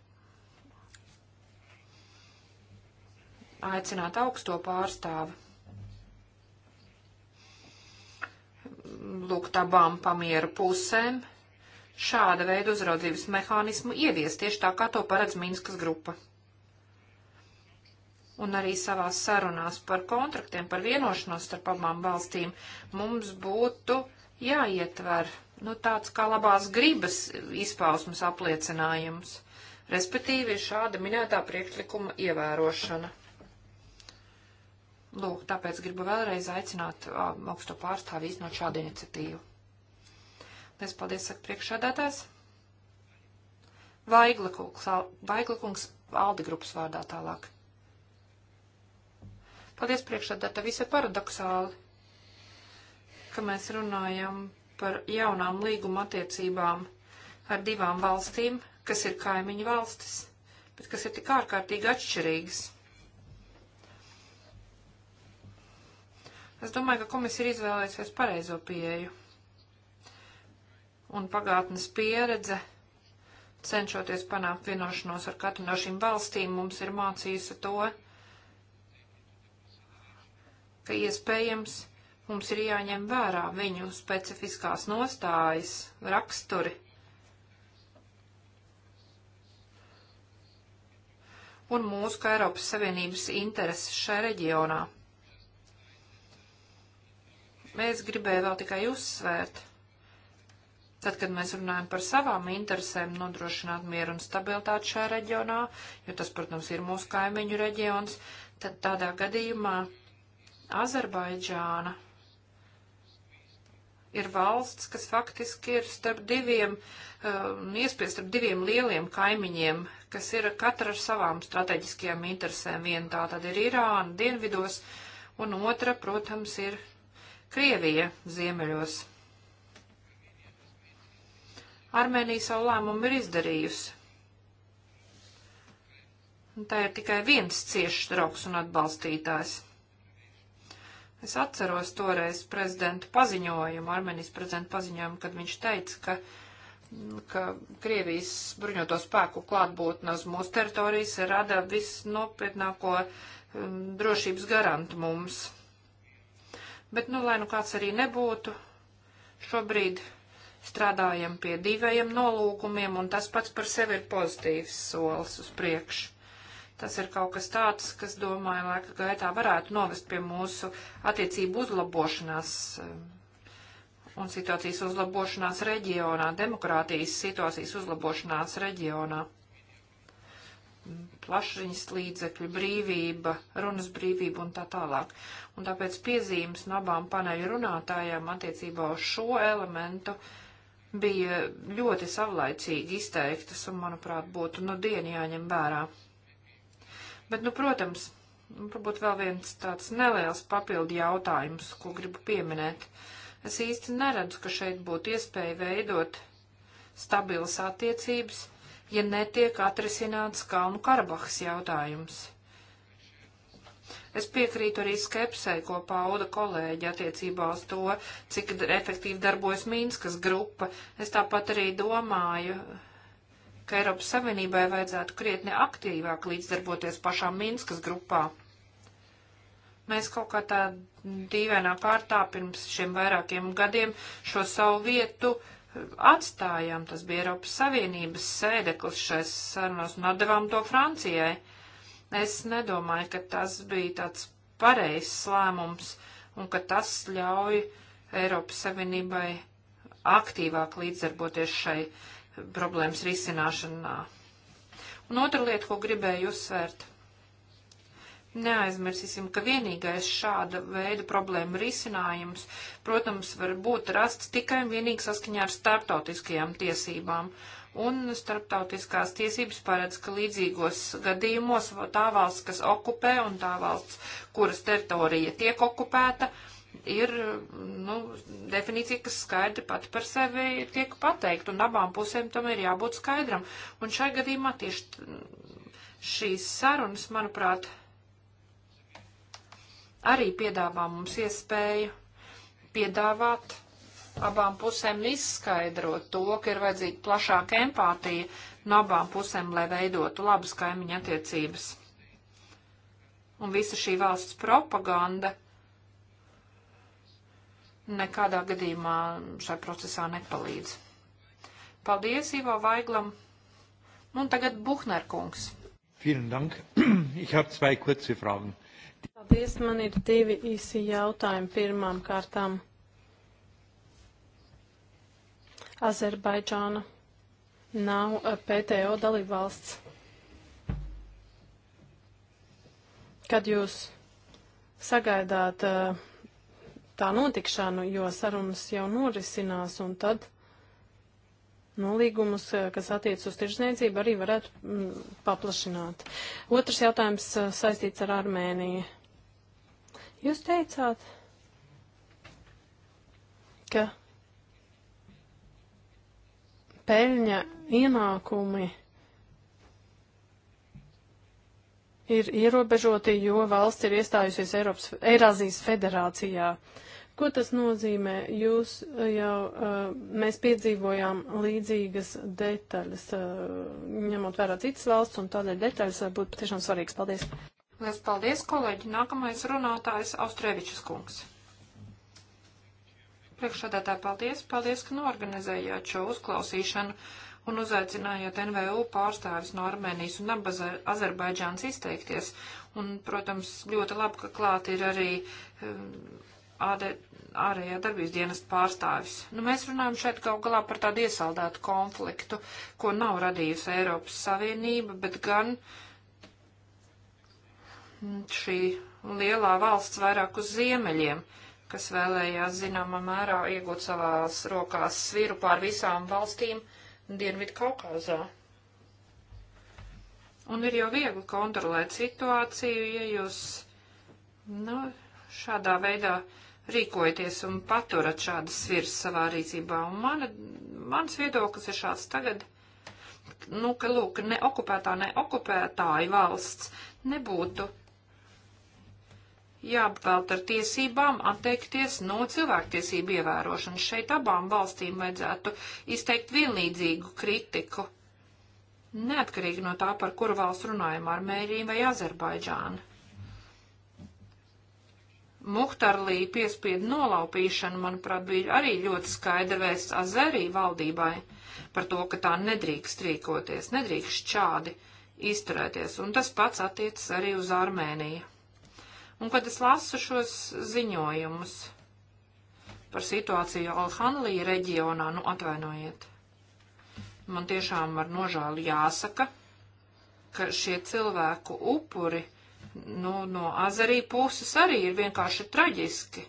aicināt augsto pārstāvi. Lūgt abām pamieru pusēm šāda veida uzraudzības mehānismu ieviest tieši tā, kā to paredz Minskas grupa un arī savās sarunās par kontraktiem, par vienošanos starp abām valstīm, mums būtu jāietver nu, tāds kā labās gribas izpausmas apliecinājums, respektīvi šāda minētā priekšlikuma ievērošana. Lūk, tāpēc gribu vēlreiz aicināt augsto pārstāvi iznot šādu iniciatīvu. Lies paldies, saka priekšādātājs. Vaiglakungs, Vaiglakungs Aldi grupas vārdā tālāk. Paldies priekšādātā visai paradoxāli, ka mēs runājam par jaunām līguma attiecībām ar divām valstīm, kas ir kaimiņu valstis, bet kas ir tik ārkārtīgi atšķirīgas. Es domāju, ka komisija ir izvēlējusies pareizo pieeju un pagātnes pieredze, cenšoties panākt vienošanos ar katru no šīm valstīm, mums ir mācījusi to, ka iespējams mums ir jāņem vērā viņu specifiskās nostājas, raksturi. Un mūsu kā Eiropas Savienības intereses šajā reģionā. Mēs gribēju vēl tikai uzsvērt, Tad, kad mēs runājam par savām interesēm nodrošināt mieru un stabilitāti šajā reģionā, jo tas, protams, ir mūsu kaimiņu reģions, tad tādā gadījumā Azerbaidžāna ir valsts, kas faktiski ir starp diviem, uh, um, iespies starp diviem lieliem kaimiņiem, kas ir katra ar savām strateģiskajām interesēm. Viena tā tad ir Irāna dienvidos, un otra, protams, ir Krievija ziemeļos. Armēnija savu lēmumu ir izdarījusi. Un tā ir tikai viens ciešs draugs un atbalstītājs. Es atceros toreiz prezidentu paziņojumu, Armenijas prezidentu paziņojumu, kad viņš teica, ka, mm, ka Krievijas bruņoto spēku klātbūtne uz mūsu teritorijas rada visnopietnāko um, drošības garantu mums. Bet, nu, lai nu kāds arī nebūtu, šobrīd strādājam pie divējiem nolūkumiem, un tas pats par sevi ir pozitīvs solis uz priekšu. Tas ir kaut kas tāds, kas, domāju, laika gaitā varētu novest pie mūsu attiecību uzlabošanās eh, un situācijas uzlabošanās reģionā, demokrātijas situācijas uzlabošanās reģionā. Plašriņas līdzekļu brīvība, runas brīvība un tā tālāk. Un tāpēc piezīmes no abām paneļu runātājām attiecībā uz šo elementu bija ļoti savlaicīgi izteiktas un, manuprāt, būtu nu no dienu jāņem vērā. Bet, nu, protams, varbūt vēl viens tāds neliels papildu jautājums, ko gribu pieminēt. Es īsti neredzu, ka šeit būtu iespēja veidot stabilas attiecības, ja netiek atrisināts Kalnu Karabahas jautājums. Es piekrītu arī skepsē, ko pauda kolēģi attiecībā uz to, cik efektīvi darbojas Mīnskas grupa. Es tāpat arī domāju, ka Eiropas Savienībai vajadzētu krietni aktīvāk līdzdarboties pašā Minskas grupā. Mēs kaut kā tā dīvainā kārtā pirms šiem vairākiem gadiem šo savu vietu atstājām. Tas bija Eiropas Savienības sēdeklis šais sarunās un atdevām to Francijai. Es nedomāju, ka tas bija tāds pareizs lēmums un ka tas ļauj Eiropas Savienībai aktīvāk līdzdarboties šai problēmas risināšanā. Un otra lieta, ko gribēju uzsvērt. Neaizmirsīsim, ka vienīgais šāda veida problēma risinājums, protams, var būt rasts tikai un vienīgi saskaņā ar starptautiskajām tiesībām. Un starptautiskās tiesības paredz, ka līdzīgos gadījumos tā valsts, kas okupē un tā valsts, kuras teritorija tiek okupēta, uh, ir nu, definīcija, kas skaidri pati par sevi tiek pateikt, un abām pusēm tam ir jābūt skaidram. Un šai gadījumā tieši šīs sarunas, manuprāt, arī piedāvā mums iespēju piedāvāt abām pusēm izskaidrot to, ka ir vajadzīga plašāka empātija no abām pusēm, lai veidotu labas kaimiņa attiecības. Un visa šī valsts propaganda – nekādā gadījumā šai procesā nepalīdz. Paldies Ivo Vaiglam. Un tagad Buhner kungs.
Vielen Dank. Ich habe zwei kurze Fragen.
Paldies, man ir divi īsi jautājumi pirmām kārtām. Azerbaidžāna nav eh, PTO dalībvalsts. Kad jūs sagaidāt uh, tā notikšanu, jo sarunas jau norisinās un tad nolīgumus, nu, eh, kas attiec uz tirzniecību, arī varētu mm, paplašināt. Otrs jautājums eh, saistīts ar Armēniju. Jūs teicāt, ka peļņa ienākumi ir ierobežoti, jo valsts ir iestājusies Eiropas, Eirāzijas federācijā. Uh, Ko tas nozīmē? Jūs uh, jau, uh, mēs piedzīvojām līdzīgas detaļas, uh, ņemot vērā citas valsts, un tādēļ detaļas būtu patiešām svarīgas. Paldies!
Lielas paldies, kolēģi! Nākamais runātājs Austrēvičs kungs. Priekšādātāji, paldies! Paldies, ka norganizējāt šo uzklausīšanu un uzaicinājāt NVU pārstāvis no Armēnijas un Azerbaidžāns izteikties. Un, protams, ļoti labi, ka klāt ir arī um, AD, ārējā darbības dienas pārstāvis. Nu, mēs runājam šeit kaut galā par tādu iesaldētu konfliktu, ko nav radījusi Eiropas Savienība, bet gan šī lielā valsts vairāk uz ziemeļiem, kas vēlējās zināmā mērā iegūt savās rokās sviru pār visām valstīm Dienvidu Kaukazā. Un ir jau viegli kontrolēt situāciju, ja jūs nu, šādā veidā uh, rīkojaties un paturat šādas svirs savā rīcībā. Un mana, mans viedoklis ir šāds tagad nu, ka, lūk, ne okupētā, ne okupētāja valsts nebūtu jāapvelt ar tiesībām atteikties no cilvēktiesību ievērošanas. Šeit abām valstīm vajadzētu izteikt vienlīdzīgu kritiku, neatkarīgi no tā, par kuru valstu runājam, Armēriju vai Azerbaidžānu. Muhtarlī piespiedu nolaupīšana, manuprāt, bija arī ļoti skaidra vēsts Azerī valdībai par to, ka tā nedrīkst rīkoties, nedrīkst šādi izturēties, un tas pats attiecas arī uz Armēniju. Un kad es lasu šos ziņojumus par situāciju Alhanlī reģionā, nu atvainojiet, man tiešām ar nožālu jāsaka, ka šie cilvēku upuri nu, no Azarī puses arī ir vienkārši traģiski.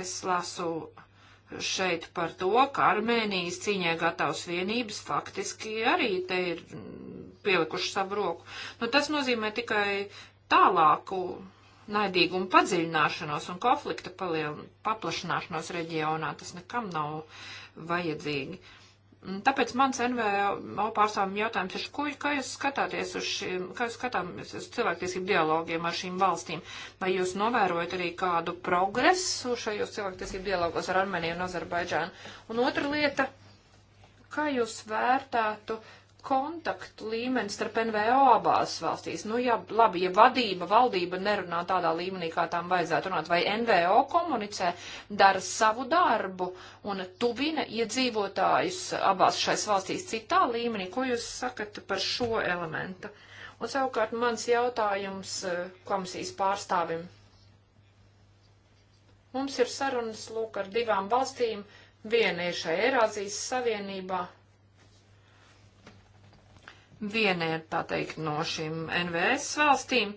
Es lasu šeit par to, ka Armēnijas cīņai gatavs vienības faktiski arī te ir pielikuši savu roku. Nu, tas nozīmē tikai tālāku naidīgumu padziļināšanos un konflikta paliel, paplašanāšanos reģionā. Tas nekam nav vajadzīgi. Uh, Tāpēc mans NVO pārstāvjum jautājums ir, ko, kā jūs skatāties uz šiem, kā jūs skatāmies uz cilvēktiesību dialogiem ar šīm valstīm? Vai jūs novērojat arī kādu progresu šajos cilvēktiesību dialogos ar Armēniju un Azerbaidžānu? Un otra lieta, kā jūs vērtātu uh, kontaktu līmenis starp NVO abās valstīs. Nu, ja, labi, ja vadība, valdība nerunā tādā līmenī, kā tām vajadzētu runāt, vai NVO komunicē, dara savu darbu un tuvina iedzīvotājus abās šais valstīs citā līmenī, ko jūs sakat par šo elementu? Un savukārt mans jautājums eh, komisijas pārstāvim. Mums ir sarunas, lūk, ar divām valstīm. Viena ir šai Eirāzijas Savienībā, vienai, tā teikt, no šīm NVS valstīm.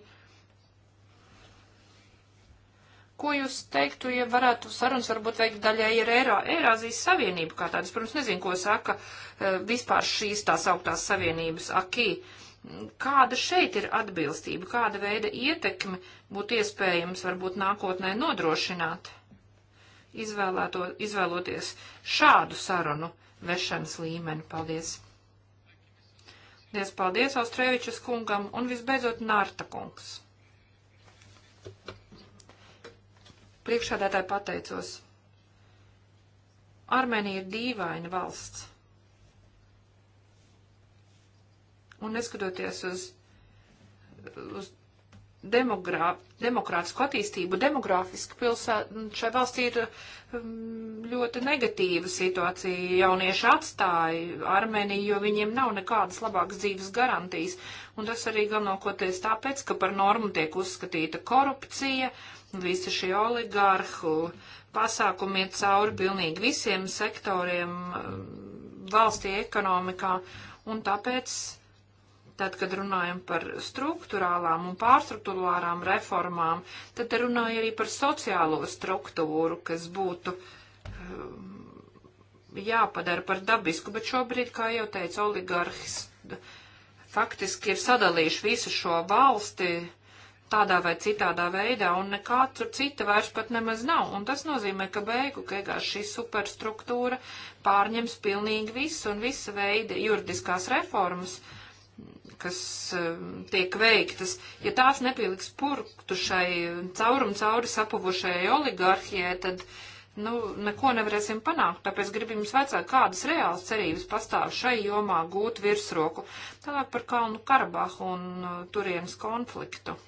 Ko jūs teiktu, ja varētu sarunas varbūt veikt daļai ar Eirā, Eirāzijas Savienību kā tādas? Protams, nezinu, ko saka eh, vispār šīs tās augtās savienības akī. Kāda šeit ir atbilstība, kāda veida ietekme būtu iespējams varbūt nākotnē nodrošināt, izvēlēto, izvēloties šādu sarunu vešanas līmeni? Paldies! Lies paldies Austrēvičas kungam un visbeidzot Nārta kungs. Priekšādātāji pateicos. Armēnija ir dīvaina valsts. Un neskatoties uz, uz demokrātisku attīstību, demogrāfiski pilsēta šai valstī ir um, ļoti negatīva situācija. Jaunieši atstāja Armēniju, jo viņiem nav nekādas labākas dzīves garantijas. Un tas arī galvenokoties tāpēc, ka par normu tiek uzskatīta korupcija, visi šie oligarhu pasākumi iet cauri pilnīgi visiem sektoriem um, valstī ekonomikā. Un tāpēc Tad, kad runājam par struktūrālām un pārstruktūrālām reformām, tad te runāja arī par sociālo struktūru, kas būtu um, jāpadara par dabisku, bet šobrīd, kā jau teica oligarhis, faktiski ir sadalījuši visu šo valsti tādā vai citādā veidā, un nekā tur cita vairs pat nemaz nav. Un tas nozīmē, ka beigu, ka iegās šī superstruktūra pārņems pilnīgi visu un visa veida juridiskās reformas kas eh, tiek veiktas, ja tās nepieliks purktu šai caurum cauri sapuvušajai oligarhijai, tad, nu, neko nevarēsim panākt. Tāpēc gribu jums vecāt, kādas reāls cerības pastāv šai jomā gūt virsroku. Tālāk par Kalnu Karabahu un eh, turienes konfliktu.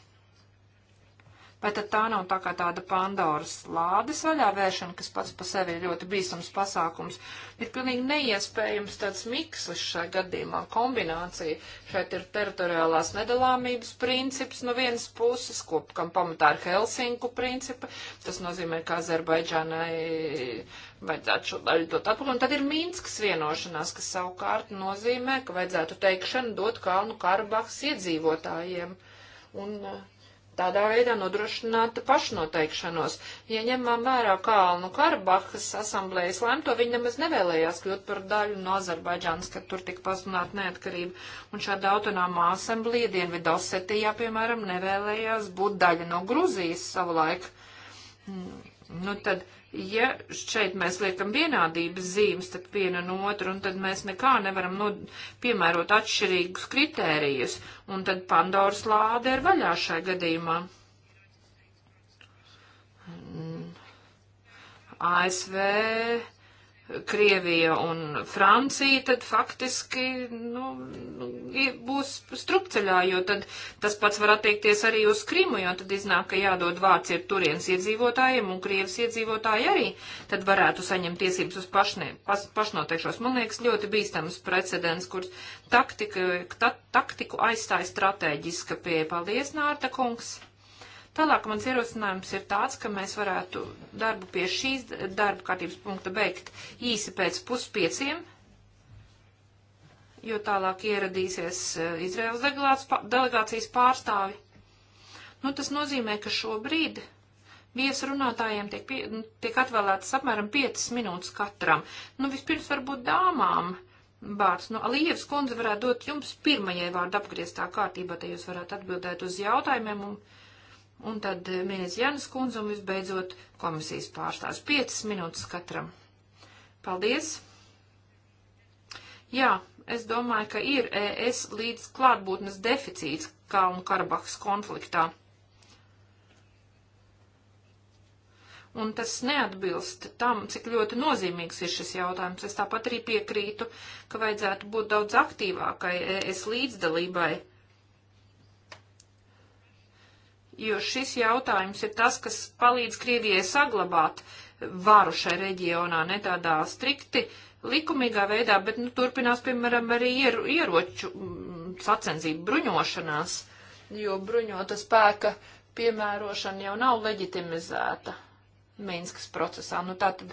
Vai tad tā nav tā kā tāda Pandoras lādes vaļā vēršana, kas pats pa sevi ir ļoti bīstams pasākums? Ir pilnīgi neiespējams tāds mikslis šai gadījumā, kombinācija. Šeit ir teritoriālās nedalāmības princips no vienas puses, ko, kam pamatā ir Helsinku principa. Tas nozīmē, ka Azerbaidžānai vajadzētu šo daļu dot atpakaļ. Un tad ir Mīnskas vienošanās, kas savukārt nozīmē, ka vajadzētu teikšanu dot Kalnu Karabahas iedzīvotājiem. Un, uh, tādā veidā nodrošinātu pašnoteikšanos. Ja ņemam vērā Kalnu Karabahas asamblējas lēmto, viņi nemaz nevēlējās kļūt par daļu no Azerbaidžānas, kad tur tika pasludināta neatkarība. Un šāda autonomā asamblēja Dienvidosetijā, piemēram, nevēlējās būt daļa no Gruzijas savu laiku. Mm, nu tad ja šeit mēs liekam vienādības zīmes, tad viena no otru, un tad mēs nekā nevaram no, piemērot atšķirīgus kritērijus, un tad Pandoras lāde ir vaļā šai gadījumā. Mm. ASV Krievija un Francija, tad faktiski nu, būs strupceļā, jo tad tas pats var attiekties arī uz Krimu, jo tad iznāk, ka jādod vārds ir turienes iedzīvotājiem un Krievas iedzīvotāji arī tad varētu saņemt tiesības uz pašne, pas, pašnoteikšos. Man liekas, ļoti bīstams precedents, kur taktika, ta, taktiku aizstāja stratēģiska pieeja. Paldies, Nārta kungs! Tālāk mans ierosinājums ir tāds, ka mēs varētu darbu pie šīs darba kārtības punkta beigt īsi pēc puspieciem, jo tālāk ieradīsies eh, Izraels delegācijas pārstāvi. Nu, tas nozīmē, ka šobrīd viesrunātājiem tiek, pie, nu, tiek atvēlētas apmēram 5 minūtes katram. Nu, vispirms varbūt dāmām vārds. Nu, Alievas kundze varētu dot jums pirmajai vārdu apgrieztā kārtībā, te jūs varētu atbildēt uz jautājumiem. Un un tad eh, Mīnes Janas kundze un visbeidzot komisijas pārstāvis. Piecas minūtes katram. Paldies! Jā, es domāju, ka ir ES līdz klātbūtnes deficīts Kalnu Karabahas konfliktā. un tas neatbilst tam, cik ļoti nozīmīgs ir šis jautājums. Es tāpat arī piekrītu, ka vajadzētu būt daudz aktīvākai es līdzdalībai jo šis jautājums ir tas, kas palīdz Krievijai saglabāt varu šai reģionā, ne tādā strikti likumīgā veidā, bet nu, turpinās, piemēram, arī iero, ieroču sacensību bruņošanās, jo bruņota spēka piemērošana jau nav leģitimizēta Minskas procesā. Nu, tātad,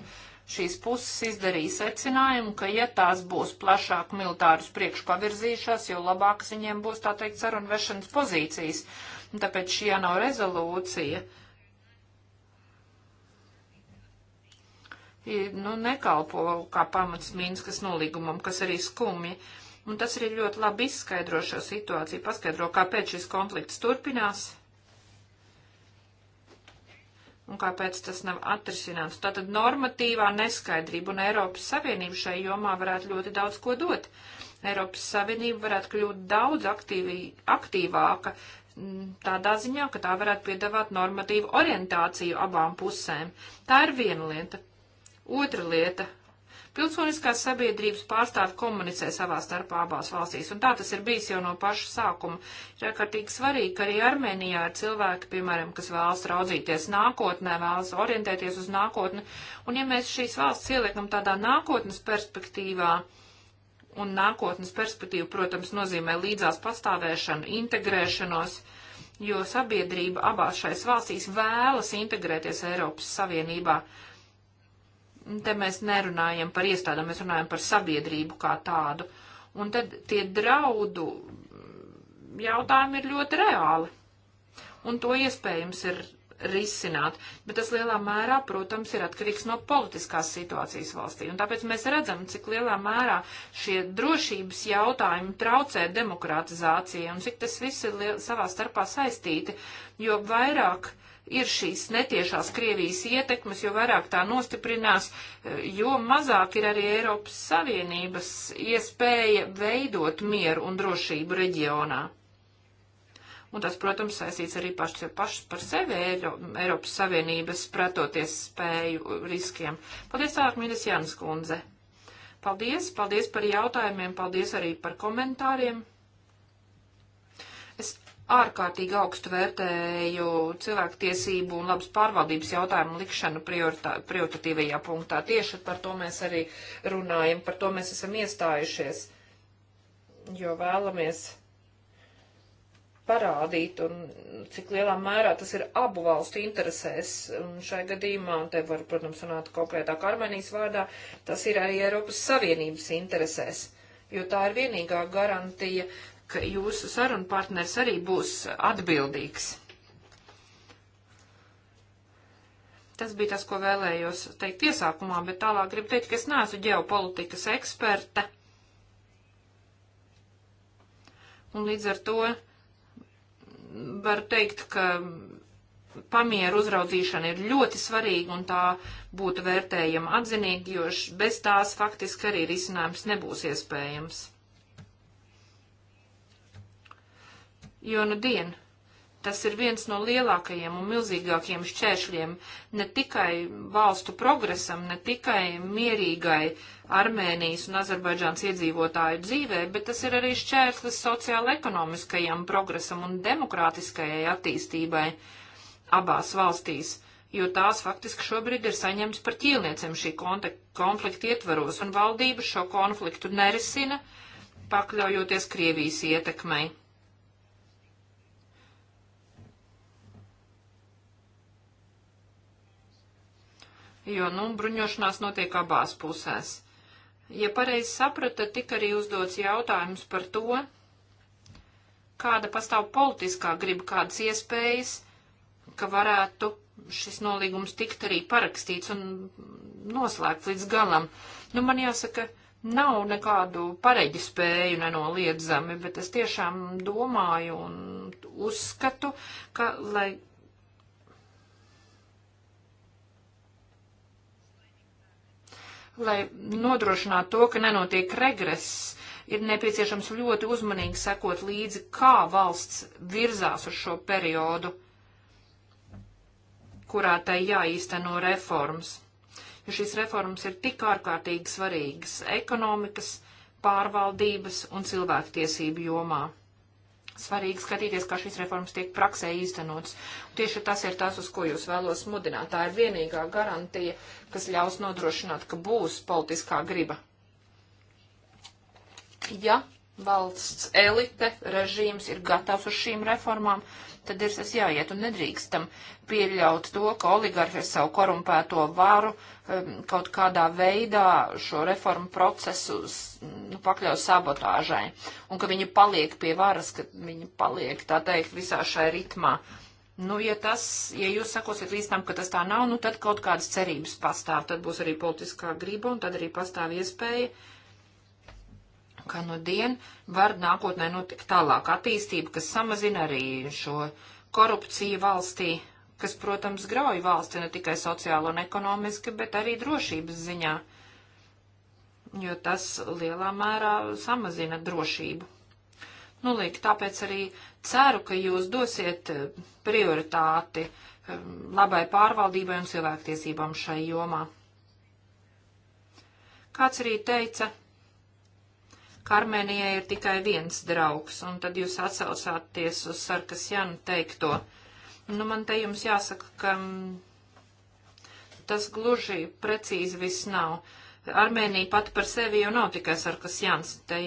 šīs puses izdarīja secinājumu, ka, ja tās būs plašāk militārus priekšpavirzījušās, jo labākas viņiem būs, tā teikt, sarunvešanas pozīcijas. Un tāpēc šī nav rezolūcija. Nu, nekalpo kā pamats Mīnskas nolīgumam, kas arī skumji. Un tas arī ļoti labi izskaidro šo situāciju, paskaidro, kāpēc šis konflikts turpinās un kāpēc tas nav atrisināts. Tātad normatīvā neskaidrība un Eiropas Savienība šai jomā varētu ļoti daudz ko dot. Eiropas Savienība varētu kļūt daudz aktīvi, aktīvāka tādā ziņā, ka tā varētu piedāvāt normatīvu orientāciju abām pusēm. Tā ir viena lieta. Otra lieta. Pilsoniskās sabiedrības pārstāvi komunicē savā starpā abās valstīs, un tā tas ir bijis jau no paša sākuma. Ir ārkārtīgi svarīgi, ka arī Armēnijā ir cilvēki, piemēram, kas vēlas raudzīties nākotnē, vēlas orientēties uz nākotni, un ja mēs šīs valsts ieliekam tādā nākotnes perspektīvā, uh, un nākotnes perspektīva, protams, nozīmē līdzās pastāvēšanu, integrēšanos, jo sabiedrība abās šais valstīs vēlas integrēties Eiropas Savienībā. Te mēs nerunājam par iestādām, mēs runājam par sabiedrību kā tādu. Un tad tie draudu jautājumi ir ļoti reāli. Un to iespējams ir risināt, bet tas lielā mērā, protams, ir atkarīgs no politiskās situācijas valstī. Un tāpēc mēs redzam, cik lielā mērā šie drošības jautājumi traucē demokratizācijai un cik tas viss ir liel, savā starpā saistīti, jo vairāk ir šīs netiešās Krievijas ietekmes, jo vairāk tā nostiprinās, jo mazāk ir arī Eiropas Savienības iespēja veidot mieru un drošību reģionā un tas, protams, saistīts arī pašs paš par sevi Eiro, Eiropas Savienības pretoties spēju riskiem. Paldies, ārkmīnes Jānis Kundze. Paldies, paldies par jautājumiem, paldies arī par komentāriem. Es ārkārtīgi augstu vērtēju cilvēktiesību un labas pārvaldības jautājumu likšanu prioritatīvajā punktā. Tieši par to mēs arī runājam, par to mēs esam iestājušies, jo vēlamies parādīt un cik lielā mērā tas ir abu valstu interesēs. Un šai gadījumā, un te var, protams, runāt konkrētāk Armēnijas vārdā, tas ir arī Eiropas Savienības interesēs, jo tā ir vienīgā garantija, ka jūsu sarunu partners arī būs atbildīgs. Tas bija tas, ko vēlējos teikt iesākumā, bet tālāk gribu teikt, ka es neesmu ģeopolitikas eksperte. Un līdz ar to var teikt, ka pamieru uzraudzīšana ir ļoti svarīga un tā būtu vērtējama atzinīgi, jo bez tās faktiski arī risinājums nebūs iespējams. Jo nu dien Tas ir viens no lielākajiem un milzīgākajiem šķēršļiem ne tikai valstu progresam, ne tikai mierīgai Armēnijas un Azerbaidžāns iedzīvotāju dzīvē, bet tas ir arī šķērslis sociāla-ekonomiskajam progresam un demokrātiskajai attīstībai abās valstīs, jo tās faktiski šobrīd ir saņemts par ķīlniecem šī konflikta ietvaros, un valdība šo konfliktu nerisina, pakļaujoties Krievijas ietekmei. jo, nu, bruņošanās notiek abās pusēs. Ja pareizi saprata, tika arī uzdots jautājums par to, kāda pastāv politiskā griba, kādas iespējas, ka varētu šis nolīgums tikt arī parakstīts un noslēgts līdz galam. Nu, man jāsaka, nav nekādu pareģi spēju nenoliedzami, bet es tiešām domāju un uzskatu, ka, lai lai nodrošinātu to, ka nenotiek regress, ir nepieciešams ļoti uzmanīgi sekot līdzi, kā valsts virzās uz šo periodu, kurā tai jāīsteno reformas. Jo šīs reformas ir tik ārkārtīgi svarīgas ekonomikas, pārvaldības un cilvēktiesību jomā svarīgi skatīties, kā šīs reformas tiek praksē īstenots. Un tieši tas ir tas, uz ko jūs vēlos mudināt. Tā ir vienīgā garantija, kas ļaus nodrošināt, ka būs politiskā griba. Ja valsts elite, režīms ir gatavs uz šīm reformām, tad ir tas jāiet un nedrīkstam pieļaut to, ka oligarhi ar savu korumpēto varu um, kaut kādā veidā šo reformu procesu nu, pakļaus sabotāžai un ka viņi paliek pie varas, ka viņi paliek, tā teikt, visā šai ritmā. Nu, ja tas, ja jūs sakosiet līdz tam, ka tas tā nav, nu, tad kaut kādas cerības pastāv, tad būs arī politiskā griba un tad arī pastāv iespēja uh, ka nu dien var nākotnē notikt tālāk attīstība, kas samazina arī šo korupciju valstī, kas, protams, grauj valsti ne tikai sociāli un ekonomiski, bet arī drošības ziņā, jo tas lielā mērā samazina drošību. Nu, lūk, tāpēc arī ceru, ka jūs dosiet eh, prioritāti eh, labai pārvaldībai un cilvēktiesībām šai jomā. Kāds arī teica, ka Armēnijai ir tikai viens draugs, un tad jūs atsaucāties uz Sarkasjanu teikto. Nu, man te jums jāsaka, ka mm, tas gluži precīzi viss nav. Armēnija pati par sevi jau nav tikai Sarkasjans, te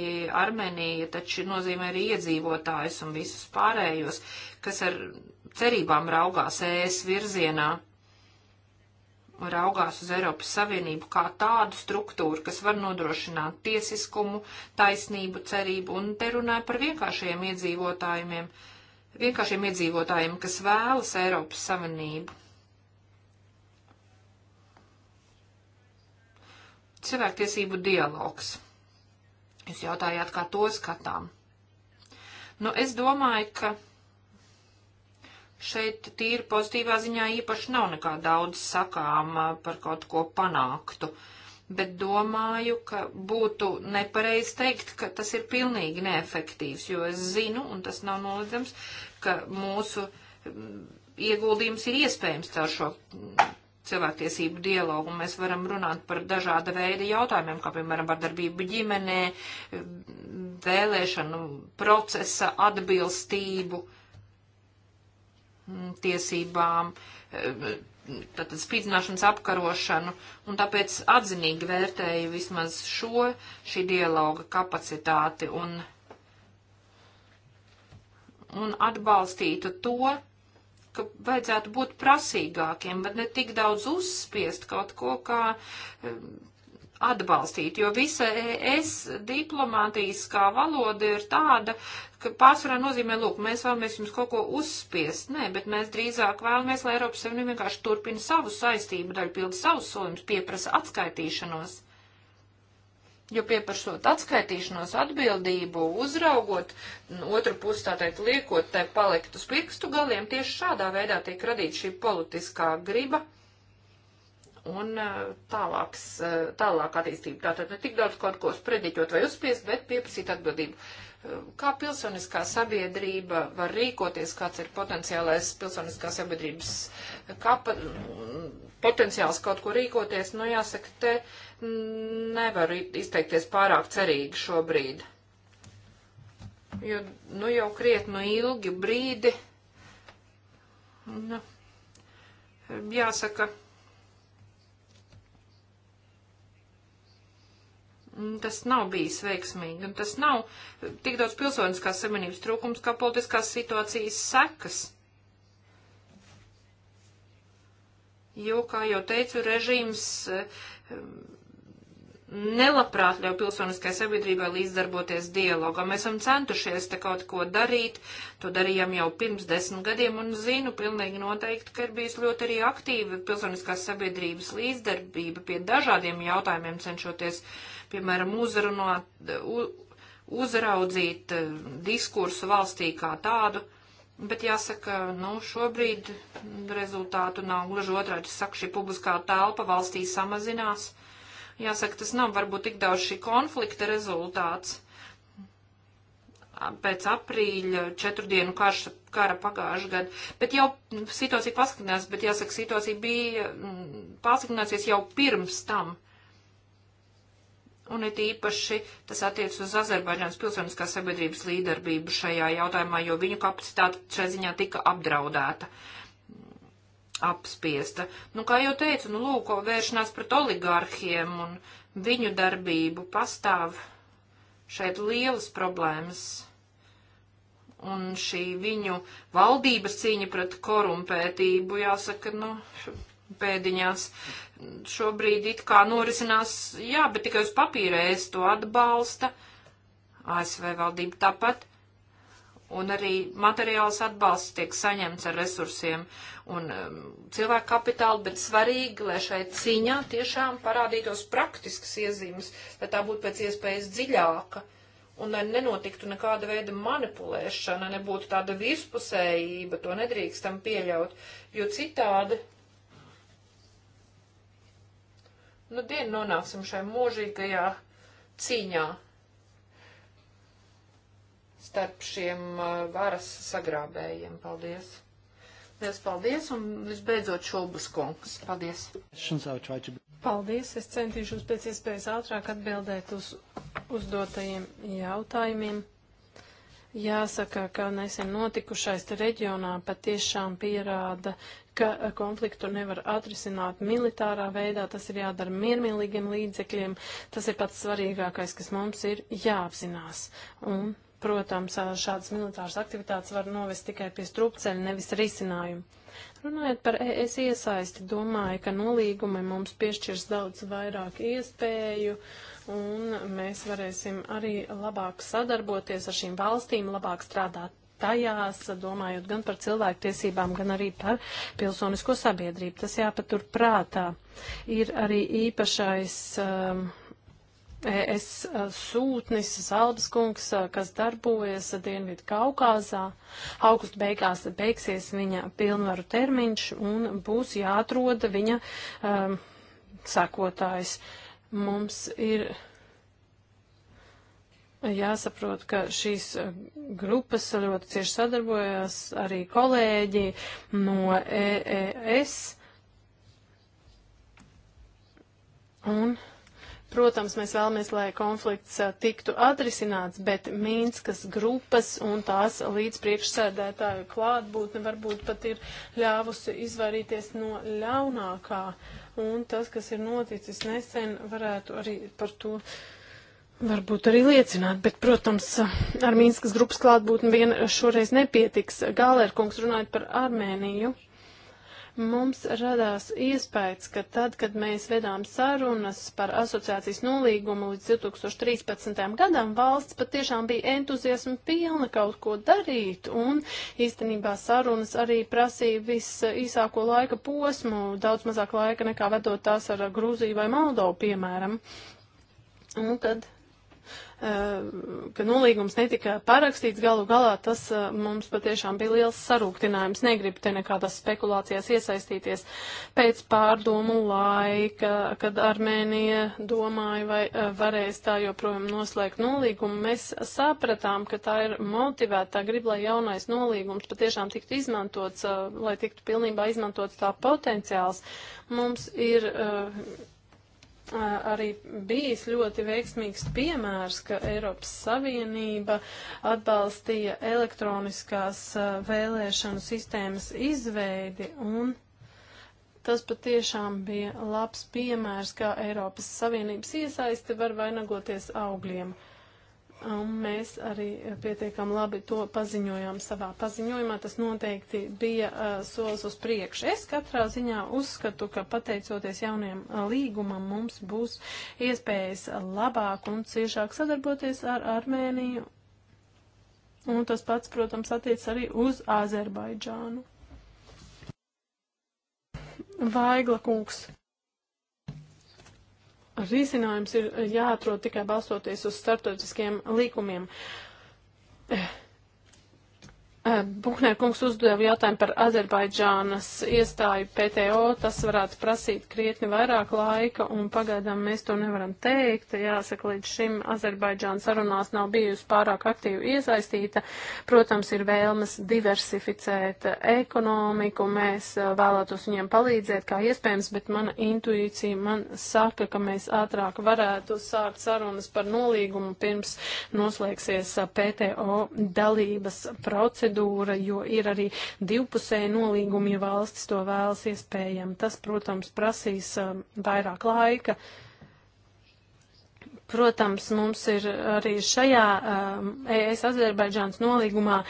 Armēnija taču nozīmē arī iedzīvotājus un visus pārējos, kas ar cerībām raugās ēs virzienā raugās uz Eiropas Savienību kā tādu struktūru, kas var nodrošināt tiesiskumu, taisnību, cerību, un te runāja par vienkāršiem iedzīvotājiem, vienkāršiem iedzīvotājiem, kas vēlas Eiropas Savienību. Cilvēktiesību dialogs. Jūs jautājāt, kā to skatām. Nu, es domāju, ka šeit tīri pozitīvā ziņā īpaši nav nekā daudz sakām par kaut ko panāktu. Bet domāju, ka būtu nepareizi teikt, ka tas ir pilnīgi neefektīvs, jo es zinu, un tas nav noliedzams, ka mūsu ieguldījums ir iespējams caur šo cilvēktiesību dialogu, un mēs varam runāt par dažāda veida jautājumiem, kā piemēram vardarbību ģimenē, vēlēšanu procesa atbilstību Mm, tiesībām, eh, tātad spīdzināšanas apkarošanu, un tāpēc atzinīgi vērtēju vismaz šo, šī dialoga kapacitāti un, un atbalstītu to, ka vajadzētu būt prasīgākiem, bet ne tik daudz uzspiest kaut ko, kā eh, atbalstīt, jo visa es diplomātijas kā valoda ir tāda, ka pārsvarā nozīmē, lūk, mēs vēlamies jums kaut ko uzspiest, nē, bet mēs drīzāk vēlamies, lai Eiropas Savienība vienkārši turpina savu saistību daļu, pilda savus solījumus, pieprasa atskaitīšanos. Jo pieprasot atskaitīšanos atbildību, uzraugot, otru pusi tā teikt liekot, tai palikt uz pirkstu galiem, tieši šādā veidā tiek radīta šī politiskā griba un uh, tālāks, uh, tālāk attīstība. Tātad ne tik daudz kaut ko sprediķot vai uzspiest, bet pieprasīt atbildību. Uh, kā pilsoniskā sabiedrība var rīkoties, kāds ir potenciālais pilsoniskās sabiedrības kapa, mm, potenciāls kaut ko rīkoties, nu jāsaka, te nevar izteikties pārāk cerīgi šobrīd. Jo, nu jau krietnu ilgi brīdi, nu, jāsaka, Mm, tas nav bijis veiksmīgi, un tas nav tik daudz pilsoniskās samanības trūkums, kā politiskās situācijas sekas. Jo, kā jau teicu, režīms eh, nelabprāt ļauj pilsoniskai sabiedrībai līdzdarboties dialogam. Mēs esam centušies te kaut ko darīt, to darījām jau pirms desmit gadiem, un zinu pilnīgi noteikti, ka ir bijis ļoti arī aktīva pilsoniskās sabiedrības līdzdarbība pie dažādiem jautājumiem cenšoties uh, piemēram, uzrunāt, uzraudzīt eh, diskursu valstī kā tādu. Bet jāsaka, nu, šobrīd rezultātu nav gluži otrādi. Saka, šī publiskā telpa valstī samazinās. Jāsaka, tas nav varbūt tik daudz šī konflikta rezultāts. Pēc aprīļa četru dienu karš, kara pagājušajā gadā. Bet jau situācija pasliktinās, bet jāsaka, situācija bija mm, pasliktinājusies jau pirms tam. Un it īpaši tas attiecas uz Azerbaidžānas pilsoniskās sabiedrības līdarbību šajā jautājumā, jo viņu kapacitāte šai ziņā tika apdraudēta, apspiesta. Nu, kā jau teicu, nu, lūk, vēršanās pret oligārhiem un viņu darbību pastāv šeit lielas problēmas. Un šī viņu valdības cīņa pret korumpētību, jāsaka, nu, pēdiņās šobrīd it kā norisinās, jā, bet tikai uz papīra es to atbalsta, ASV valdība tāpat, un arī materiāls atbalsts tiek saņemts ar resursiem un um, cilvēku kapitālu, bet svarīgi, lai šai ciņā tiešām parādītos praktiskas iezīmes, lai tā būtu pēc iespējas dziļāka. Un lai nenotiktu nekāda veida manipulēšana, nebūtu tāda vispusējība, to nedrīkstam pieļaut, jo citādi Nu, dienu nonāksim šai mūžīgajā cīņā starp šiem uh, varas sagrābējiem. Paldies! Liels paldies
un visbeidzot
šobus kungs. Paldies!
Paldies! Es centīšos pēc iespējas ātrāk atbildēt uz uzdotajiem jautājumiem. Jāsaka, ka nesen notikušais reģionā patiešām pierāda, ka eh, konfliktu nevar atrisināt militārā veidā, tas ir jādara miermīlīgiem līdzekļiem, tas ir pats svarīgākais, kas mums ir jāapzinās. Un, protams, eh, šādas militāras aktivitātes var novest tikai pie strupceļa, nevis risinājumu. Runājot par ES iesaisti, domāju, ka nolīgumi mums piešķirs daudz vairāk iespēju, un mēs varēsim arī labāk sadarboties ar šīm valstīm, labāk strādāt tajās, domājot gan par cilvēktiesībām, gan arī par pilsonisko sabiedrību. Tas jāpatur prātā. Ir arī īpašais um, ES uh, sūtnis Zalbas kungs, uh, kas darbojas Dienvidu Kaukāzā. August beigās beigsies viņa pilnvaru termiņš un būs jāatroda viņa um, sakotājs. Mums ir Jāsaprot, ka šīs eh, grupas ļoti cieši sadarbojās arī kolēģi no EES. Un Protams, mēs vēlamies, lai konflikts eh, tiktu atrisināts, bet Mīnskas grupas un tās līdz priekšsēdētāju klātbūtne varbūt pat ir ļāvusi izvairīties no ļaunākā. Un tas, kas ir noticis nesen, varētu arī par to varbūt arī liecināt, bet, protams, ar Mīnskas grupas klātbūtni vien šoreiz nepietiks. Gālērkungs runājot par Armēniju. Mums radās iespējas, ka tad, kad mēs vedām sarunas par asociācijas nolīgumu līdz 2013. gadam, valsts patiešām bija entuziasma pilna kaut ko darīt, un īstenībā sarunas arī prasīja visīsāko laika posmu, daudz mazāk laika nekā vedot tās ar Grūziju vai Moldovu, piemēram. Un tad Eh, ka nolīgums netika parakstīts, galu galā tas eh, mums patiešām bija liels sarūktinājums. Negribu te nekādās spekulācijās iesaistīties pēc pārdomu laika, kad Armēnija domāja, vai eh, varēs tā joprojām noslēgt nolīgumu. Mēs sapratām, ka tā ir motivēta, tā grib, lai jaunais nolīgums patiešām tiktu izmantots, lai tiktu pilnībā izmantots tā potenciāls. Mums ir uh, arī bijis ļoti veiksmīgs piemērs, ka Eiropas Savienība atbalstīja elektroniskās vēlēšanu sistēmas izveidi un tas patiešām bija labs piemērs, kā Eiropas Savienības iesaiste var vainagoties augļiem. Uh, Un mēs arī pietiekam labi to paziņojām savā paziņojumā. Tas noteikti bija uh, solis uz priekšu. Es katrā ziņā uzskatu, ka pateicoties jauniem uh, līgumam mums būs iespējas labāk un ciešāk sadarboties ar Armēniju. Un tas pats, protams, attiec arī uz Azerbaidžānu. Vaigla kungs risinājums ir jāatrod tikai balstoties uz startautiskiem līkumiem. Eh Eh, Buhner kungs uzdeva jautājumu par Azerbaidžānas iestāju PTO. Tas varētu prasīt krietni vairāk laika, un pagaidām mēs to nevaram teikt. Jāsaka, līdz šim Azerbaidžāna sarunās nav bijusi pārāk aktīvi iesaistīta. Protams, ir vēlmes diversificēt ekonomiku. Mēs eh, vēlētos viņiem palīdzēt, kā iespējams, bet mana intuīcija man saka, ka mēs ātrāk varētu sākt sarunas par nolīgumu pirms noslēgsies eh, PTO dalības procedūra procedūra, jo ir arī divpusēji nolīgumi, ja valstis to vēlas iespējami. Tas, protams, prasīs um, vairāk laika. Protams, mums ir arī šajā um, ES Azerbaidžāns nolīgumā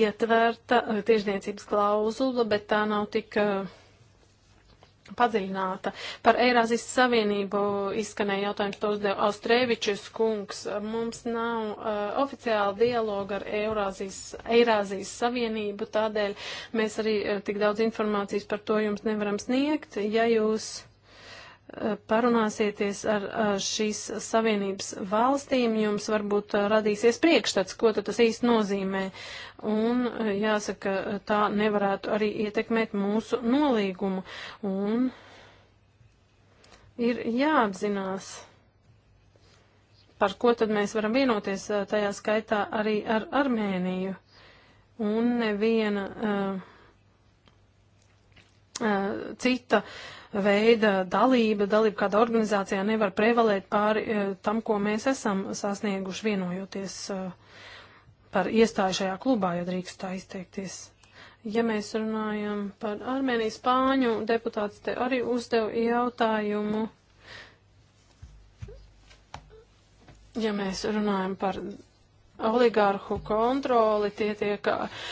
ietverta uh, tiešniecības klauzula, bet tā nav tik. Uh, padziļināta. Par Eirāzijas Savienību izskanēja jautājums, to uzdev Austrēvičus kungs. Mums nav uh, oficiāla dialoga ar Eirāzijas, Eirāzijas Savienību, tādēļ mēs arī uh, tik daudz informācijas par to jums nevaram sniegt. Ja jūs Eh, parunāsieties ar šīs savienības valstīm, jums varbūt eh, radīsies priekšstats, ko tas īsti nozīmē. Un eh, jāsaka, tā nevarētu arī ietekmēt mūsu nolīgumu. Un ir jāapzinās, par ko tad mēs varam vienoties, tajā skaitā arī ar Armēniju. Un neviena uh, uh, cita uh, veida dalība, dalība kādā organizācijā nevar prevalēt pāri e, tam, ko mēs esam sasnieguši vienojoties e, par iestāju šajā klubā, ja drīkst tā izteikties. Ja mēs runājam par Armēniju, Spāņu, deputāts te arī uzdeva jautājumu. Ja mēs runājam par oligārhu kontroli, tie tiek uh,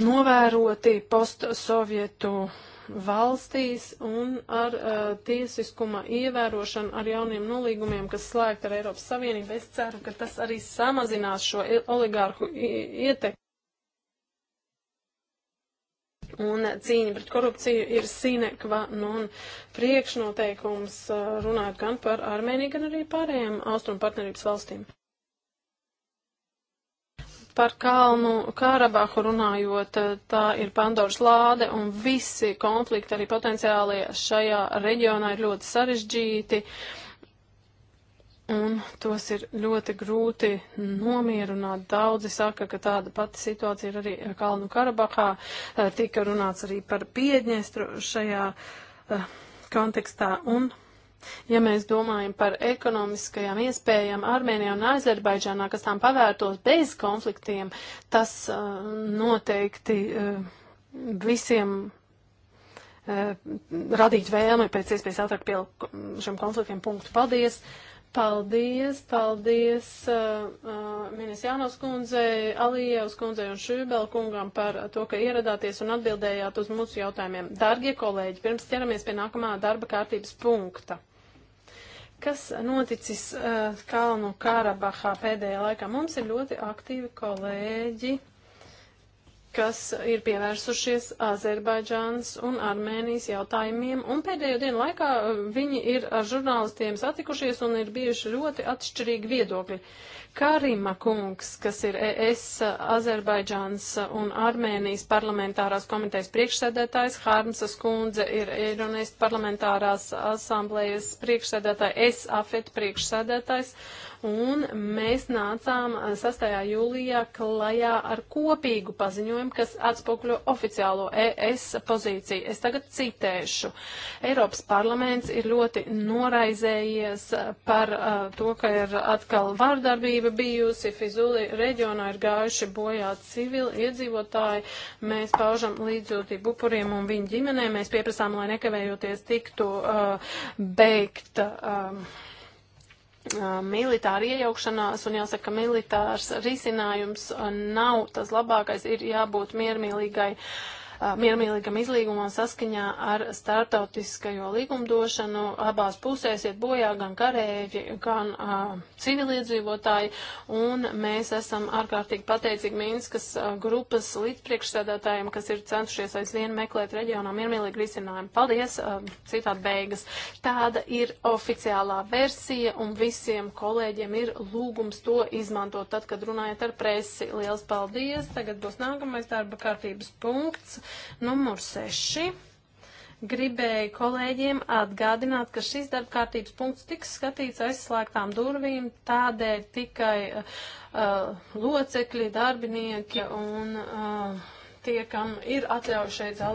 novēroti postsovietu valstīs un ar uh, tiesiskuma ievērošanu, ar jauniem nolīgumiem, kas slēgt ar Eiropas Savienību. Es ceru, ka tas arī samazinās šo oligārhu ietekmi. Un cīņa pret korupciju ir sine qua non priekšnoteikums, uh, runājot gan par Armēniju, gan arī pārējām austrumu partnerības valstīm. Par Kalnu Karabahu runājot, eh, tā ir Pandoras lāde un visi konflikti arī potenciāli šajā reģionā ir ļoti sarežģīti un tos ir ļoti grūti nomierināt. Daudzi saka, ka tāda pati situācija ir arī Kalnu Karabahā. Eh, tika runāts arī par Piedņestru šajā eh, kontekstā un Ja mēs domājam par ekonomiskajām iespējām Armēnijā un Azerbaidžānā, kas tām pavērtos bez konfliktiem, tas uh, noteikti uh, visiem uh, radīt vēlmi pēc iespējas ātrāk pie šiem konfliktiem punktu. Paldies! Paldies, paldies uh, uh, Minis Jānos kundzei, Alijevs kundzei un Šūbel kungam par to, ka ieradāties un atbildējāt uz mūsu jautājumiem. Dargie kolēģi, pirms ķeramies pie nākamā darba kārtības punkta. Kas noticis uh, Kalnu Karabahā pēdējā laikā? Mums ir ļoti aktīvi kolēģi, kas ir pievērsušies Azerbaidžānas un Armēnijas jautājumiem, un pēdējo dienu laikā eh, viņi ir ar žurnālistiem satikušies un ir bijuši ļoti atšķirīgi viedokļi. Uh, Karima kungs, kas ir ES Azerbaidžāns un Armēnijas parlamentārās komitejas priekšsēdētājs, Hārmsas kundze ir Eironēst parlamentārās asamblējas priekšsēdētāja, es AFET priekšsēdētājs, un mēs nācām 6. jūlijā klajā ar kopīgu paziņojumu, kas atspoguļo oficiālo ES pozīciju. Es tagad citēšu. Eiropas parlaments ir ļoti noraizējies par uh, to, ka ir atkal vārdarbība aktīva bijusi, Fizuli reģionā ir gājuši bojā civili iedzīvotāji, mēs paužam līdzjūtību upuriem un viņu ģimenēm, mēs pieprasām, lai nekavējoties tiktu uh, beigta. Um, uh, militāra iejaukšanās, un jāsaka, ka militārs risinājums uh, nav tas labākais, ir jābūt miermīlīgai uh, miermīlīgam izlīgumam saskaņā ar startautiskajo līgumdošanu. Abās pusēs iet bojā gan karēģi, gan a, civiliedzīvotāji, un mēs esam ārkārtīgi pateicīgi Minskas grupas līdzpriekšsēdētājiem, kas ir centušies aizvien meklēt reģionā miermīlīgu risinājumu. Paldies, a, citāt beigas. Tāda ir oficiālā versija, un visiem kolēģiem ir lūgums to izmantot tad, kad runājat ar presi. Liels paldies! Tagad būs nākamais darba kārtības punkts numur 6. Gribēju kolēģiem atgādināt, ka šis darba kārtības punkts tiks skatīts aizslēgtām durvīm, tādēļ tikai uh, locekļi, darbinieki un uh, tie, kam ir atļaujušies.